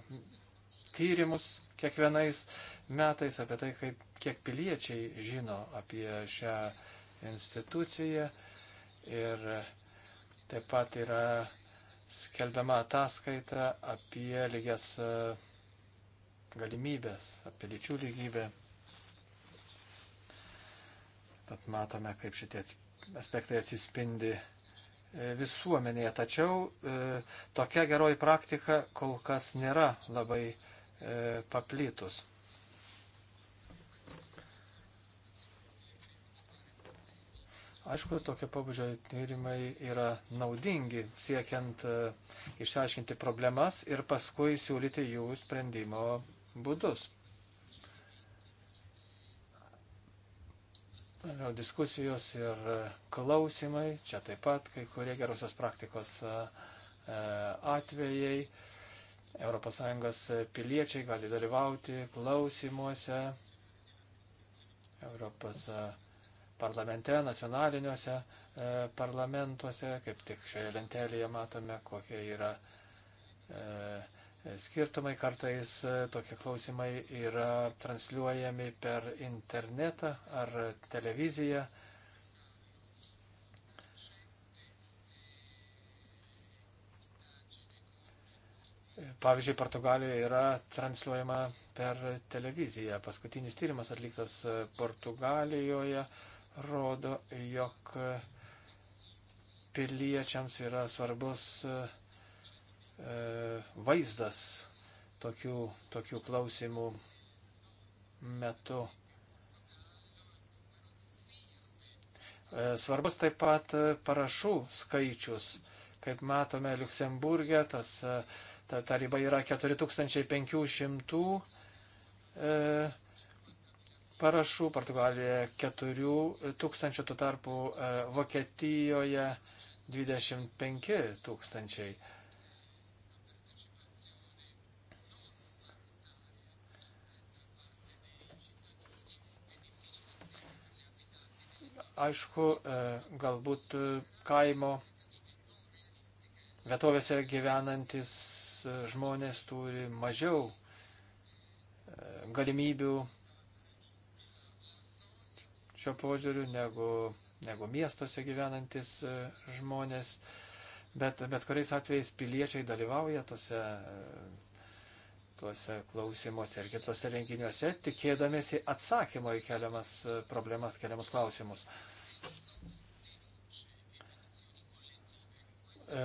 tyrimus kiekvienais metais apie tai, kaip, kiek piliečiai žino apie šią instituciją. Ir taip pat yra skelbiama ataskaita apie lygias galimybės, apie lyčių lygybę Tad matome, kaip šitie aspektai atsispindi e, visuomenėje. Tačiau e, tokia geroji praktika kol kas nėra labai e, paplytus. Aišku, tokio pabudžio tyrimai yra naudingi, siekiant e, išsiaiškinti problemas ir paskui siūlyti jų sprendimo būdus. diskusijos ir e, klausimai, čia taip pat kai kurie gerosios praktikos e, e, atvejai. ES piliečiai gali dalyvauti klausimuose Europos parlamente, nacionaliniuose parlamentuose. Kaip tik šioje lentelėje matome, kokie yra skirtumai kartais e, tokie klausimai yra transliuojami per internetą ar televiziją. Pavyzdžiui, Portugalijoje yra transliuojama per televiziją. Paskutinis tyrimas atliktas e, Portugalijoje rodo, jog piliečiams yra svarbus uh, E, vaizdas tokių, tokių klausimų metu. E, svarbus taip pat e, parašų skaičius. Kaip matome, Luksemburgė tas, ta, ta riba yra 4500 e, parašų, Portugalijoje 4000, tuo tarpu e, Vokietijoje 25 tūkstančiai. E, Aišku, e, galbūt e, kaimo vietovėse gyvenantis e, žmonės turi mažiau galimybių šio požiūriu negu, negu miestuose gyvenantis žmonės. Bet, bet kuriais atvejais piliečiai dalyvauja tose tuose klausimuose ir kitose renginiuose, tikėdamėsi atsakymo į keliamas e, problemas, keliamus klausimus. E,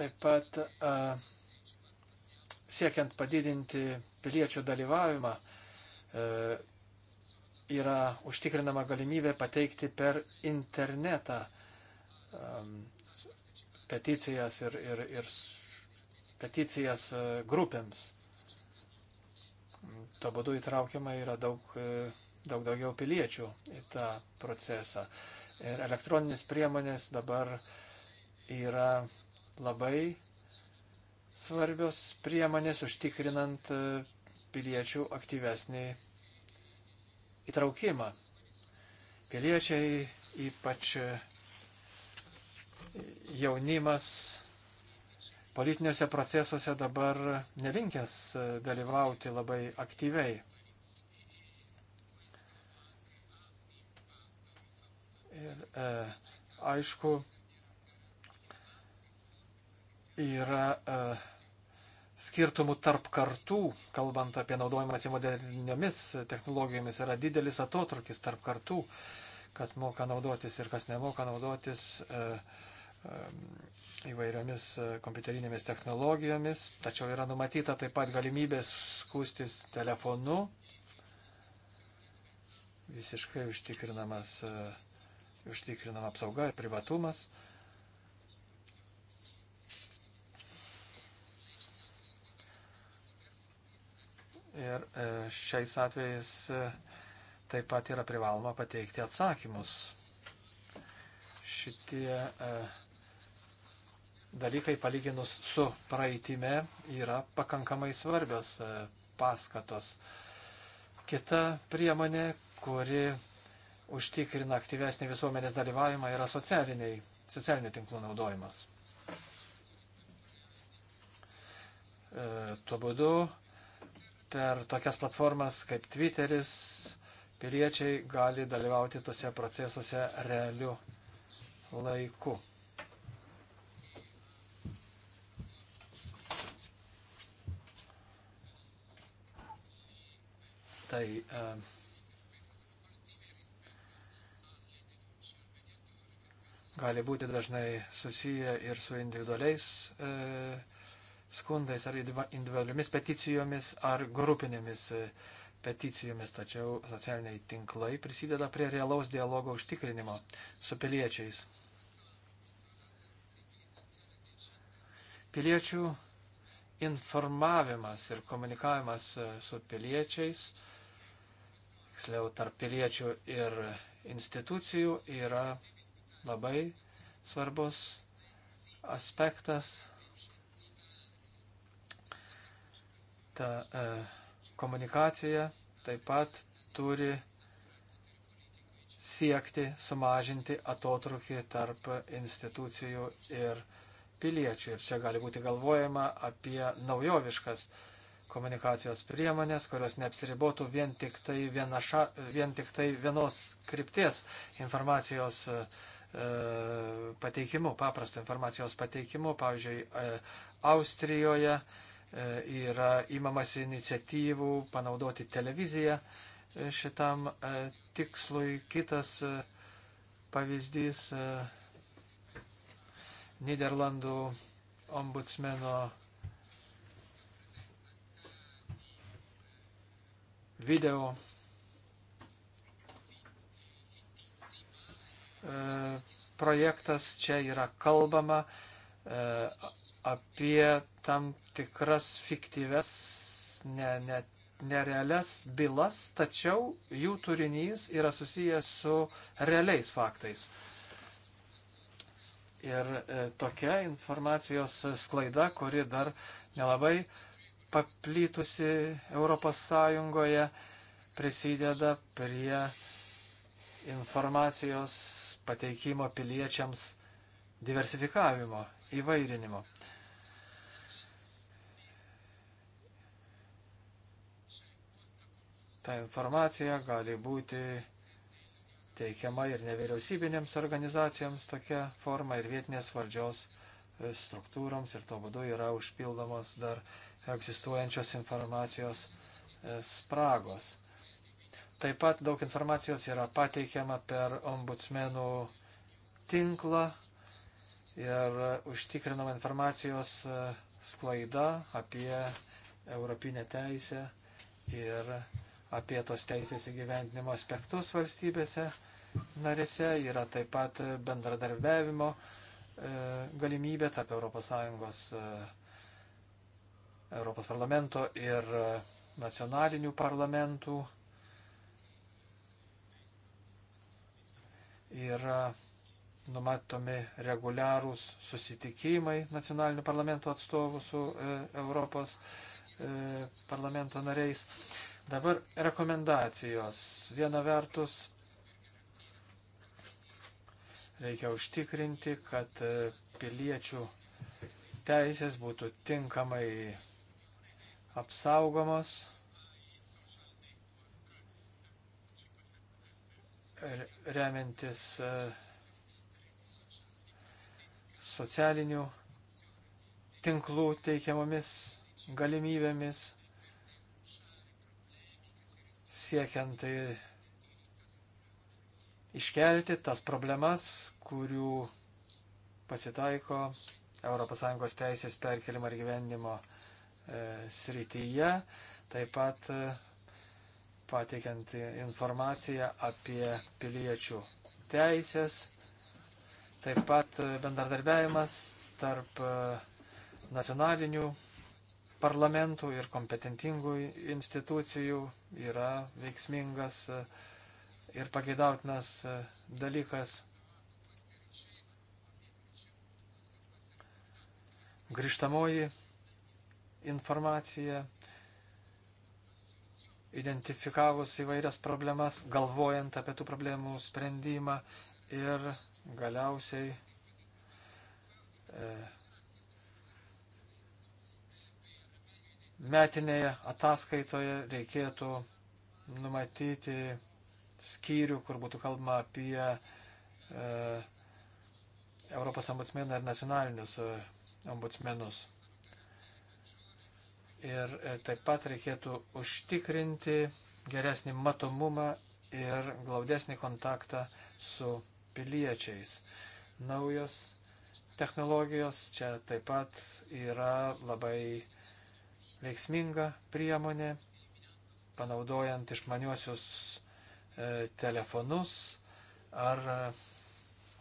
taip pat e, siekiant padidinti piliečių dalyvavimą yra užtikrinama galimybė pateikti per internetą peticijas ir, ir, ir peticijas e, grupėms. Tuo būdu įtraukiama yra daug, e, daug daugiau piliečių į tą procesą. Ir elektroninės priemonės dabar yra labai svarbios priemonės užtikrinant e, piliečių aktyvesnį įtraukimą. Piliečiai ypač jaunimas politiniuose procesuose dabar nelinkęs e, dalyvauti labai aktyviai. Ir e, aišku, yra e, skirtumų tarp kartų, kalbant apie naudojimąsi moderniomis technologijomis, yra didelis atotrukis tarp kartų, kas moka naudotis ir kas nemoka naudotis. E, įvairiomis e, kompiuterinėmis technologijomis, tačiau yra numatyta taip pat galimybė skūstis telefonu. Visiškai užtikrinamas, e, užtikrinama apsauga ir privatumas. Ir e, šiais atvejais taip pat yra privaloma pateikti atsakymus. Šitie uh, dalykai palyginus su praeitime yra pakankamai svarbios e, paskatos. Kita priemonė, kuri užtikrina aktyvesnį visuomenės dalyvavimą, yra socialinių tinklų naudojimas. E, tuo būdu per tokias platformas kaip Twitteris piliečiai gali dalyvauti tose procesuose realiu laiku. tai um, gali būti dažnai susiję ir su individualiais e, skundais ar individualiomis peticijomis ar grupinėmis e, peticijomis, tačiau socialiniai tinklai prisideda prie realaus dialogo užtikrinimo su piliečiais. Piliečių informavimas ir komunikavimas e, su piliečiais e, tiksliau tarp piliečių ir institucijų yra labai svarbus aspektas. Ta e, komunikacija taip pat turi siekti sumažinti atotrukį tarp institucijų ir piliečių. Ir čia gali būti galvojama apie naujoviškas e, komunikacijos priemonės, kurios neapsiribotų vien tik tai, vienaša, vien tik tai vienos krypties informacijos e, e pateikimu, paprasto informacijos pateikimu. Pavyzdžiui, e, Austrijoje e, yra įmamas iniciatyvų panaudoti televiziją e, šitam e, tikslui. Kitas e, pavyzdys e, Niderlandų ombudsmeno video e, projektas, čia yra kalbama e, apie tam tikras fiktyves, ne, ne, nerealias bylas, tačiau jų turinys yra susijęs su realiais faktais. Ir e, tokia informacijos sklaida, kuri dar nelabai uh, paplitusi Europos Sąjungoje, prisideda prie informacijos pateikimo piliečiams diversifikavimo, įvairinimo. Ta informacija gali būti teikiama ir nevyriausybinėms organizacijoms tokia forma ir vietinės valdžios struktūroms ir tuo būdu yra užpildomos dar egzistuojančios informacijos e, spragos. Taip pat daug informacijos yra pateikiama per ombudsmenų tinklą ir užtikrinama informacijos e, sklaida apie europinę teisę ir apie tos teisės įgyvendinimo aspektus valstybėse narėse. Yra taip pat bendradarbiavimo e, galimybė tarp ES Europos parlamento ir e, nacionalinių parlamentų yra e, numatomi reguliarūs susitikimai nacionalinių parlamentų atstovų su e, Europos e, parlamento nariais. Dabar rekomendacijos. Viena vertus, reikia užtikrinti, kad e, piliečių teisės būtų tinkamai apsaugomos. remiantis e, socialinių tinklų teikiamomis galimybėmis, siekiant iškelti tas problemas, kurių pasitaiko ES teisės perkelimo ir gyvenimo E, srityje, taip pat e, pateikiant informaciją apie piliečių teisės, taip pat e, bendradarbiavimas tarp nacionalinių parlamentų ir kompetentingų institucijų yra veiksmingas ir pageidautinas dalykas. Grįžtamoji informaciją, identifikavus įvairias problemas, galvojant apie tų problemų sprendimą ir galiausiai e, metinėje ataskaitoje reikėtų numatyti skyrių, kur būtų kalbama apie e, Europos ombudsmeną ir nacionalinius e, ombudsmenus. E, ir e, taip pat reikėtų užtikrinti geresnį matomumą ir glaudesnį kontaktą su piliečiais. Naujos technologijos čia taip pat yra labai veiksminga priemonė, panaudojant išmaniuosius e, telefonus ar e,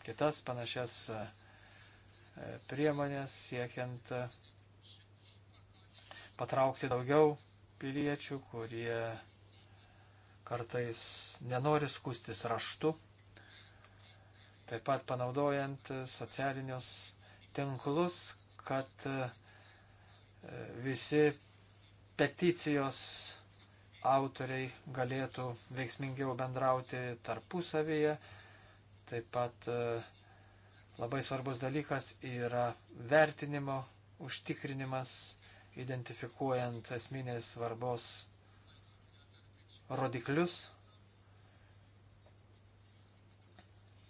kitas panašias priemonės siekiant patraukti daugiau piliečių, kurie kartais nenori skustis raštu, taip pat panaudojant socialinius tinklus, kad e, visi peticijos autoriai galėtų veiksmingiau bendrauti tarpusavyje. Taip pat e, labai svarbus dalykas yra vertinimo užtikrinimas identifikuojant esminės svarbos rodiklius.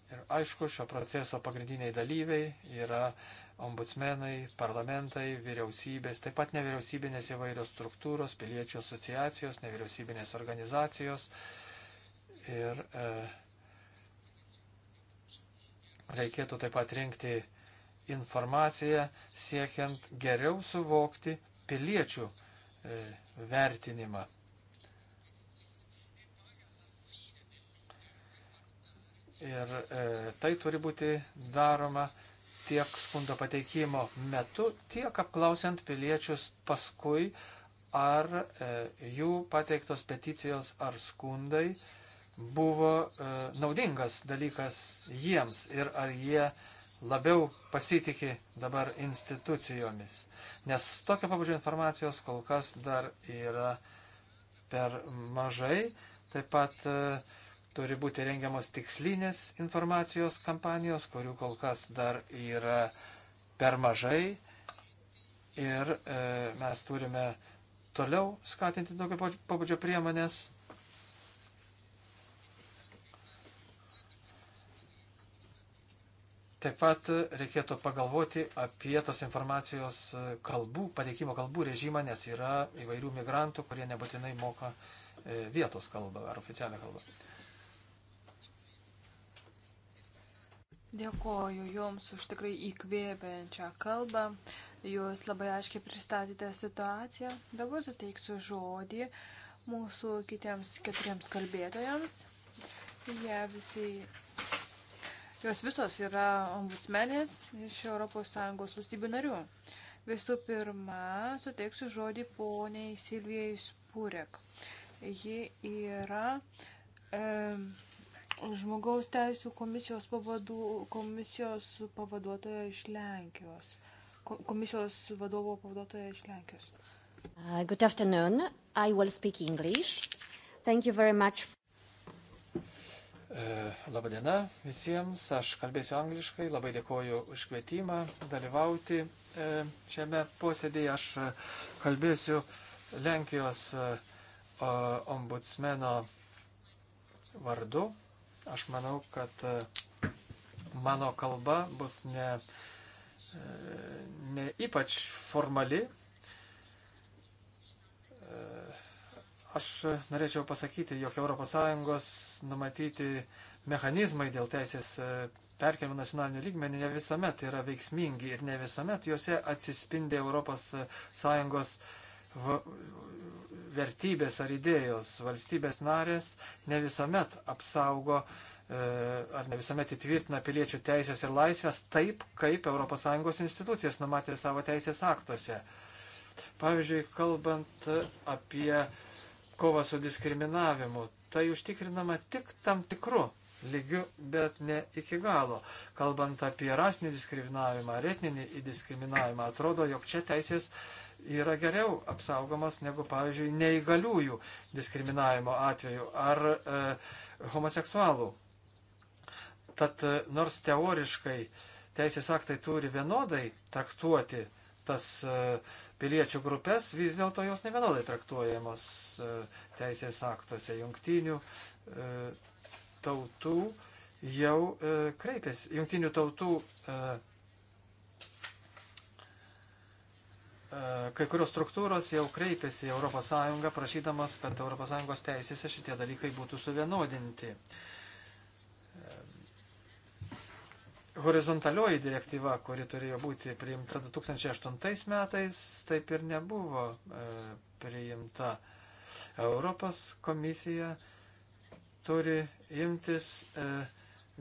Ir aišku, šio proceso pagrindiniai dalyviai yra ombudsmenai, parlamentai, vyriausybės, taip pat nevyriausybinės įvairios struktūros, piliečių asociacijos, nevyriausybinės organizacijos. Ir e, reikėtų taip pat rinkti informaciją, siekiant geriau suvokti piliečių e, vertinimą. Ir e, tai turi būti daroma tiek skundo pateikimo metu, tiek apklausiant piliečius paskui, ar e, jų pateiktos peticijos ar skundai buvo e, naudingas dalykas jiems ir ar jie e, labiau pasitikė dabar institucijomis, nes tokio pabudžio informacijos kol kas dar yra per mažai. Taip pat e, turi būti rengiamos tikslinės informacijos kampanijos, kurių kol kas dar yra per mažai. Ir e, mes turime toliau skatinti tokio pabudžio priemonės Taip pat reikėtų pagalvoti apie tos informacijos kalbų, pateikimo kalbų režimą, nes yra įvairių migrantų, kurie nebūtinai moka e, vietos kalbą ar oficialią kalbą. Dėkoju Jums už tikrai įkvėpiančią kalbą. Jūs labai aiškiai pristatėte situaciją. Dabar suteiksiu žodį mūsų kitiems keturiems kalbėtojams. Jie visi Jos visos yra ombudsmenės iš ES valstybių narių. Visų pirma, suteiksiu žodį poniai Silvijai Spurek. Ji yra e, žmogaus teisų komisijos, pavadu, komisijos pavaduotoja iš Lenkijos. Komisijos vadovo pavaduotoja iš Lenkijos. Uh, good afternoon. I will speak English. Thank you very much. E, Labadiena visiems, aš kalbėsiu angliškai, labai dėkoju už kvietimą dalyvauti e, šiame posėdėje. Aš e, kalbėsiu Lenkijos ombudsmeno vardu. Aš manau, kad mano kalba bus ne, ne ypač formali, Aš norėčiau pasakyti, jog ES numatyti mechanizmai dėl teisės e, perkelimo nacionalinių lygmenį ne visuomet yra veiksmingi ir ne visuomet juose atsispindi ES vertybės ar idėjos. Valstybės narės ne visuomet apsaugo e, ar ne visuomet įtvirtina piliečių teisės ir laisvės taip, kaip ES institucijas numatė savo teisės aktuose. Pavyzdžiui, kalbant apie kova su diskriminavimu. Tai užtikrinama tik tam tikru lygiu, bet ne iki galo. Kalbant apie rasinį diskriminavimą, retninį diskriminavimą, atrodo, jog čia teisės yra geriau apsaugomas negu, pavyzdžiui, neįgaliųjų diskriminavimo atveju ar e, homoseksualų. Tad e, nors teoriškai teisės aktai turi vienodai traktuoti tas e, piliečių grupės, vis dėlto jos nevienodai traktuojamos e, teisės aktuose. Jungtinių e, tautų jau e, kreipėsi, jungtinių tautų kai kurios struktūros jau kreipėsi į ES prašydamas, kad ES teisėse šitie dalykai būtų suvienodinti. horizontalioji direktyva, kuri turėjo būti priimta 2008 metais, taip ir nebuvo e, priimta. Europos komisija turi imtis e,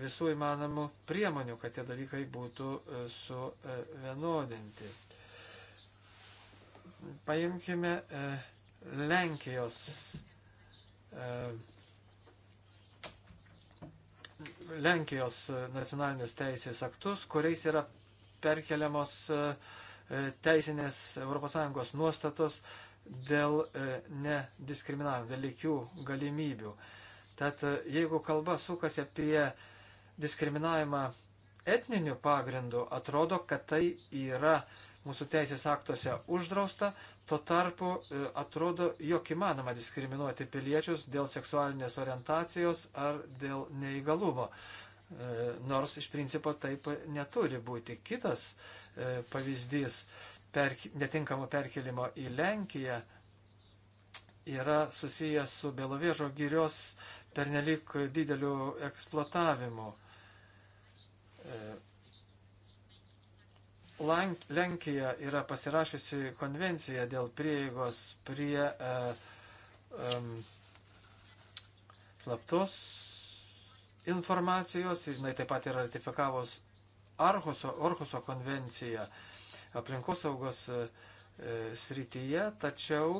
visų įmanomų priemonių, kad tie dalykai būtų e, suvienodinti. Paimkime e, Lenkijos e, Lenkijos nacionalinius teisės aktus, kuriais yra perkeliamos e, teisinės ES nuostatos dėl e, nediskriminavimo, dėl lygių galimybių. Tad e, jeigu kalba sukasi apie diskriminavimą etniniu pagrindu, atrodo, kad tai yra mūsų teisės aktuose uždrausta, tuo tarpu e, atrodo, jog įmanoma diskriminuoti piliečius dėl seksualinės orientacijos ar dėl neįgalumo. E, nors iš principo taip neturi būti. Kitas e, pavyzdys per, netinkamo perkelimo į Lenkiją yra susijęs su Belovėžo gyrios pernelik dideliu eksploatavimu Lenkija yra pasirašiusi konvenciją dėl prieigos prie e, um, slaptos informacijos ir jinai taip pat yra ratifikavus Arhuso, Orhuso konvenciją aplinkosaugos e, e, srityje, tačiau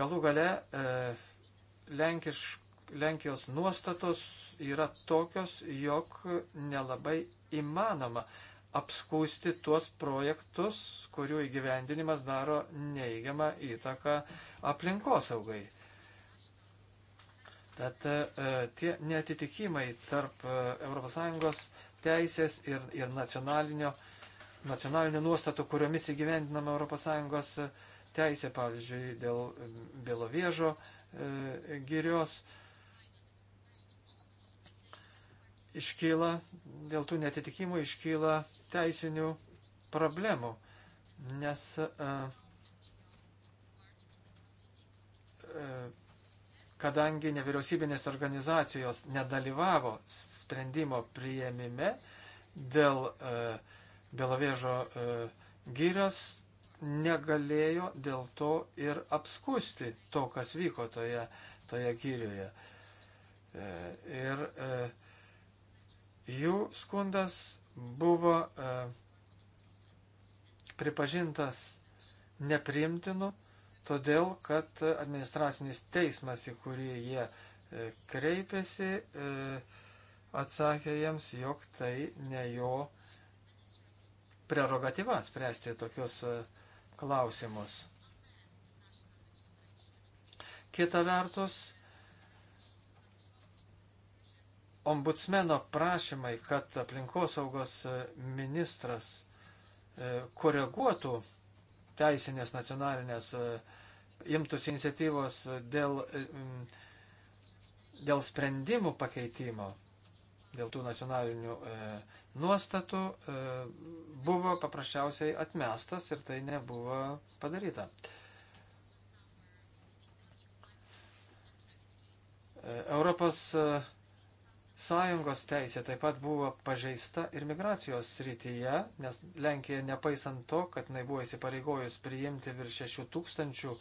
galų gale e, Lenkiš, Lenkijos nuostatos yra tokios, jog nelabai įmanoma apskūsti tuos projektus, kurių įgyvendinimas daro neįgiamą įtaką aplinkosaugai. Tad e, tie netitikimai tarp e, ES teisės ir, ir nacionalinio, nacionalinio nuostatų, kuriomis įgyvendinama ES teisė, pavyzdžiui, dėl Belovėžo e, girios, iškyla, dėl tų netitikimų iškyla teisinių problemų, nes e, e, kadangi nevyriausybinės organizacijos nedalyvavo sprendimo prieimime dėl e, Belovėžo gyrios, negalėjo dėl to ir apskusti to, kas vyko toje, toje gyrioje. Ir jų skundas buvo e, pripažintas nepriimtinu, todėl kad administracinis teismas, į kurį jie e, kreipėsi, e, atsakė jiems, jog tai ne jo prerogatyva spręsti tokius e, klausimus. Kita vertus, ombudsmeno prašymai, kad aplinkosaugos ministras e, koreguotų teisinės nacionalinės, e, imtųsi iniciatyvos dėl, e, dėl sprendimų pakeitimo, dėl tų nacionalinių nuostatų, buvo paprasčiausiai atmestas ir tai nebuvo padaryta. Europos Sąjungos teisė taip pat buvo pažeista ir migracijos srityje, nes Lenkija, nepaisant to, kad jinai buvo įsipareigojus priimti virš 6 tūkstančių e,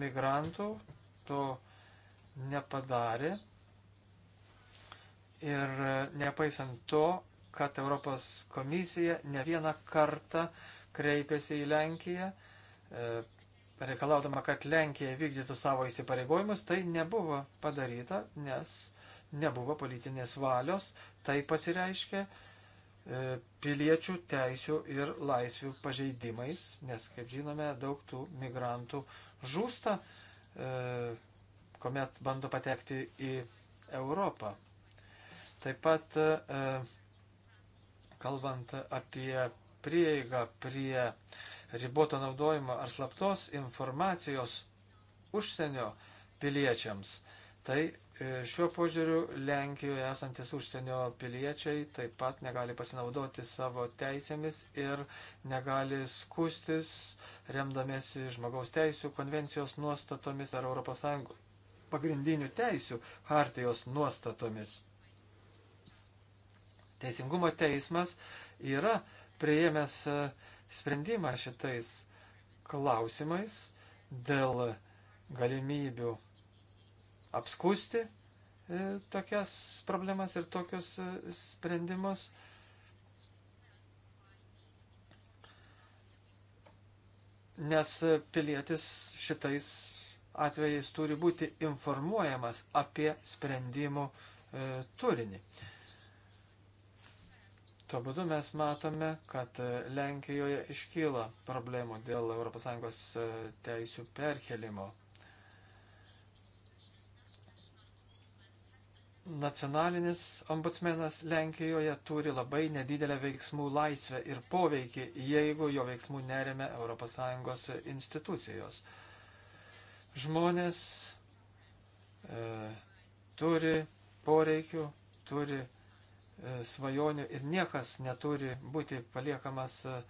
migrantų, to nepadarė. Ir e, nepaisant to, kad Europos komisija ne vieną kartą kreipėsi į Lenkiją, e, reikalaudama, kad Lenkija vykdytų savo įsipareigojimus, tai nebuvo padaryta, nes nebuvo politinės valios, tai pasireiškia e, piliečių teisių ir laisvių pažeidimais, nes, kaip žinome, daug tų migrantų žūsta, e, kuomet bando patekti į Europą. Taip pat, e, kalbant apie prieigą prie riboto naudojimo ar slaptos informacijos užsienio piliečiams, tai E, šiuo požiūriu Lenkijoje esantis užsienio piliečiai taip pat negali pasinaudoti savo teisėmis ir negali skustis remdamėsi žmogaus teisų konvencijos nuostatomis ar ES pagrindinių teisų hartijos nuostatomis. Teisingumo teismas yra prieėmęs e, sprendimą šitais klausimais dėl galimybių apskusti e, tokias problemas ir tokius e, sprendimus. Nes pilietis šitais atvejais turi būti informuojamas apie sprendimų e, turinį. Tuo būdu mes matome, kad e, Lenkijoje iškyla problemų dėl ES teisių perkelimo nacionalinis ombudsmenas Lenkijoje turi labai nedidelę veiksmų laisvę ir poveikį, jeigu jo veiksmų neremia ES institucijos. Žmonės e, turi poreikių, turi e, svajonių ir niekas neturi būti paliekamas e,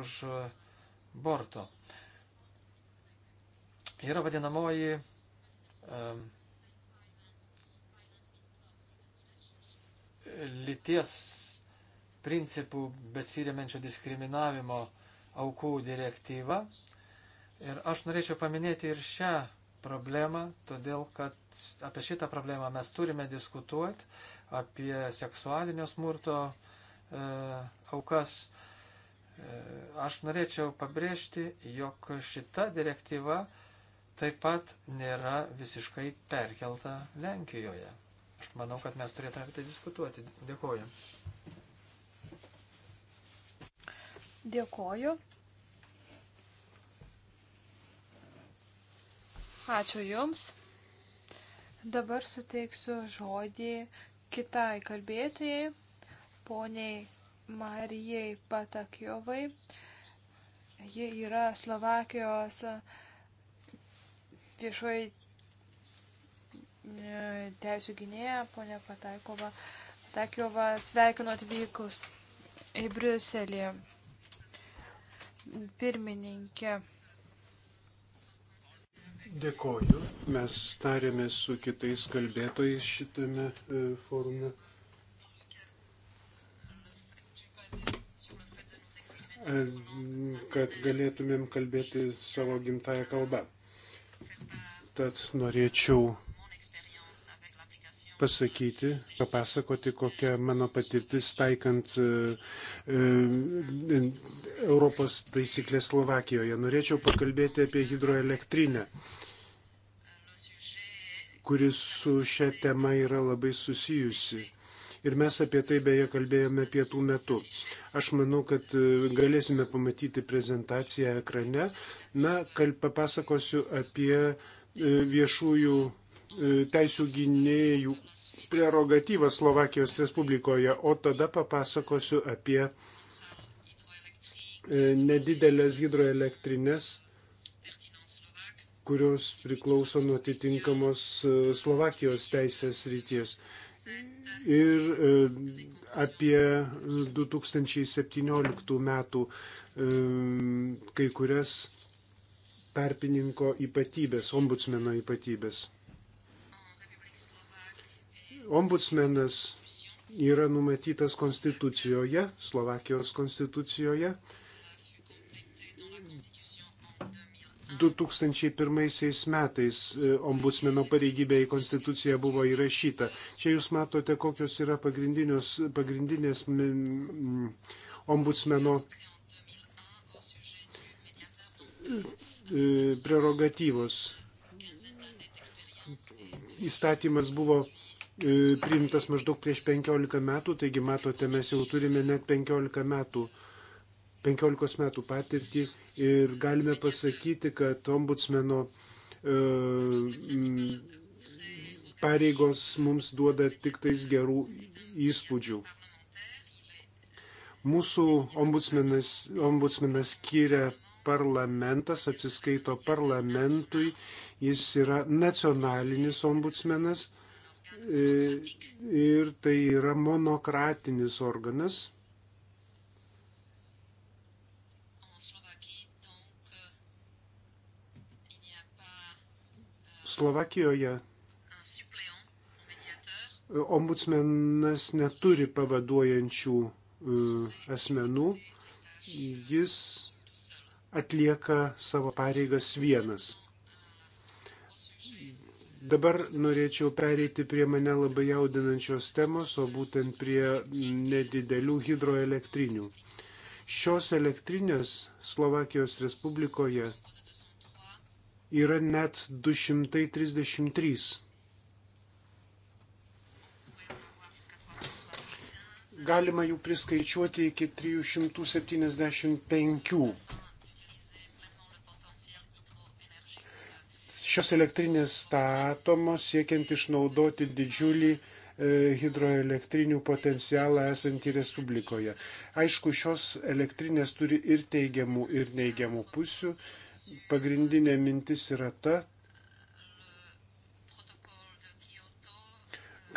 už borto. Yra vadinamoji e, lyties principų besiriamenčio diskriminavimo aukų direktyva. Ir aš norėčiau paminėti ir šią problemą, todėl kad apie šitą problemą mes turime diskutuoti, apie seksualinio smurto e, aukas. E, aš norėčiau pabrėžti, jog šita direktyva taip pat nėra visiškai perkelta Lenkijoje. Manau, kad mes turėtume apie tai diskutuoti. Dėkoju. Dėkoju. Ačiū Jums. Dabar suteiksiu žodį kitai kalbėtojai, poniai Marijai Patakjovai. Ji yra Slovakijos viešoji teisų gynėja, ponia Pataikova. Pataikova sveikinu atvykus į Briuselį. Pirmininkė. Dėkoju. Mes tarėmės su kitais kalbėtojais šitame e, forume. E, kad galėtumėm kalbėti savo gimtają kalbą. Tad norėčiau pasakyti, papasakoti, kokia mano patirtis taikant e, e, Europos taisyklę Slovakijoje. Norėčiau pakalbėti apie hidroelektrinę, kuris su šia tema yra labai susijusi. Ir mes apie tai beje kalbėjome pietų metu. Aš manau, kad e, galėsime pamatyti prezentaciją ekrane. Na, papasakosiu apie e, viešųjų E, teisų gynėjų prerogatyvą Slovakijos Respublikoje, o tada papasakosiu apie e, nedidelės hidroelektrinės, kurios priklauso nuo atitinkamos e, Slovakijos teisės ryties. Ir apie 2017 metų kai kurias tarpininko ypatybės, ombudsmeno ypatybės. Ombudsmenas yra numatytas konstitucijoje, Slovakijos konstitucijoje. 2001 metais e, ombudsmeno pareigybė į konstituciją buvo įrašyta. Čia jūs matote, kokios yra pagrindinės ombudsmeno e, prerogatyvos. Įstatymas buvo E, priimtas maždaug prieš 15 metų, taigi matote, mes jau turime net 15 metų, 15 metų patirtį ir galime pasakyti, kad ombudsmeno e, pareigos mums duoda tik tais gerų įspūdžių. Mūsų ombudsmenas, ombudsmenas skiria parlamentas, atsiskaito parlamentui, jis yra nacionalinis ombudsmenas E, ir tai yra monokratinis organas. Slovakijoje ombudsmenas neturi pavaduojančių e, asmenų, jis atlieka savo pareigas vienas. Dabar norėčiau pereiti prie mane labai jaudinančios temos, o būtent prie nedidelių hidroelektrinių. Šios elektrinės Slovakijos Respublikoje yra net 233. Galima jų priskaičiuoti iki 375. Šios elektrinės statomos siekiant išnaudoti didžiulį e, hidroelektrinių potencialą esantį Respublikoje. Aišku, šios elektrinės turi ir teigiamų, ir neigiamų pusių. Pagrindinė mintis yra ta,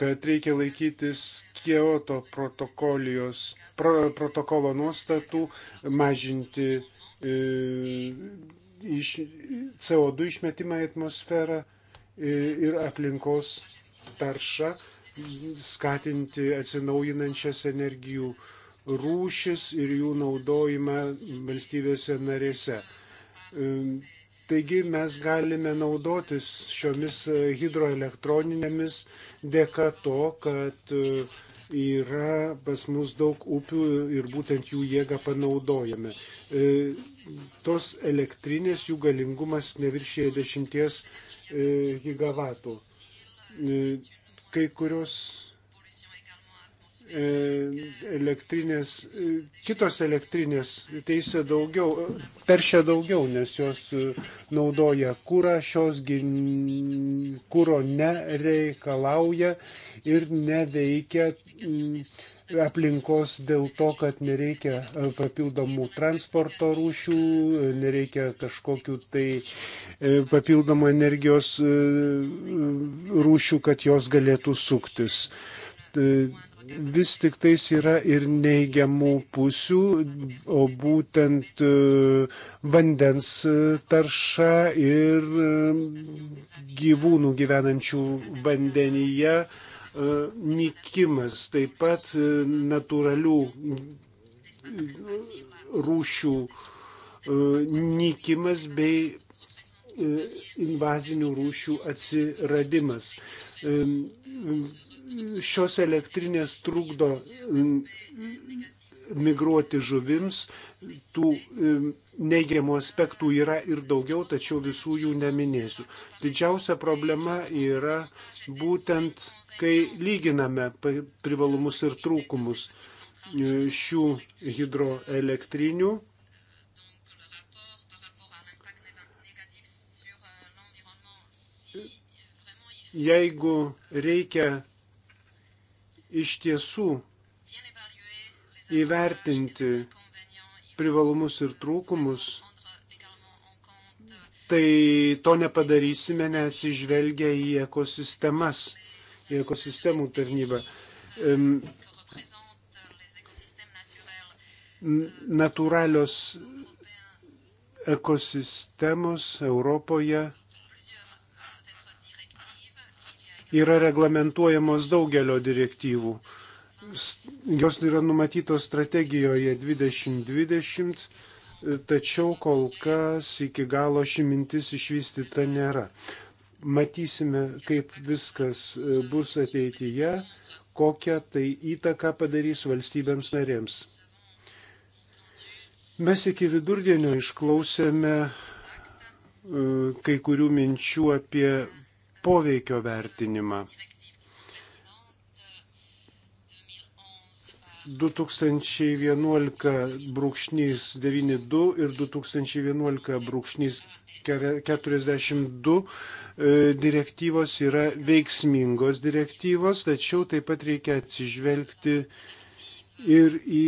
kad reikia laikytis Kyoto pro, protokolo nuostatų, mažinti e, iš, CO2 išmetimą į atmosferą ir aplinkos taršą, skatinti atsinaujinančias energijų rūšis ir jų naudojimą valstybėse narėse. E, taigi mes galime naudotis šiomis hidroelektroninėmis dėka to, kad e, Yra pas mus daug upių ir būtent jų jėgą panaudojame. E, tos elektrinės jų galingumas neviršyje 10 gigavatų. E, kai kurios E, elektrinės, e, kitos elektrinės teisė daugiau, peršia daugiau, nes jos e, naudoja kūrą, šios kūro nereikalauja ir neveikia mm, aplinkos dėl to, kad nereikia papildomų transporto rūšių, nereikia kažkokių tai papildomų energijos rūšių, kad jos galėtų suktis vis tik tais yra ir neigiamų pusių, o būtent e, vandens e, tarša ir e, gyvūnų gyvenančių vandenyje nykimas, taip pat natūralių rūšių nykimas bei invazinių rūšių atsiradimas šios elektrinės trukdo migruoti žuvims, tų neigiamų aspektų yra ir daugiau, tačiau visų jų neminėsiu. Didžiausia problema yra būtent, kai lyginame privalumus ir trūkumus e, šių hidroelektrinių. Jeigu reikia iš tiesų įvertinti privalumus ir trūkumus, tai to nepadarysime neatsižvelgia į ekosistemas, į ekosistemų tarnybą. Naturalios ekosistemos Europoje yra reglamentuojamos daugelio direktyvų. Jos yra numatytos strategijoje 2020, tačiau kol kas iki galo ši mintis išvystyta nėra. Matysime, kaip viskas e, bus ateityje, kokią tai įtaką padarys valstybėms narėms. Mes iki vidurdienio išklausėme e, kai kurių minčių apie poveikio vertinimą. 2011-92 ir 2011-42 e, direktyvos yra veiksmingos direktyvos, tačiau taip pat reikia atsižvelgti ir į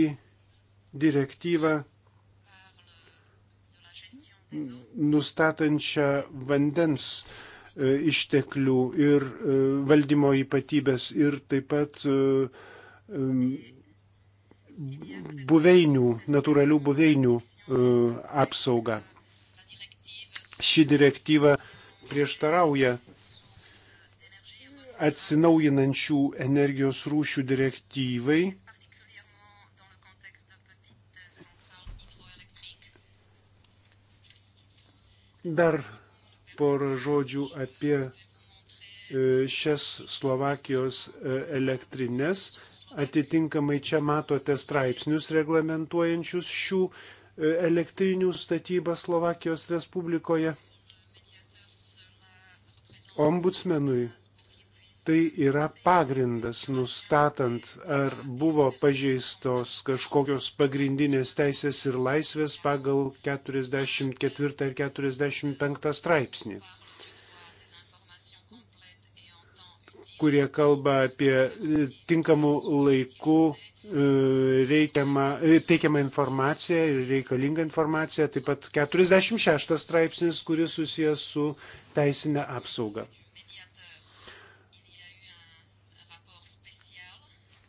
direktyvą nustatančią vandens uh, E, išteklių ir e, valdymo ypatybės ir taip pat e, buveinių, natūralių buveinių apsaugą. Ši direktyva prieštarauja atsinaujinančių energijos rūšių direktyvai. Dar porą žodžių apie e, šias Slovakijos e, elektrinės. Atitinkamai čia matote straipsnius reglamentuojančius šių e, elektrinių statybą Slovakijos Respublikoje. Ombudsmenui Tai yra pagrindas nustatant, ar buvo pažeistos kažkokios pagrindinės teisės ir laisvės pagal 44 ir 45 straipsnį, kurie kalba apie e, tinkamų laikų e, reikiamą, e, teikiamą informaciją ir reikalingą informaciją, taip pat 46 straipsnis, kuris susijęs su teisinė apsauga.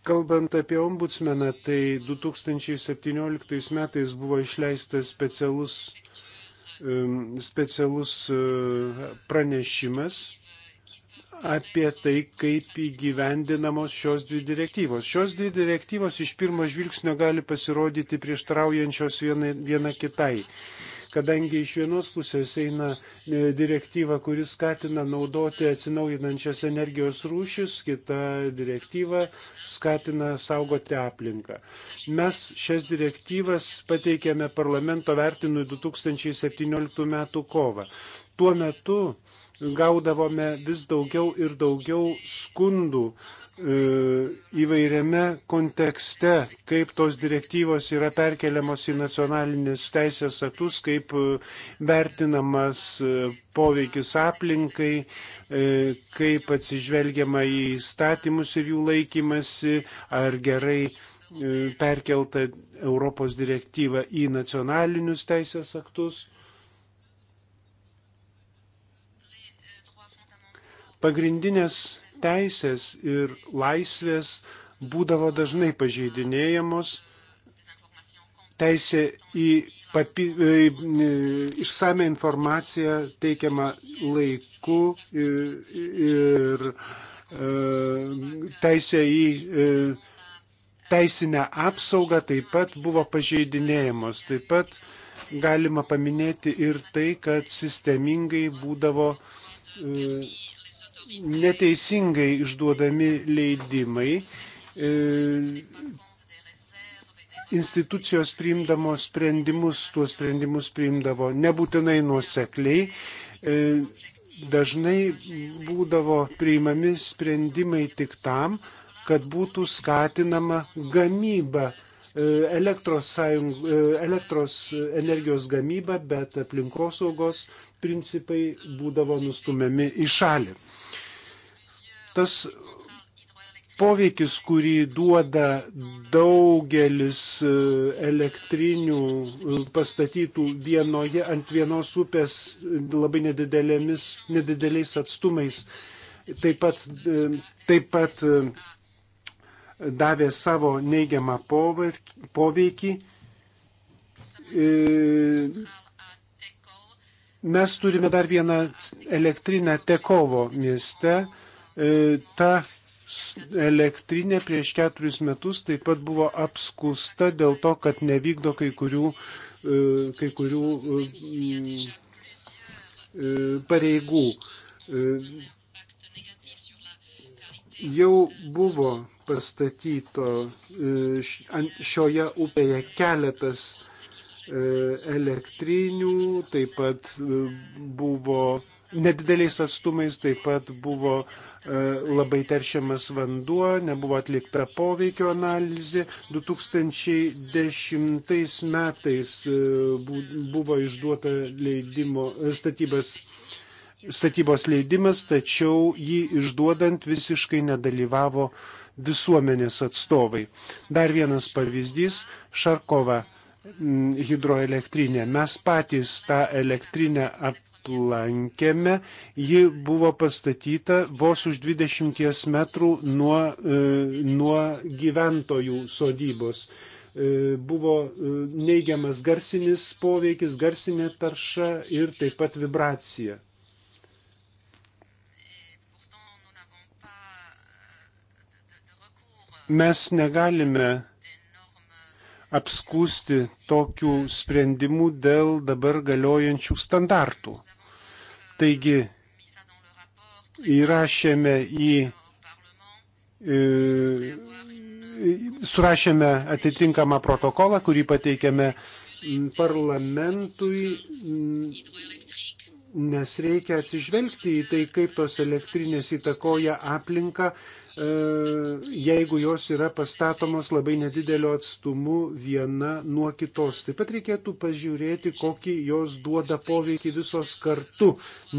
Kalbant apie ombudsmeną, tai 2017 metais buvo išleistas specialus, specialus e, pranešimas apie tai, kaip įgyvendinamos šios dvi direktyvos. Šios dvi direktyvos iš pirmo žvilgsnio gali pasirodyti prieštraujančios viena, viena kitai kadangi iš vienos pusės eina e, direktyva, kuris skatina naudoti atsinaujinančias energijos rūšis, kita direktyva skatina saugoti aplinką. Mes šias direktyvas pateikėme parlamento vertinui 2017 m. kovą. Tuo metu gaudavome vis daugiau ir daugiau skundų E, įvairiame kontekste, kaip tos direktyvos yra perkeliamos į nacionalinius teisės aktus, kaip e, vertinamas e, poveikis aplinkai, kaip atsižvelgiama į įstatymus ir jų laikymasi, ar gerai perkelta Europos direktyva į nacionalinius teisės aktus. Pagrindinės teisės ir laisvės būdavo dažnai pažeidinėjamos. Teisė į papi, išsame informaciją teikiama laiku ir, ir e, teisė į e, teisinę apsaugą taip pat buvo pažeidinėjamos. Taip pat galima paminėti ir tai, kad sistemingai būdavo e, neteisingai išduodami leidimai, e, institucijos priimdamos sprendimus, tuos sprendimus priimdavo nebūtinai nuosekliai. E, dažnai būdavo priimami sprendimai tik tam, kad būtų skatinama gamyba, e, elektros, sąjung, elektros energijos gamyba, bet aplinkosaugos principai būdavo nustumiami į šalį. Tas poveikis, kurį duoda daugelis e, elektrinių e, pastatytų vienoje ant vienos upės e, labai nedideliais atstumais, taip pat, taip pat davė savo neigiamą poveikį. Mes turime dar vieną elektrinę Tekovo mieste, E, ta elektrinė prieš keturis metus taip pat buvo apskusta dėl to, kad nevykdo kai kurių, e, kai kurių e, pareigų. Jau buvo pastatyto šioje upėje keletas elektrinių, taip pat buvo nedideliais atstumais, taip pat buvo e, labai teršiamas vanduo, nebuvo atlikta poveikio analizė. 2010 metais e, buvo išduota leidimo, e, statybas, statybos leidimas, tačiau jį išduodant visiškai nedalyvavo visuomenės atstovai. Dar vienas pavyzdys - Šarkova hidroelektrinė. Mes patys tą elektrinę aptikome aplankėme, ji buvo pastatyta vos už 20 metrų nuo, e, nuo gyventojų sodybos. E, buvo e, neigiamas garsinis poveikis, garsinė tarša ir taip pat vibracija. Mes negalime apskūsti tokių sprendimų dėl dabar galiojančių standartų. Taigi įrašėme į, e, surašėme atitinkamą protokolą, kurį pateikėme parlamentui, nes reikia atsižvelgti į tai, kaip tos elektrinės įtakoja aplinką, E, jeigu jos yra pastatomos labai nedideliu atstumu viena nuo kitos. Taip pat reikėtų pažiūrėti, kokį jos duoda poveikį visos kartu,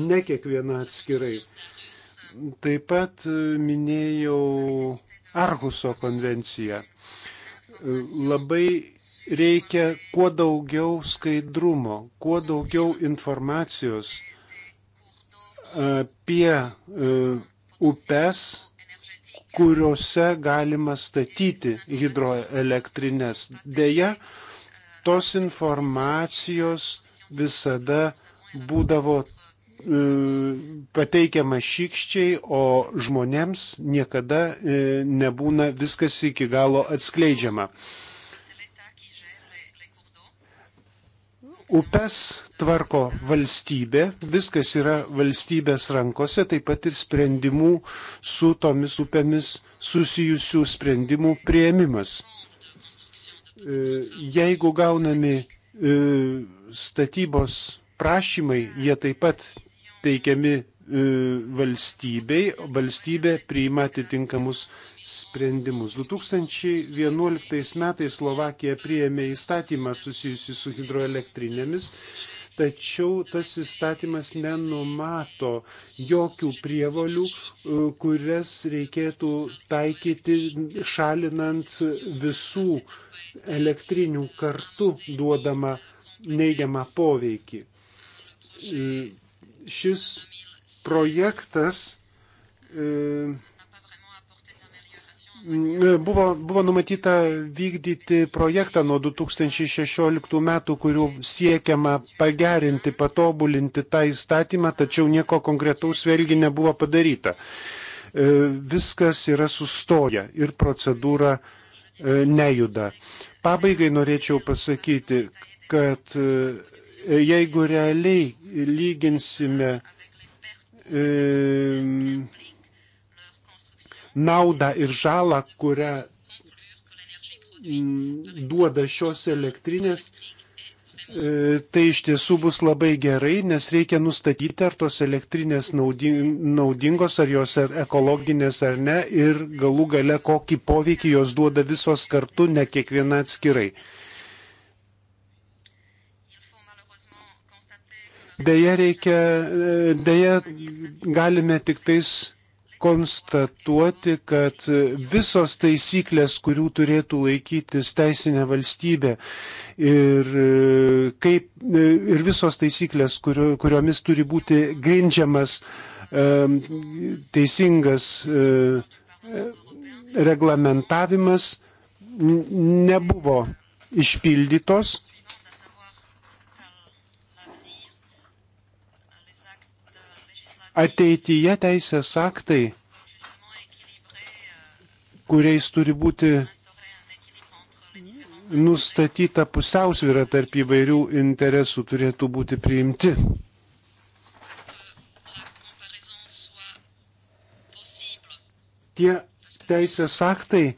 ne kiekviena atskirai. Taip pat e, minėjau Arhuso konvenciją. E, labai reikia kuo daugiau skaidrumo, kuo daugiau informacijos apie upes kuriuose galima statyti hidroelektrinės. Deja, tos informacijos visada būdavo e, pateikiama šykščiai, o žmonėms niekada e, nebūna viskas iki galo atskleidžiama. E, Upes tvarko valstybė, viskas yra valstybės rankose, taip pat ir sprendimų su tomis upėmis susijusių sprendimų prieimimas. E, jeigu gaunami e, statybos prašymai, jie taip pat teikiami E, valstybei, valstybė priima atitinkamus sprendimus. 2011 metais Slovakija priėmė įstatymą susijusi su hidroelektrinėmis, tačiau tas įstatymas nenumato jokių prievolių, e, kurias reikėtų taikyti šalinant visų elektrinių kartu duodamą neigiamą poveikį. E, šis projektas e, e, buvo, buvo numatyta vykdyti projektą nuo 2016 metų, kuriuo siekiama pagerinti, patobulinti tą įstatymą, tačiau nieko konkretaus vėlgi nebuvo padaryta. E, viskas yra sustoję ir procedūra nejuda. Pabaigai norėčiau pasakyti, kad jeigu realiai lyginsime Ehm, naudą ir žalą, kurią mm, duoda šios elektrinės, e, tai iš tiesų bus labai gerai, nes reikia nustatyti, ar tos elektrinės naudingos, ar jos ar ekologinės ar ne, ir galų gale kokį poveikį jos duoda visos kartu, ne kiekviena atskirai. Deja, reikia, deja galime tik tais konstatuoti, kad visos taisyklės, kurių turėtų laikytis teisinė valstybė ir, kaip, ir visos taisyklės, kurio, kuriomis turi būti grindžiamas teisingas reglamentavimas, nebuvo išpildytos ateityje teisės aktai, kuriais turi būti nustatyta pusiausvyrą tarp įvairių interesų turėtų būti priimti. Tie teisės aktai e,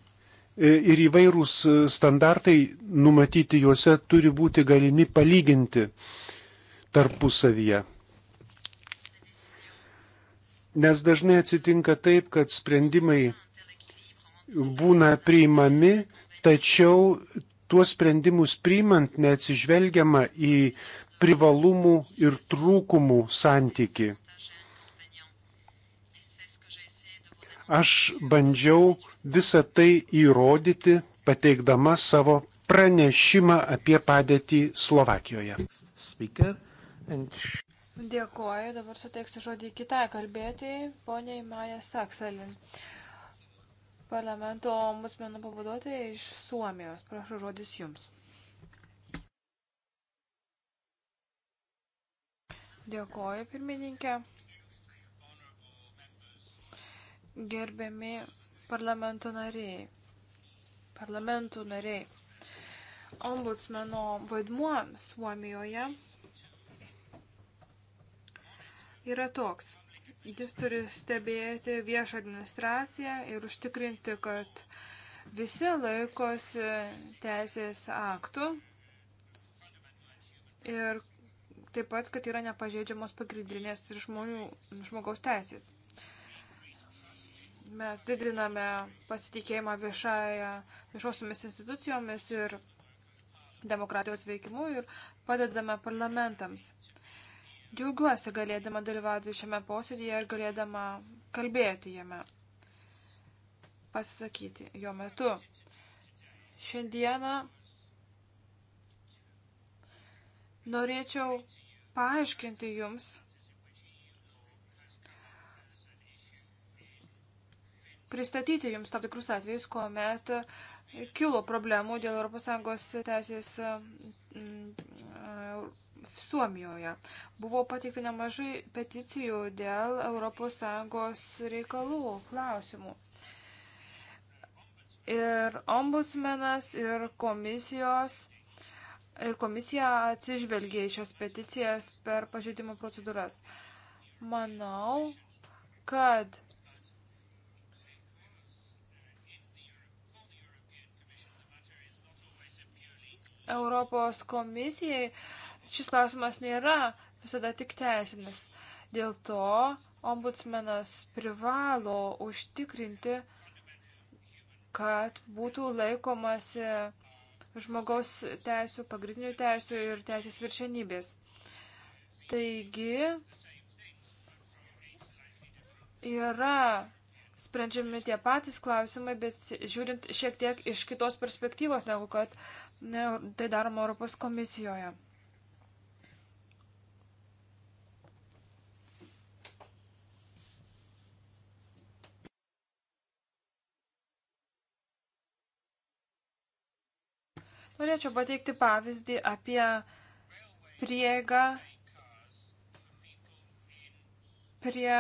ir įvairūs e, standartai numatyti juose turi būti galimi palyginti tarpusavyje. Nes dažnai atsitinka taip, kad sprendimai būna priimami, tačiau tuos sprendimus priimant neatsižvelgiama į privalumų ir trūkumų santyki. Aš bandžiau visą tai įrodyti, pateikdama savo pranešimą apie padėtį Slovakijoje. Speaker. And... Dėkuoju, dabar suteiksiu žodį kitą kalbėtojai, poniai Maja Saksalin, parlamento ombudsmeno pavaduotojai iš Suomijos. Prašau žodis jums. Dėkuoju, pirmininkė. Gerbiami parlamento nariai. Parlamentų nariai. Ombudsmeno vaidmuo Suomijoje yra toks. Jis turi stebėti viešą administraciją ir užtikrinti, kad visi laikosi teisės aktų ir taip pat, kad yra nepažeidžiamos pagrindinės ir žmonių, žmogaus teisės. Mes didiname pasitikėjimą viešąją, viešosiomis institucijomis ir demokratijos veikimu ir padedame parlamentams. Džiaugiuosi galėdama dalyvauti šiame posėdėje ir galėdama kalbėti jame, pasisakyti jo metu. Šiandieną norėčiau paaiškinti jums, pristatyti jums tam tikrus atvejus, kuomet kilo problemų dėl ES teisės Suomijoje. Buvo pateikta nemažai peticijų dėl ES reikalų klausimų. Ir ombudsmenas, ir komisijos, ir komisija atsižvelgia į šias peticijas per pažeidimo procedūras. Manau, kad Europos komisijai šis klausimas nėra visada tik teisinis. Dėl to ombudsmenas privalo užtikrinti, kad būtų laikomasi žmogaus teisų, pagrindinių teisų ir teisės viršenybės. Taigi yra sprendžiami tie patys klausimai, bet žiūrint šiek tiek iš kitos perspektyvos, negu kad ne, tai daroma Europos komisijoje. Norėčiau pateikti pavyzdį apie prieigą prie.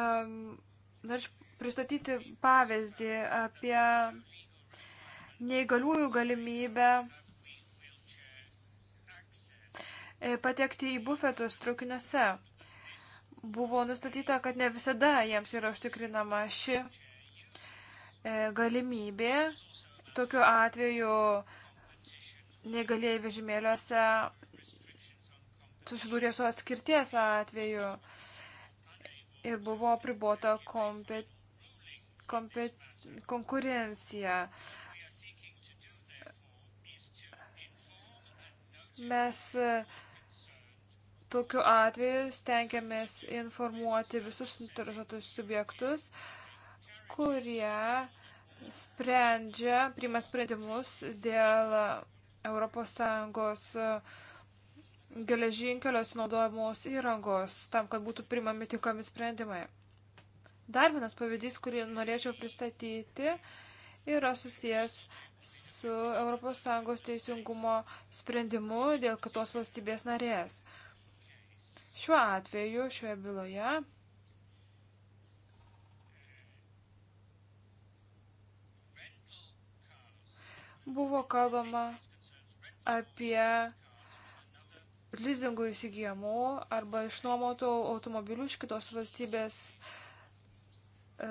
Um, dar pristatyti pavyzdį apie neįgaliųjų galimybę e, patekti į bufetus trukiniuose. Buvo nustatyta, kad ne visada jiems yra užtikrinama ši e, galimybė Tokiu atveju negalėjai vežimėliuose susidūrė su atskirties atveju ir buvo pribota kompet, kompet, konkurencija. Mes e, tokiu atveju stengiamės informuoti visus interesuotus subjektus, kurie sprendžia, priima sprendimus dėl ES e, geležinkelio sunaudojamos įrangos, tam, kad būtų primami tinkami sprendimai. Dar vienas pavyzdys, kurį norėčiau pristatyti, yra susijęs su ES teisingumo sprendimu dėl kitos valstybės narės. Šiuo atveju, šioje byloje, buvo kalbama apie lizingų įsigijamų arba išnuomotų automobilių iš kitos valstybės e,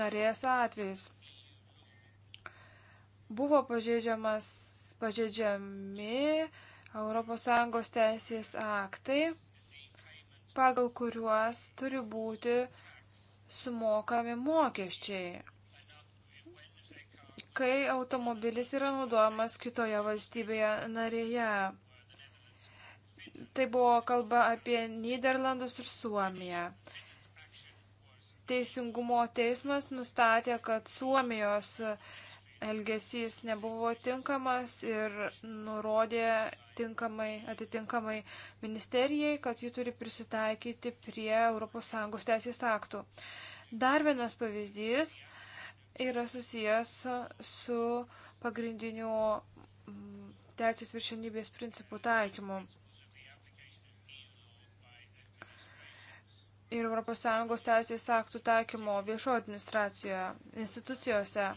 narės atvejus. Buvo pažeidžiamas, pažeidžiami ES teisės aktai, pagal kuriuos turi būti sumokami mokesčiai kai automobilis yra naudojamas kitoje valstybėje narėje. Tai buvo kalba apie Niderlandus ir Suomiją. Teisingumo teismas nustatė, kad Suomijos elgesys nebuvo tinkamas ir nurodė tinkamai, atitinkamai ministerijai, kad jų turi prisitaikyti prie ES teisės aktų. Dar vienas pavyzdys yra susijęs su pagrindiniu mm, teisės viršenybės principų taikymu. Ir ES teisės aktų taikymo viešo administracijoje, institucijose.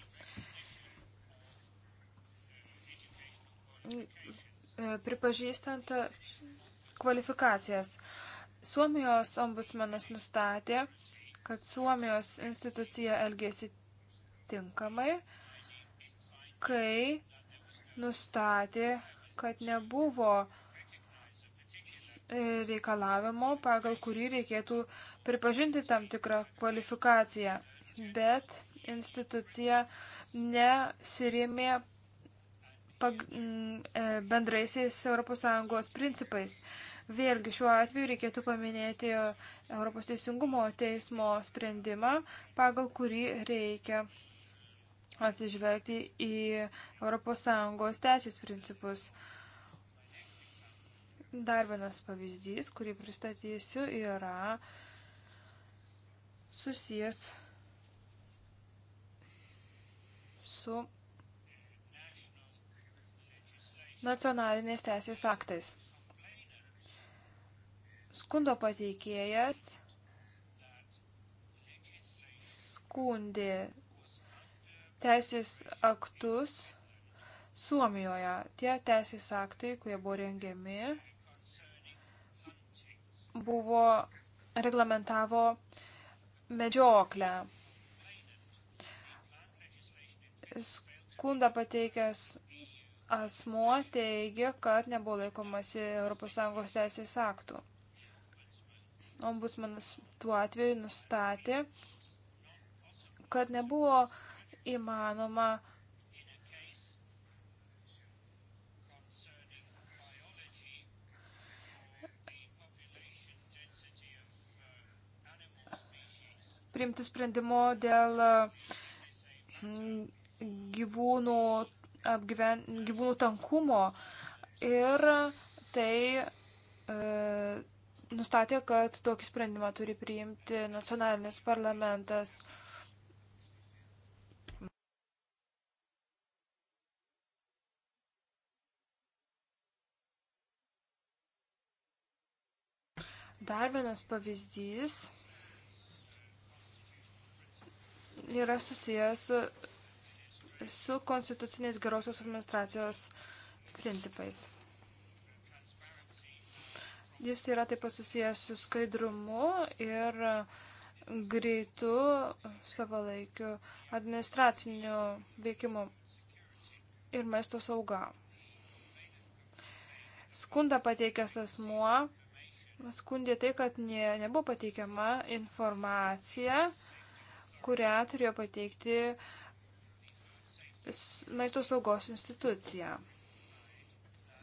Pripažįstant kvalifikacijas. Suomijos ombudsmenas nustatė, kad Suomijos institucija elgėsi tinkamai, kai nustatė, kad nebuvo e, reikalavimo, pagal kurį reikėtų pripažinti tam tikrą kvalifikaciją, bet institucija nesirėmė pag... Mm, e, bendraisiais ES principais. Vėlgi šiuo atveju reikėtų paminėti Europos Teisingumo teismo sprendimą, pagal kurį reikia atsižvelgti į ES teisės principus. Dar vienas pavyzdys, kurį pristatysiu, yra susijęs su nacionalinės teisės aktais. Skundo pateikėjas skundė teisės aktus Suomijoje. Tie teisės aktai, kurie buvo rengiami, buvo reglamentavo medžioklę. Skundą pateikęs asmuo teigia, kad nebuvo laikomasi ES teisės aktų. Ombudsmanas tuo atveju nustatė, kad nebuvo uh, įmanoma priimti sprendimo dėl mm, gyvūnų, apgyven, gyvūnų tankumo. Ir tai e, nustatė, kad tokį sprendimą turi priimti nacionalinis parlamentas. E, Dar vienas pavyzdys yra susijęs su konstituciniais gerosios administracijos principais. Jis yra taip pat susijęs su skaidrumu ir greitu savalaikiu administraciniu veikimu ir maisto sauga. Skundą pateikęs asmuo skundė tai, kad ne, nebuvo pateikiama informacija, kurią turėjo pateikti maisto saugos institucija.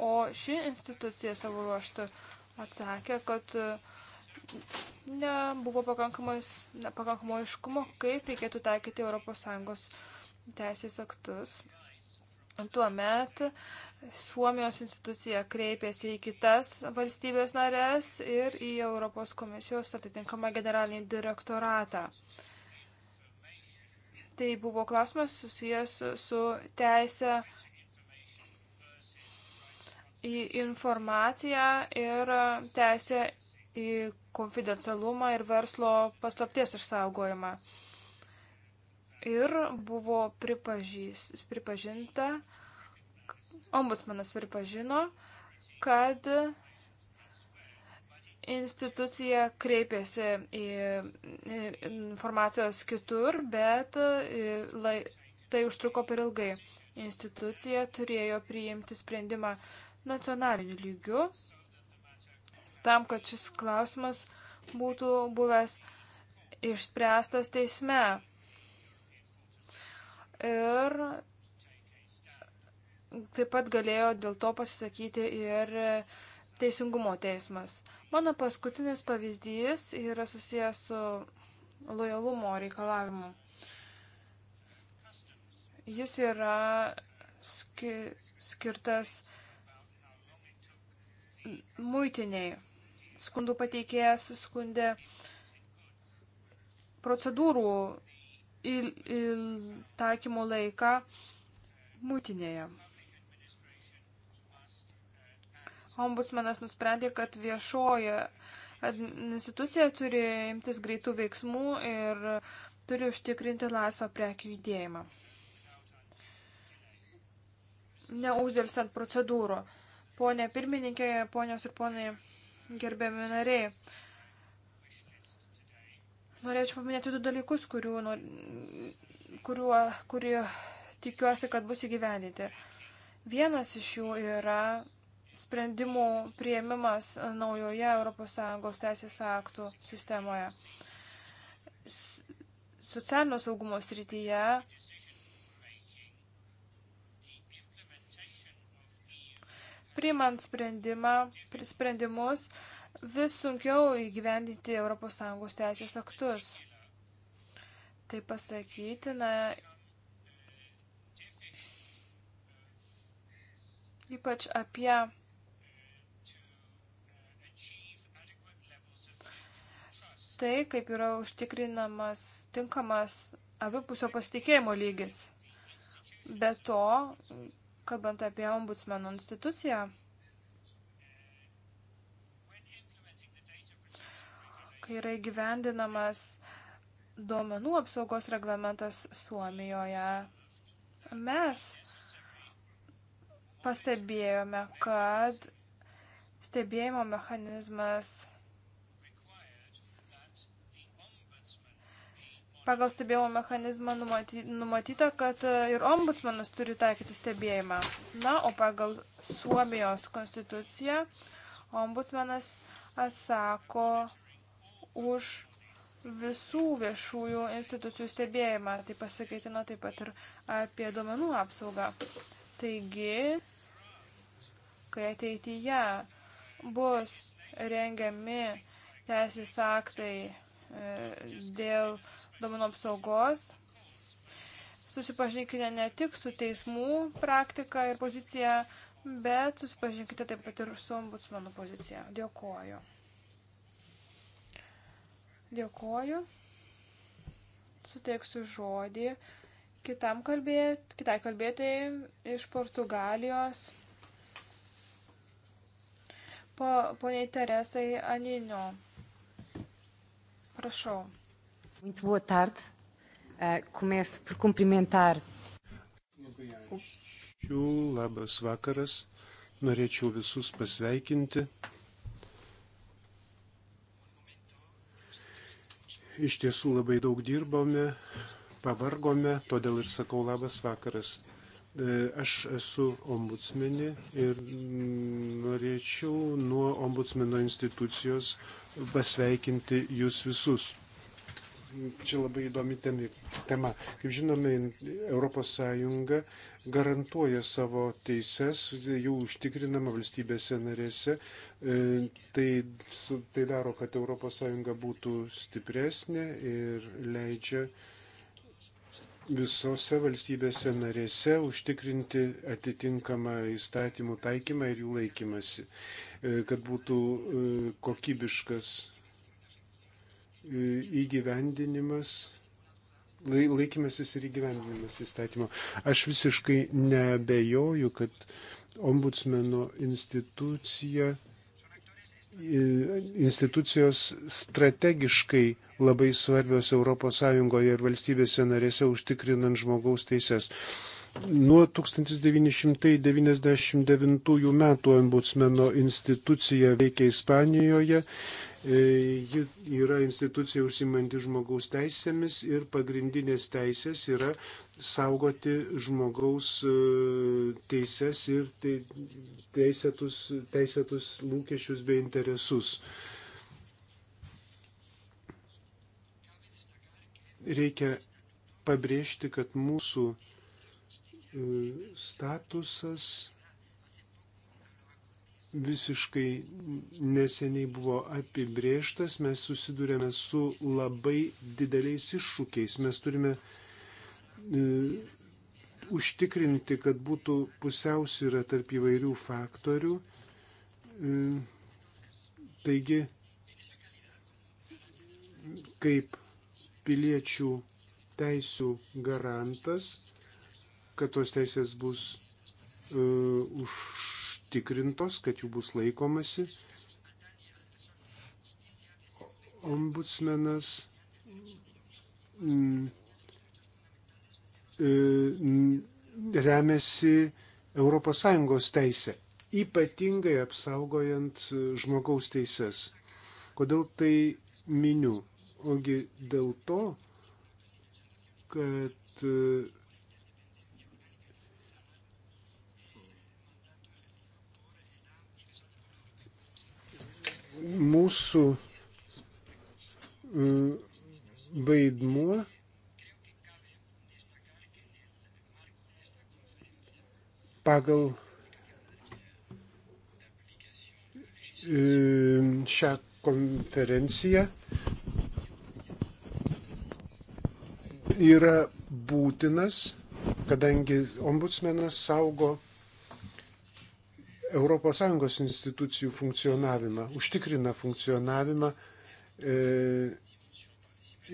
O ši institucija savo ruoštų atsakė, kad e, nebuvo pakankamo aiškumo, kaip reikėtų taikyti ES teisės aktus Tuomet Suomijos institucija kreipėsi į kitas valstybės narės ir į Europos komisijos atitinkamą generalinį direktoratą. Tai buvo klausimas susijęs su teisė į informaciją ir teisę į konfidencialumą ir verslo paslapties išsaugojimą ir buvo pripažys, pripažinta, ombudsmanas pripažino, kad institucija kreipėsi į informacijos kitur, bet e, tai užtruko per ilgai. Institucija turėjo priimti sprendimą nacionaliniu lygiu tam, kad šis klausimas būtų buvęs išspręstas teisme. Ir taip pat galėjo dėl to pasisakyti ir teisingumo teismas. Mano paskutinis pavyzdys yra susijęs su lojalumo reikalavimu. Jis yra ski skirtas muitiniai. Skundų pateikėjas skundė procedūrų il, il taikymo laiką mūtinėje. Ombudsmenas nusprendė, kad viešoji institucija turi imtis greitų veiksmų ir turi užtikrinti laisvą prekių judėjimą. Neuždėlsant procedūrų. Pone pirmininkė, ponios ir ponai, gerbiami nariai, Norėčiau paminėti du dalykus, kuriuo, kuriuo, kurie tikiuosi, kad bus įgyvendinti. Vienas iš jų yra sprendimų prieimimas naujoje ES teisės aktų sistemoje. Socialinio saugumo srityje priimant sprendimą, sprendimus vis sunkiau įgyvendinti ES teisės aktus. Tai pasakytina ypač apie tai, kaip yra užtikrinamas tinkamas abipusio pasitikėjimo lygis. Be to, kalbant apie ombudsmeno instituciją, kai yra įgyvendinamas duomenų apsaugos reglamentas Suomijoje. Mes pastebėjome, kad stebėjimo mechanizmas pagal stebėjimo mechanizmą numatyta, kad ir ombudsmanas turi taikyti stebėjimą. Na, o pagal Suomijos konstituciją ombudsmanas atsako už visų viešųjų institucijų stebėjimą. Tai pasakytina taip pat ir apie duomenų apsaugą. Taigi, kai ateityje bus rengiami teisės aktai e, dėl duomenų apsaugos, susipažinkite ne tik su teismų praktika ir pozicija, bet susipažinkite taip pat ir su ombudsmenų pozicija. Dėkuoju. Dėkoju. Suteiksiu žodį kitam kalbėt, kitai kalbėtojai iš Portugalijos. Po, poniai Teresai Aninio. Prašau. Muito boa tarde. Uh, começo por cumprimentar. Ačiū, labas vakaras. Norėčiau visus pasveikinti Iš tiesų labai daug dirbome, pavargome, todėl ir sakau labas vakaras. E, aš esu ombudsmenė ir norėčiau nuo ombudsmeno institucijos pasveikinti jūs visus čia labai įdomi tema. Kaip žinome, ES garantuoja savo teises, jų užtikrinama valstybėse narėse. E, tai, tai daro, kad ES būtų stipresnė ir leidžia visose valstybėse narėse užtikrinti atitinkamą įstatymų taikymą ir jų laikymasi, e, kad būtų e, kokybiškas įgyvendinimas, laikymasis ir įgyvendinimas įstatymo. Aš visiškai nebejoju, kad ombudsmeno institucija, institucijos strategiškai labai svarbios ES ir valstybėse narėse užtikrinant žmogaus teises. Nuo 1999 metų ombudsmeno institucija veikia Ispanijoje E, ji yra institucija užsimanti žmogaus teisėmis ir pagrindinės teisės yra saugoti žmogaus e, teises ir teisėtus, teisėtus lūkesčius bei interesus. Reikia pabrėžti, kad mūsų e, statusas visiškai neseniai buvo apibrėžtas, mes susidurėme su labai dideliais iššūkiais. Mes turime e, užtikrinti, kad būtų pusiausvyrą tarp įvairių faktorių. E, taigi, kaip piliečių teisų garantas, kad tos teisės bus uh, e, už užtikrintos, kad jų bus laikomasi. Ombudsmenas mm, e, remiasi ES teisė, ypatingai apsaugojant žmogaus teises. Kodėl tai miniu? Ogi dėl to, kad e, mūsų mm, vaidmuo pagal mm, šią konferenciją yra būtinas, kadangi ombudsmenas saugo ES institucijų funkcionavimą, užtikrina funkcionavimą e,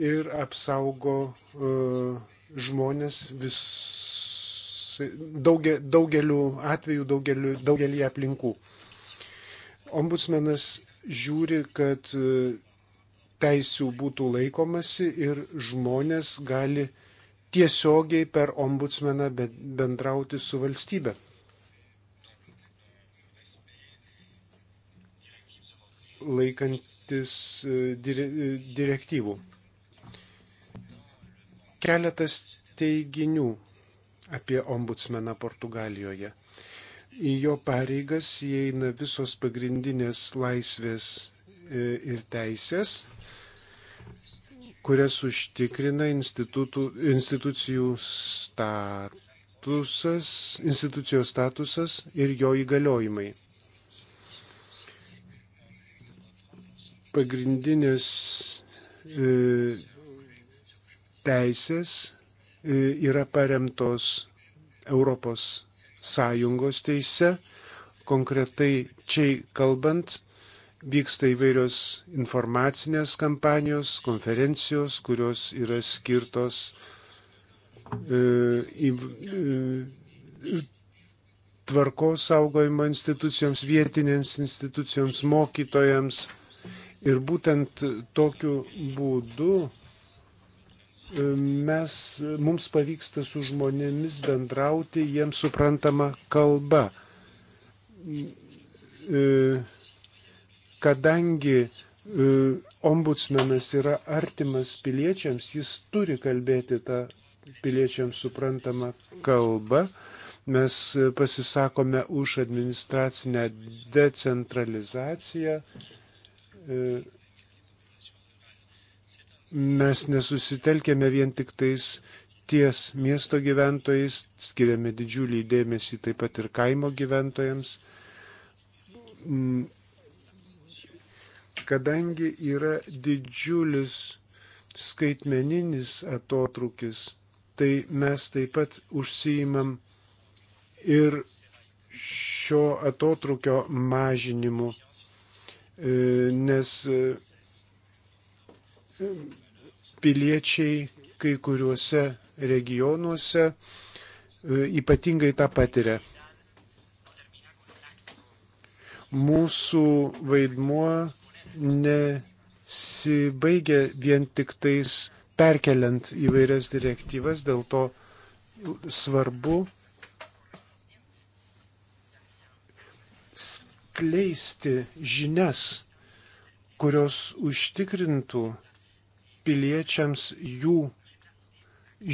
ir apsaugo e, žmonės vis, daugia, daugeliu atveju, daugeliu, daugelį aplinkų. Ombudsmenas žiūri, kad e, teisių būtų laikomasi ir žmonės gali tiesiogiai per ombudsmeną bendrauti su valstybe. laikantis e, e, direktyvų. Keletas teiginių apie ombudsmeną Portugalijoje. Į jo pareigas įeina visos pagrindinės laisvės e, ir teisės, kurias užtikrina institucijų statusas, institucijos statusas ir jo įgaliojimai. pagrindinės e, teisės e, yra paremtos Europos Sąjungos teise. Konkretai čia kalbant, vyksta įvairios informacinės kampanijos, konferencijos, kurios yra skirtos e, e, tvarkos saugojimo institucijoms, vietinėms institucijoms, mokytojams Ir būtent tokiu būdu e, mes, mums pavyksta su žmonėmis bendrauti jiems suprantama kalba. E, kadangi e, ombudsmenas yra artimas piliečiams, jis turi kalbėti tą piliečiams suprantamą kalbą. Mes pasisakome už administracinę decentralizaciją, E, mes nesusitelkėme vien tik tais ties miesto gyventojais, skiriame didžiulį dėmesį taip pat ir kaimo gyventojams. Mm. Kadangi yra didžiulis skaitmeninis atotrukis, tai mes taip pat užsiimam ir šio atotrukio mažinimu nes e, piliečiai kai kuriuose regionuose e, ypatingai tą patiria. Mūsų vaidmuo nesibaigia vien tik tais perkeliant įvairias direktyvas, dėl to svarbu skleisti žinias, kurios užtikrintų piliečiams jų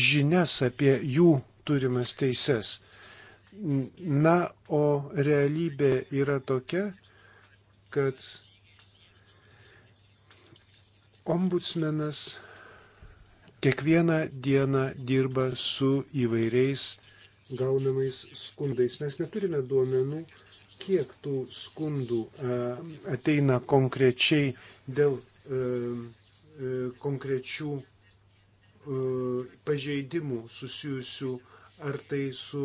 žinias apie jų turimas teises. Na, o realybė yra tokia, kad ombudsmenas kiekvieną dieną dirba su įvairiais gaunamais skundais. Mes neturime duomenų kiek tų skundų e, ateina konkrečiai dėl e, e, konkrečių pažeidimų susijusių ar tai su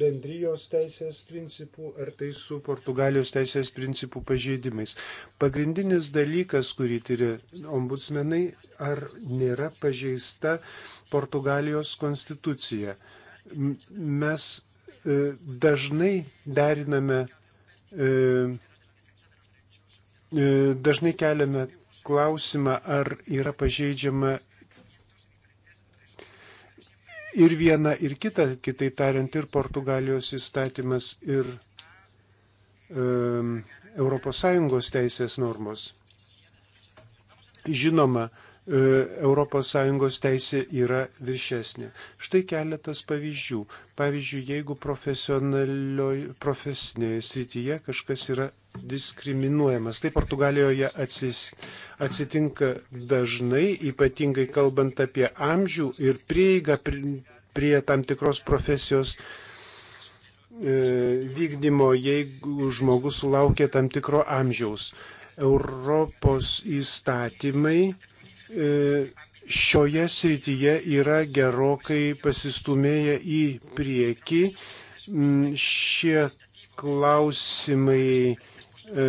bendrijos teisės principų ar tai su Portugalijos teisės principų pažeidimais. Pagrindinis dalykas, kurį tyri ombudsmenai, ar nėra pažeista Portugalijos konstitucija. E, Mes e, dažnai deriname, e, e, dažnai keliame klausimą, ar yra pažeidžiama ir viena, ir kita, kitaip tariant, ir Portugalijos įstatymas, ir um, ES teisės normos. Žinoma, ES teisė yra viršesnė. Štai keletas pavyzdžių. Pavyzdžiui, jeigu profesinėje srityje kažkas yra diskriminuojamas. Tai Portugalijoje atsis, atsitinka dažnai, ypatingai kalbant apie amžių ir prieigą prie, prie tam tikros profesijos e, vykdymo, jeigu žmogus sulaukia tam tikro amžiaus. Europos įstatymai E, šioje srityje yra gerokai pasistumėję į priekį. Mm, šie klausimai e,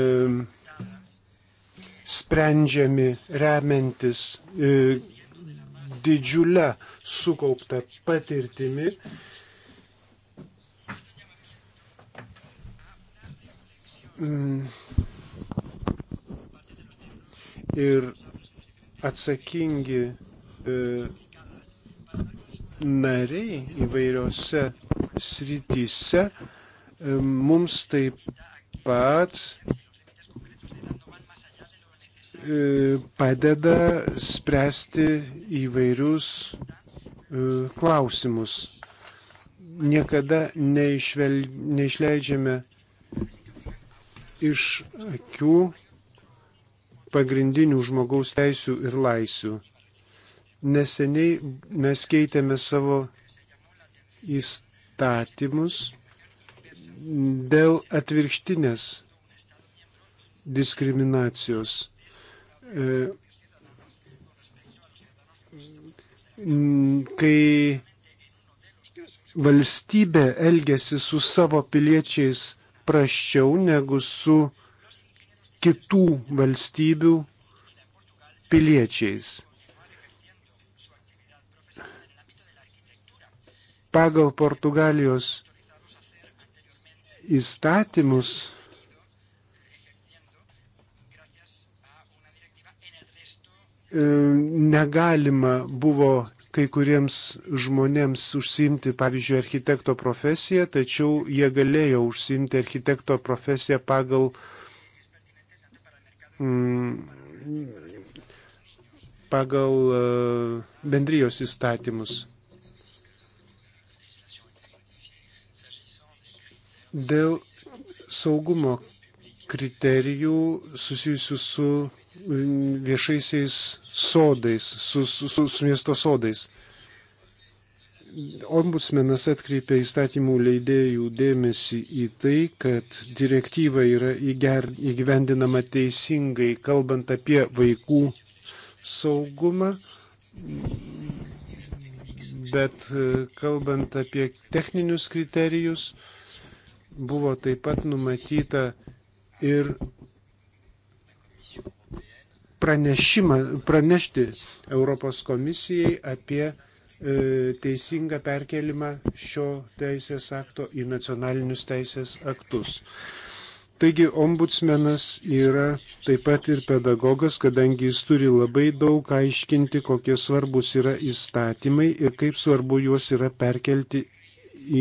sprendžiami remiantis e, didžiulę sukauptą patirtimi. Mm. Ir atsakingi e, nariai įvairiose srityse e, mums taip pat e, padeda spręsti įvairius klausimus. Niekada neišvel, neišleidžiame iš akių pagrindinių žmogaus teisių ir laisvių. Neseniai mes keitėme savo įstatymus dėl atvirkštinės diskriminacijos. E, kai valstybė elgesi su savo piliečiais praščiau negu su uh, kitų valstybių piliečiais. Pagal Portugalijos įstatymus e, negalima buvo kai kuriems žmonėms užsimti, pavyzdžiui, architekto profesiją, tačiau jie galėjo užsimti architekto profesiją pagal uh, Mm, pagal uh, bendrijos įstatymus. Dėl saugumo kriterijų susijusių su mm, viešaisiais sodais, su, su, su, su miesto sodais. Ombudsmenas atkreipė įstatymų leidėjų dėmesį į tai, kad direktyva yra įgyvendinama teisingai, kalbant apie vaikų saugumą, bet e, kalbant apie techninius kriterijus, buvo taip pat numatyta ir pranešimą, pranešti Europos komisijai apie E, teisingą perkelimą šio teisės akto į nacionalinius teisės aktus. Taigi ombudsmenas yra taip pat ir pedagogas, kadangi jis turi labai daug aiškinti, kokie svarbus yra įstatymai ir kaip svarbu juos yra perkelti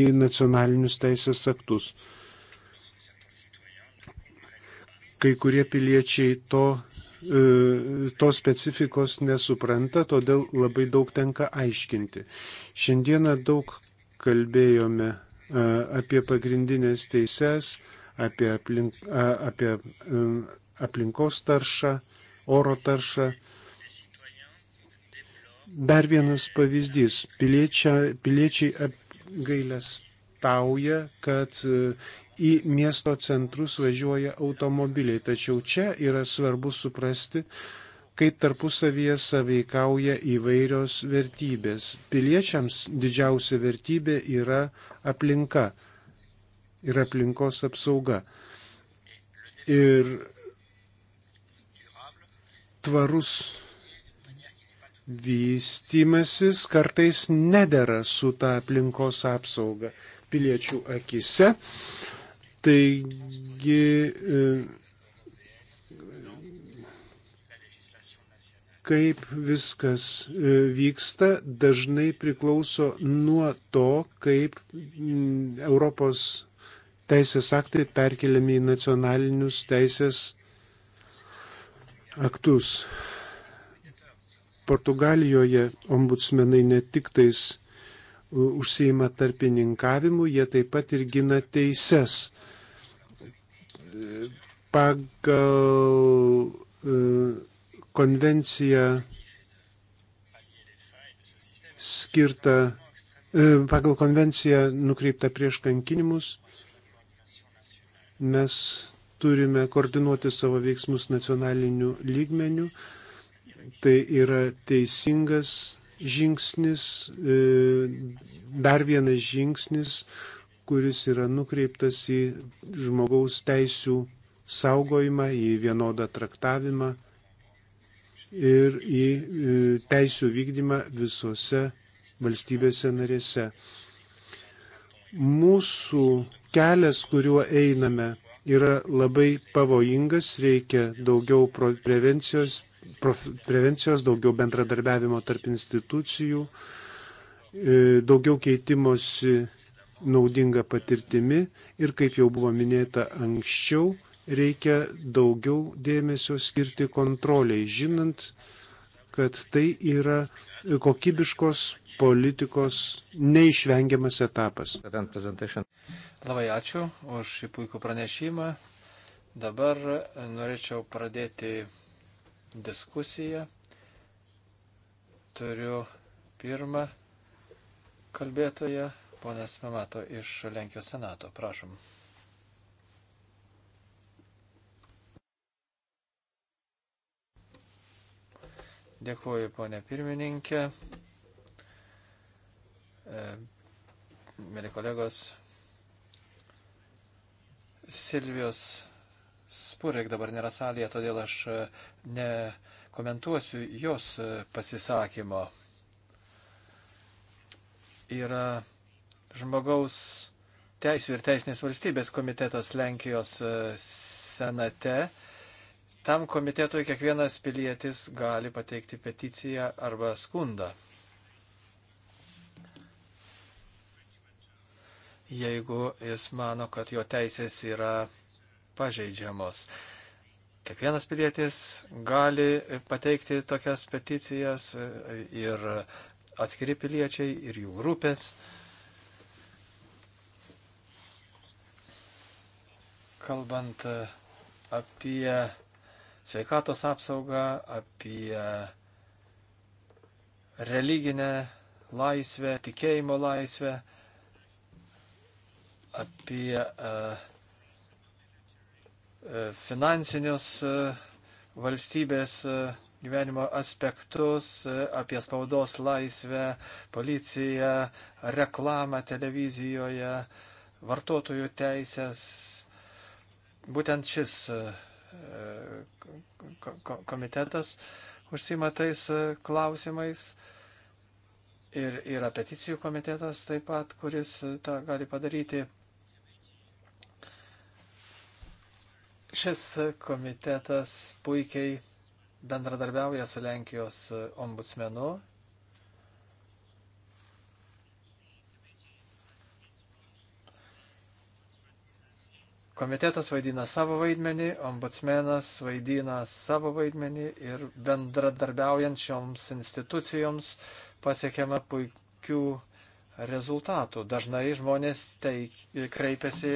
į nacionalinius teisės aktus. Kai kurie piliečiai to E, tos specifikos nesupranta, todėl labai daug tenka aiškinti. Šiandieną daug kalbėjome e, apie pagrindinės teises, apie, aplink, apie e, aplinkos taršą, oro taršą. Dar vienas pavyzdys. Piliečia, piliečiai apgailės tauja, kad į miesto centrus važiuoja automobiliai. Tačiau čia yra svarbu suprasti, kaip tarpusavyje saveikauja įvairios vertybės. Piliečiams didžiausia vertybė yra aplinka ir aplinkos apsauga. Ir tvarus vystimasis kartais nedera su ta aplinkos apsauga piliečių akise. Taigi, eh, kaip viskas eh, vyksta, dažnai priklauso nuo to, kaip mm, Europos teisės aktai perkeliami į nacionalinius teisės aktus. Portugalijoje ombudsmenai ne tik tais užsieima tarpininkavimu, jie taip pat ir gina teises pagal eh, konvenciją skirtą, eh, pagal konvenciją nukreiptą prieš kankinimus, mes turime koordinuoti savo veiksmus nacionaliniu lygmeniu. Tai yra teisingas žingsnis, eh, dar vienas žingsnis, kuris yra nukreiptas į žmogaus teisų saugojimą, į vienodą traktavimą ir į e, teisų vykdymą visose valstybėse narėse. Mūsų kelias, kuriuo einame, yra labai pavojingas, reikia daugiau prevencijos, prof, prevencijos daugiau bendradarbiavimo tarp institucijų, e, daugiau keitimosi naudinga patirtimi ir, kaip jau buvo minėta anksčiau, reikia daugiau dėmesio skirti kontroliai, žinant, kad tai yra kokybiškos politikos neišvengiamas etapas. Labai ačiū už šį puikų pranešimą. Dabar norėčiau pradėti diskusiją. Turiu pirmą kalbėtoją ponas Mamato iš Lenkijos senato. Prašom. Dėkuoju, ponė pirmininkė. E, mėly kolegos, Silvijos Spurek dabar nėra salėje, todėl aš e, nekomentuosiu jos e, pasisakymo. Yra žmogaus teisų ir teisinės valstybės komitetas Lenkijos e, senate. Tam komitetui kiekvienas pilietis gali pateikti peticiją arba skundą. Jeigu jis mano, kad jo teisės yra pažeidžiamos. Kiekvienas pilietis gali pateikti tokias peticijas e, ir atskiri piliečiai, ir jų grupės. kalbant e, apie sveikatos apsaugą, apie religinę laisvę, tikėjimo laisvę, apie e, e, finansinius valstybės gyvenimo aspektus, apie spaudos laisvę, policiją, reklamą televizijoje, vartotojų teisės, būtent šis e, e, komitetas užsima tais e, klausimais ir yra peticijų komitetas taip pat, kuris tą gali padaryti. Šis komitetas puikiai bendradarbiauja su Lenkijos ombudsmenu Komitetas vaidina savo vaidmenį, ombudsmenas vaidina savo vaidmenį ir bendradarbiaujančioms institucijoms pasiekiama puikių rezultatų. Dažnai žmonės teik, kreipiasi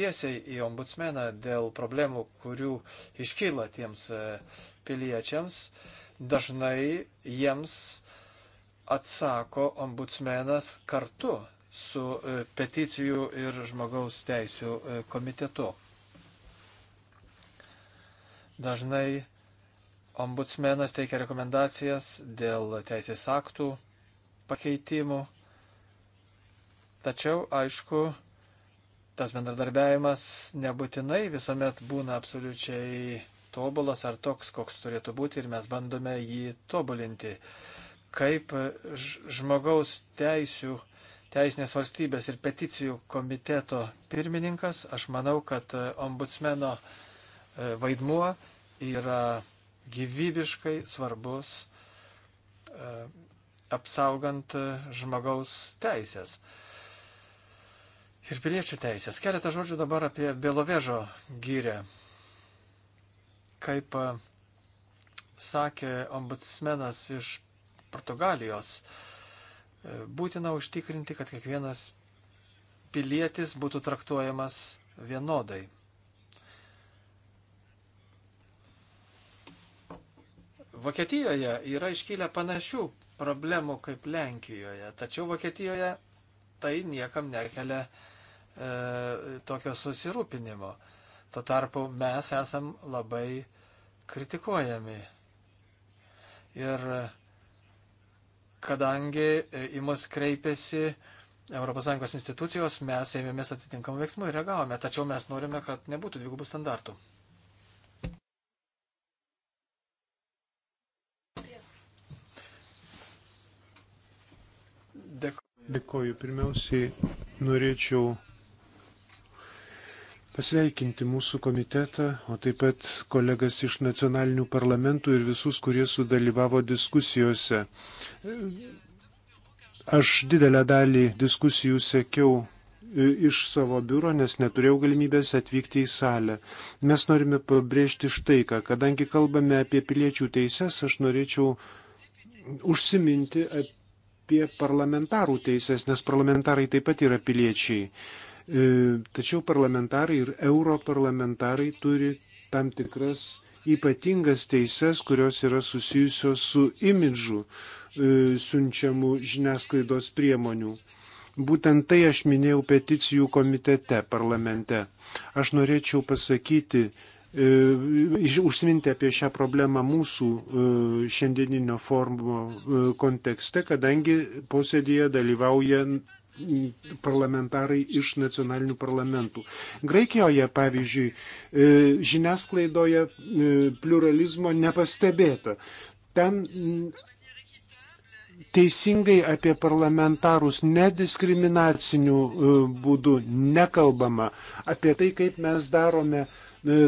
tiesiai į ombudsmeną dėl problemų, kurių iškyla tiems e, piliečiams. Dažnai jiems atsako ombudsmenas kartu su e, peticijų ir žmogaus teisų e, komitetu. Dažnai ombudsmenas teikia rekomendacijas dėl teisės aktų pakeitimų, tačiau, aišku, tas bendradarbiavimas nebūtinai visuomet būna absoliučiai tobulas ar toks, koks turėtų būti ir mes bandome jį tobulinti. Kaip žmogaus teisų teisinės valstybės ir peticijų komiteto pirmininkas, aš manau, kad e, ombudsmeno e, vaidmuo yra gyvybiškai svarbus e, apsaugant žmogaus teisės ir piliečių teisės. Keletą žodžių dabar apie Belovežo gyrę. Kaip sakė ombudsmenas iš Portugalijos, uh, Būtina užtikrinti, kad kiekvienas pilietis būtų traktuojamas vienodai. Vokietijoje yra iškilę panašių problemų kaip Lenkijoje, tačiau Vokietijoje tai niekam nekelia e, tokio susirūpinimo. Tuo tarpu mes esam labai kritikuojami. Ir kadangi e, į mus kreipėsi ES institucijos, mes ėmėmės atitinkamų veiksmų ir reagavome, tačiau mes norime, kad nebūtų dvigubų standartų. Dėkuoju. Dėkuoju. Pirmiausiai norėčiau pasveikinti mūsų komitetą, o taip pat kolegas iš nacionalinių parlamentų ir visus, kurie sudalyvavo diskusijose. Aš didelę dalį diskusijų sekiau e, iš savo biuro, nes neturėjau galimybės atvykti į salę. Mes norime pabrėžti štai ką, kadangi kalbame apie piliečių teises, aš norėčiau užsiminti apie parlamentarų teises, nes parlamentarai taip pat yra piliečiai. E, tačiau parlamentarai ir europarlamentarai turi tam tikras ypatingas teises, kurios yra susijusios su imidžu e, siunčiamų žiniasklaidos priemonių. Būtent tai aš minėjau peticijų komitete parlamente. Aš norėčiau pasakyti, e, užsiminti apie šią problemą mūsų šiandieninio formo kontekste, kadangi posėdėje dalyvauja parlamentarai iš nacionalinių parlamentų. Graikijoje, pavyzdžiui, e, žiniasklaidoje e, pluralizmo nepastebėta. Ten teisingai apie parlamentarus nediskriminacinių e, būdų nekalbama, apie tai, kaip mes darome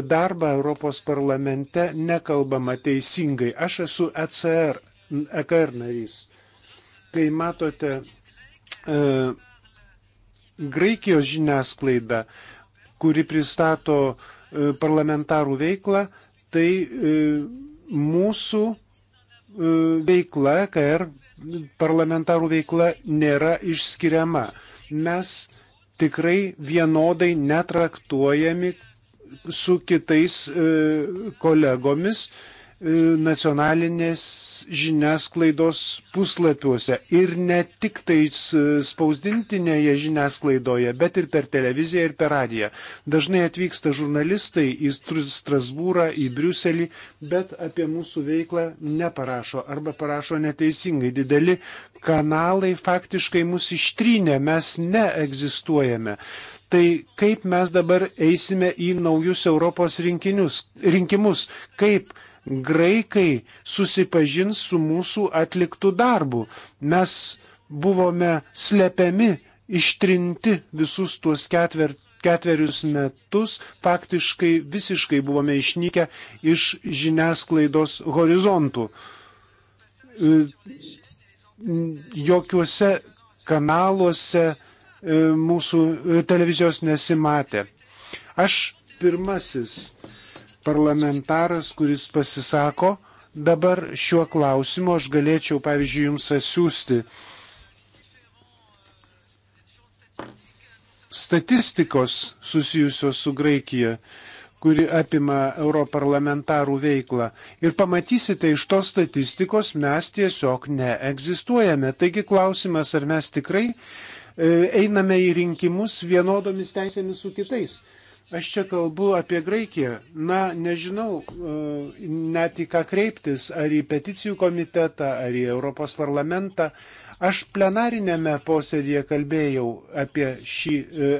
darbą Europos parlamente nekalbama teisingai. Aš esu ECR, EKR narys. Kai matote E, Graikijos žiniasklaida, kuri pristato e, parlamentarų veiklą, tai e, mūsų veikla, KR parlamentarų veikla nėra išskiriama. Mes tikrai vienodai netraktuojami su kitais kolegomis, E, nacionalinės žiniasklaidos puslapiuose ir ne tik tai spausdintinėje žiniasklaidoje, bet ir per televiziją ir per radiją. Dažnai atvyksta žurnalistai į Strasbūrą, į Briuselį, bet apie mūsų veiklą neparašo arba parašo neteisingai. Dideli kanalai faktiškai mus ištrynė, mes neegzistuojame. Tai kaip mes dabar eisime į naujus Europos rinkinius, rinkimus, kaip graikai susipažins su mūsų atliktų darbų. Mes buvome slepiami, ištrinti visus tuos ketver, ketverius metus, faktiškai visiškai buvome išnykę iš žiniasklaidos horizontų. E, jokiuose kanaluose e, mūsų televizijos nesimatė. Aš pirmasis parlamentaras, kuris pasisako dabar šiuo klausimu, aš galėčiau, pavyzdžiui, jums atsiųsti statistikos susijusios su Graikija, kuri apima europarlamentarų veiklą. Ir pamatysite, iš tos statistikos mes tiesiog neegzistuojame. Taigi klausimas, ar mes tikrai e, einame į rinkimus vienodomis teisėmis su kitais. Aš čia kalbu apie Graikiją. Na, nežinau e, net į ką kreiptis, ar į peticijų komitetą, ar į Europos parlamentą. Aš plenarinėme posėdėje kalbėjau apie šį e, e,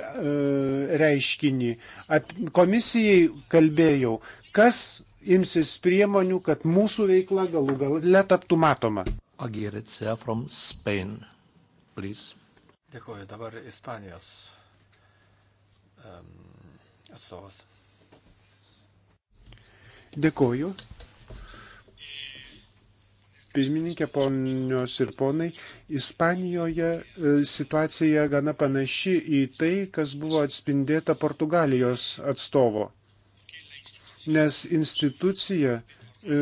reiškinį. Ap, komisijai kalbėjau, kas imsis priemonių, kad mūsų veikla galų gale taptų matoma. Agirice from Spain, please. Dėkuoju, dabar Ispanijos um, atstovas. Dėkoju. Pirmininkė, ponios ir ponai, Ispanijoje e, situacija gana panaši į tai, kas buvo atspindėta Portugalijos atstovo. Nes institucija, e,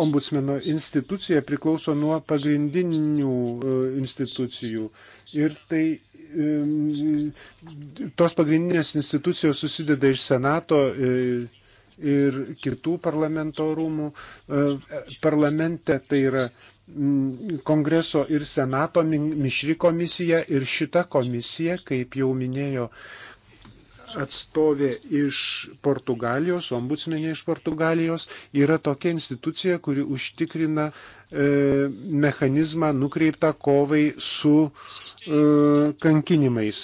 ombudsmeno institucija priklauso nuo pagrindinių e, institucijų. Ir tai Ehm, tos pagrindinės institucijos susideda iš Senato e, ir kitų parlamento rūmų. E, parlamente tai yra Kongreso ir Senato mišri komisija ir šita komisija, kaip jau minėjo atstovė iš Portugalijos, ombudsmenė iš Portugalijos, yra tokia institucija, kuri užtikrina e, mechanizmą nukreiptą kovai su e, kankinimais.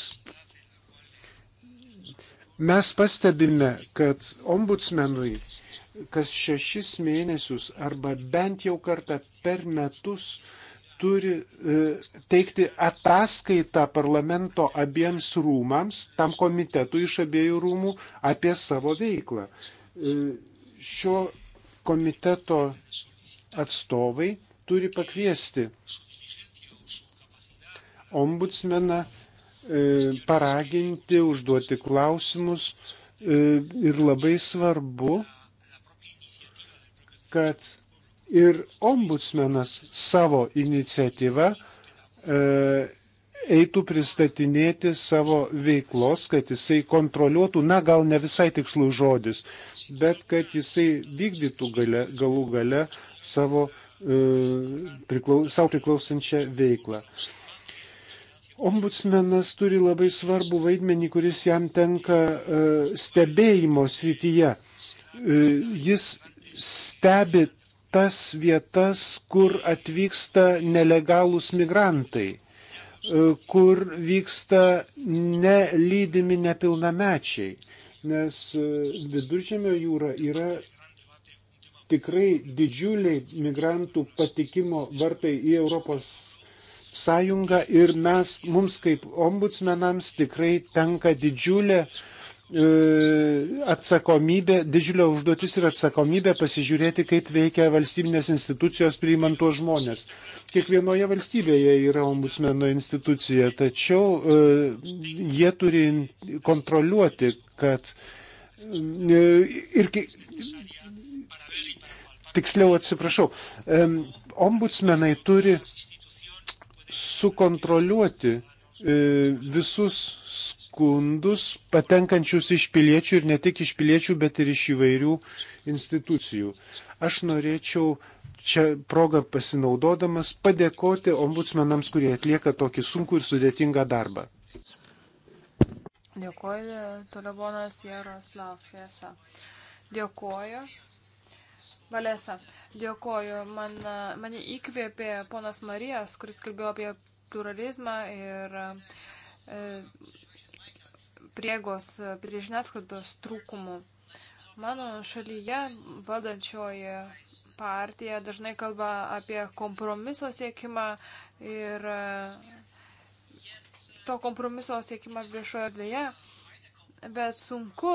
Mes pastebime, kad ombudsmenui kas šešis mėnesius arba bent jau kartą per metus e, turi e, teikti ataskaitą parlamento abiems rūmams, tam komitetui iš abiejų rūmų apie savo veiklą. E, šio komiteto atstovai turi pakviesti ombudsmeną, e, paraginti, užduoti klausimus ir labai svarbu, kad ir ombudsmenas savo iniciatyvą e, eitų pristatinėti savo veiklos, kad jisai kontroliuotų, na gal ne visai tikslų žodis, bet kad jisai vykdytų gale, galų gale savo, e, priklau, savo priklausančią veiklą. Ombudsmenas turi labai svarbų vaidmenį, kuris jam tenka e, stebėjimo srityje. E, jis stebi tas vietas, kur atvyksta nelegalūs migrantai, e, kur vyksta nelydimi nepilnamečiai, nes e, viduržėmio jūra yra tikrai didžiuliai migrantų patikimo vartai į Europos sąjungą ir mes, mums kaip ombudsmenams tikrai tenka didžiulė uh, E, atsakomybė, didžiulė užduotis ir atsakomybė pasižiūrėti, kaip veikia valstybinės institucijos priimant tuos žmonės. Kiekvienoje valstybėje yra ombudsmeno institucija, tačiau e, jie turi kontroliuoti, kad e, ir tiksliau atsiprašau, ombudsmenai turi sukontroliuoti visus skundus patenkančius iš piliečių ir ne tik iš piliečių, bet ir iš įvairių institucijų. Aš norėčiau čia progą pasinaudodamas padėkoti ombudsmenams, kurie atlieka tokį sunkų ir sudėtingą darbą. Dėkuoju, Tolebonas Jaroslav Fiesa. Dėkuoju. Valesa, dėkuoju. Man, mane įkvėpė ponas Marijas, kuris kalbėjo apie pluralizmą ir e, priegos e, prie žiniasklaidos trūkumų. Mano šalyje valdančioji partija dažnai kalba apie kompromiso siekimą ir e, to kompromiso siekimą viešoje erdvėje, bet sunku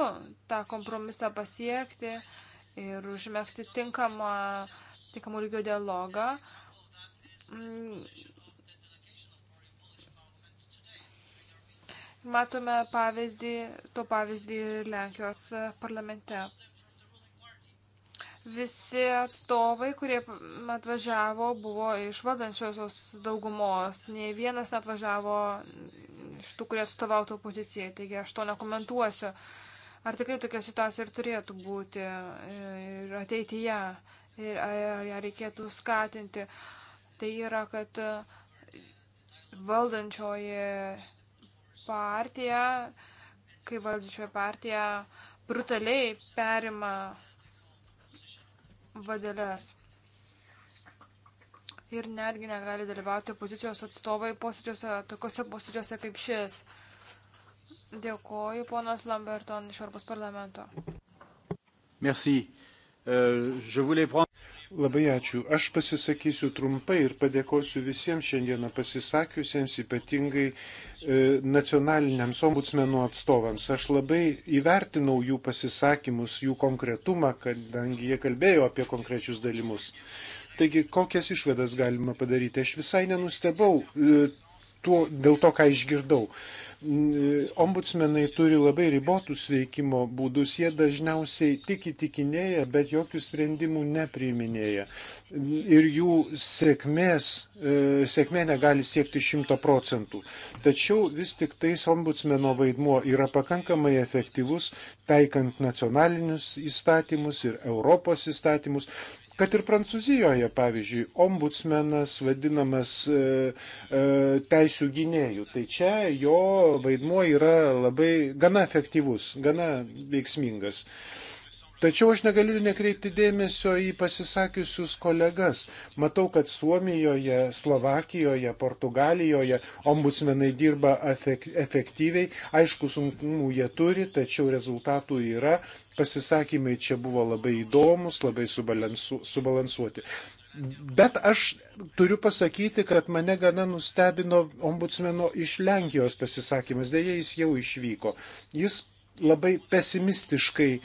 tą kompromisą pasiekti ir užmėgsti tinkamą, tinkamų lygio dialogą mm, Matome pavyzdį, to pavyzdį ir Lenkijos parlamente. Visi atstovai, kurie atvažiavo, buvo iš valdančiosios daugumos. Ne vienas atvažiavo iš tų, kurie atstovautų opozicijai. Taigi aš to nekomentuosiu. Ar tikrai tokia situacija ir turėtų būti ir ateityje? Ir ar ją reikėtų skatinti? Tai yra, kad valdančioji partija, kai valdyčioji partija brutaliai perima vadėlės. Ir netgi negali dalyvauti pozicijos atstovai posėdžiuose, tokiuose posėdžiuose kaip šis. Dėkoju, ponas Lamberton iš Europos parlamento. Merci. Uh, je voulais prendre... Labai ačiū. Aš pasisakysiu trumpai ir padėkosiu visiems šiandieną pasisakiusiems, ypatingai e, nacionaliniams ombudsmenų atstovams. Aš labai įvertinau jų pasisakymus, jų konkretumą, kadangi jie kalbėjo apie konkrečius dalymus. Taigi, kokias išvadas galima padaryti? Aš visai nenustebau e, tuo, dėl to, ką išgirdau. Mm, ombudsmenai turi labai ribotus veikimo būdus, jie dažniausiai tik įtikinėja, bet jokių sprendimų nepriiminėja. Ir jų sėkmės, e, sėkmė negali siekti šimto procentų. Tačiau vis tik tais ombudsmeno vaidmuo yra pakankamai efektyvus, taikant nacionalinius įstatymus ir Europos įstatymus. Kad ir Prancūzijoje, pavyzdžiui, ombudsmenas vadinamas e, e, teisų gynėjų, tai čia jo vaidmuo yra labai gana efektyvus, gana veiksmingas. E, Tačiau aš negaliu nekreipti dėmesio į pasisakiusius kolegas. Matau, kad Suomijoje, Slovakijoje, Portugalijoje ombudsmenai dirba efektyviai. Aišku, sunkumų jie turi, tačiau rezultatų yra. Pasisakymai čia buvo labai įdomus, labai subalansu, subalansuoti. Bet aš turiu pasakyti, kad mane gana nustebino ombudsmeno iš Lenkijos pasisakymas, dėja jis jau išvyko. Jis labai pesimistiškai e,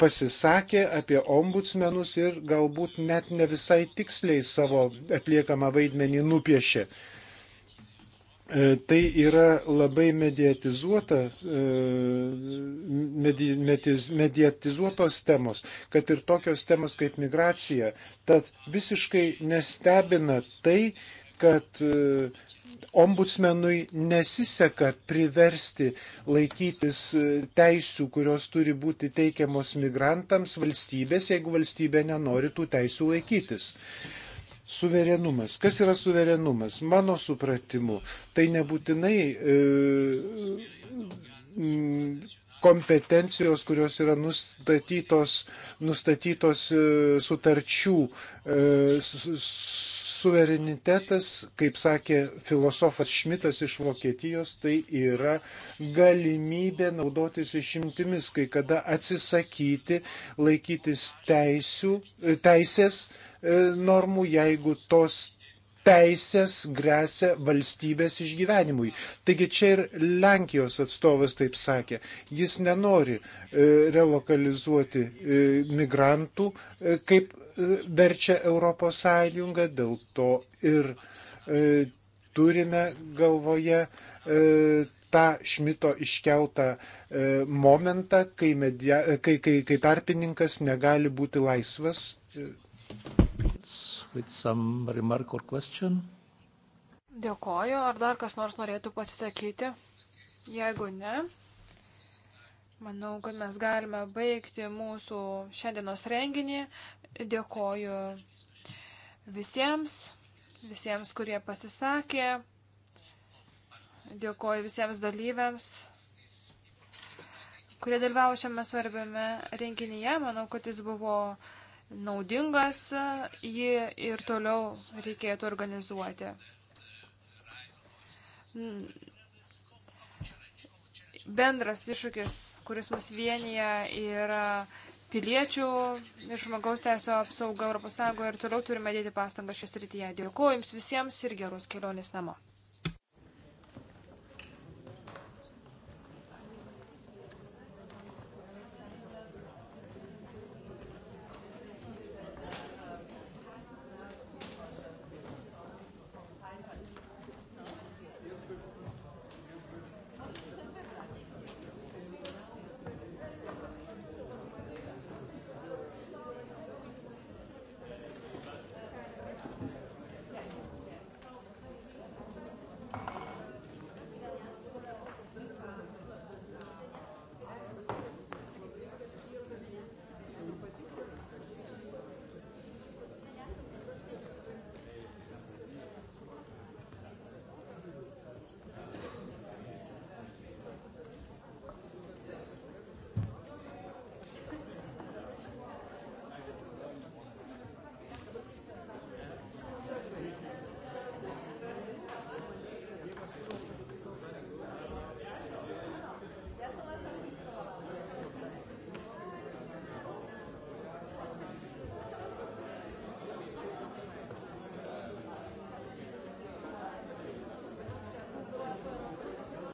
pasisakė apie ombudsmenus ir galbūt net ne visai tiksliai savo atliekamą vaidmenį nupiešė. E, tai yra labai mediatizuota, e, medi, mediz, mediatizuotos temos, kad ir tokios temos kaip migracija. Tad visiškai nestebina tai, kad ombudsmenui nesiseka priversti laikytis e, teisų, kurios turi būti teikiamos migrantams valstybės, jeigu valstybė nenori tų teisų laikytis. Suverenumas. Kas yra suverenumas? Mano supratimu, tai nebūtinai e, kompetencijos, kurios yra nustatytos, nustatytos e, sutarčių, e, suverenitetas, kaip sakė filosofas Šmitas iš Vokietijos, tai yra galimybė naudotis išimtimis, kai kada atsisakyti, laikytis teisių, teisės e, normų, jeigu tos teisės grėsia valstybės išgyvenimui. Taigi čia ir Lenkijos atstovas taip sakė. Jis nenori e, relokalizuoti e, migrantų, e, kaip verčia Europos Sąjungą, dėl to ir e, turime galvoje e, tą šmito iškeltą e, momentą, kai, media, kai, kai, kai tarpininkas negali būti laisvas. E, Dėkoju, ar dar kas nors norėtų pasisakyti? Jeigu ne, Manau, kad mes galime baigti mūsų šiandienos renginį. Dėkoju visiems, visiems, kurie pasisakė. Dėkoju visiems dalyviams, kurie dalyvavo šiame svarbiame renginyje. Manau, kad jis buvo naudingas, jį ir toliau reikėtų organizuoti bendras iššūkis, kuris mus vienyje yra piliečių ir žmogaus teisų apsauga ES ir toliau turime dėti pastangą šią srityje. Dėkuoju Jums visiems ir geros kelionės namo.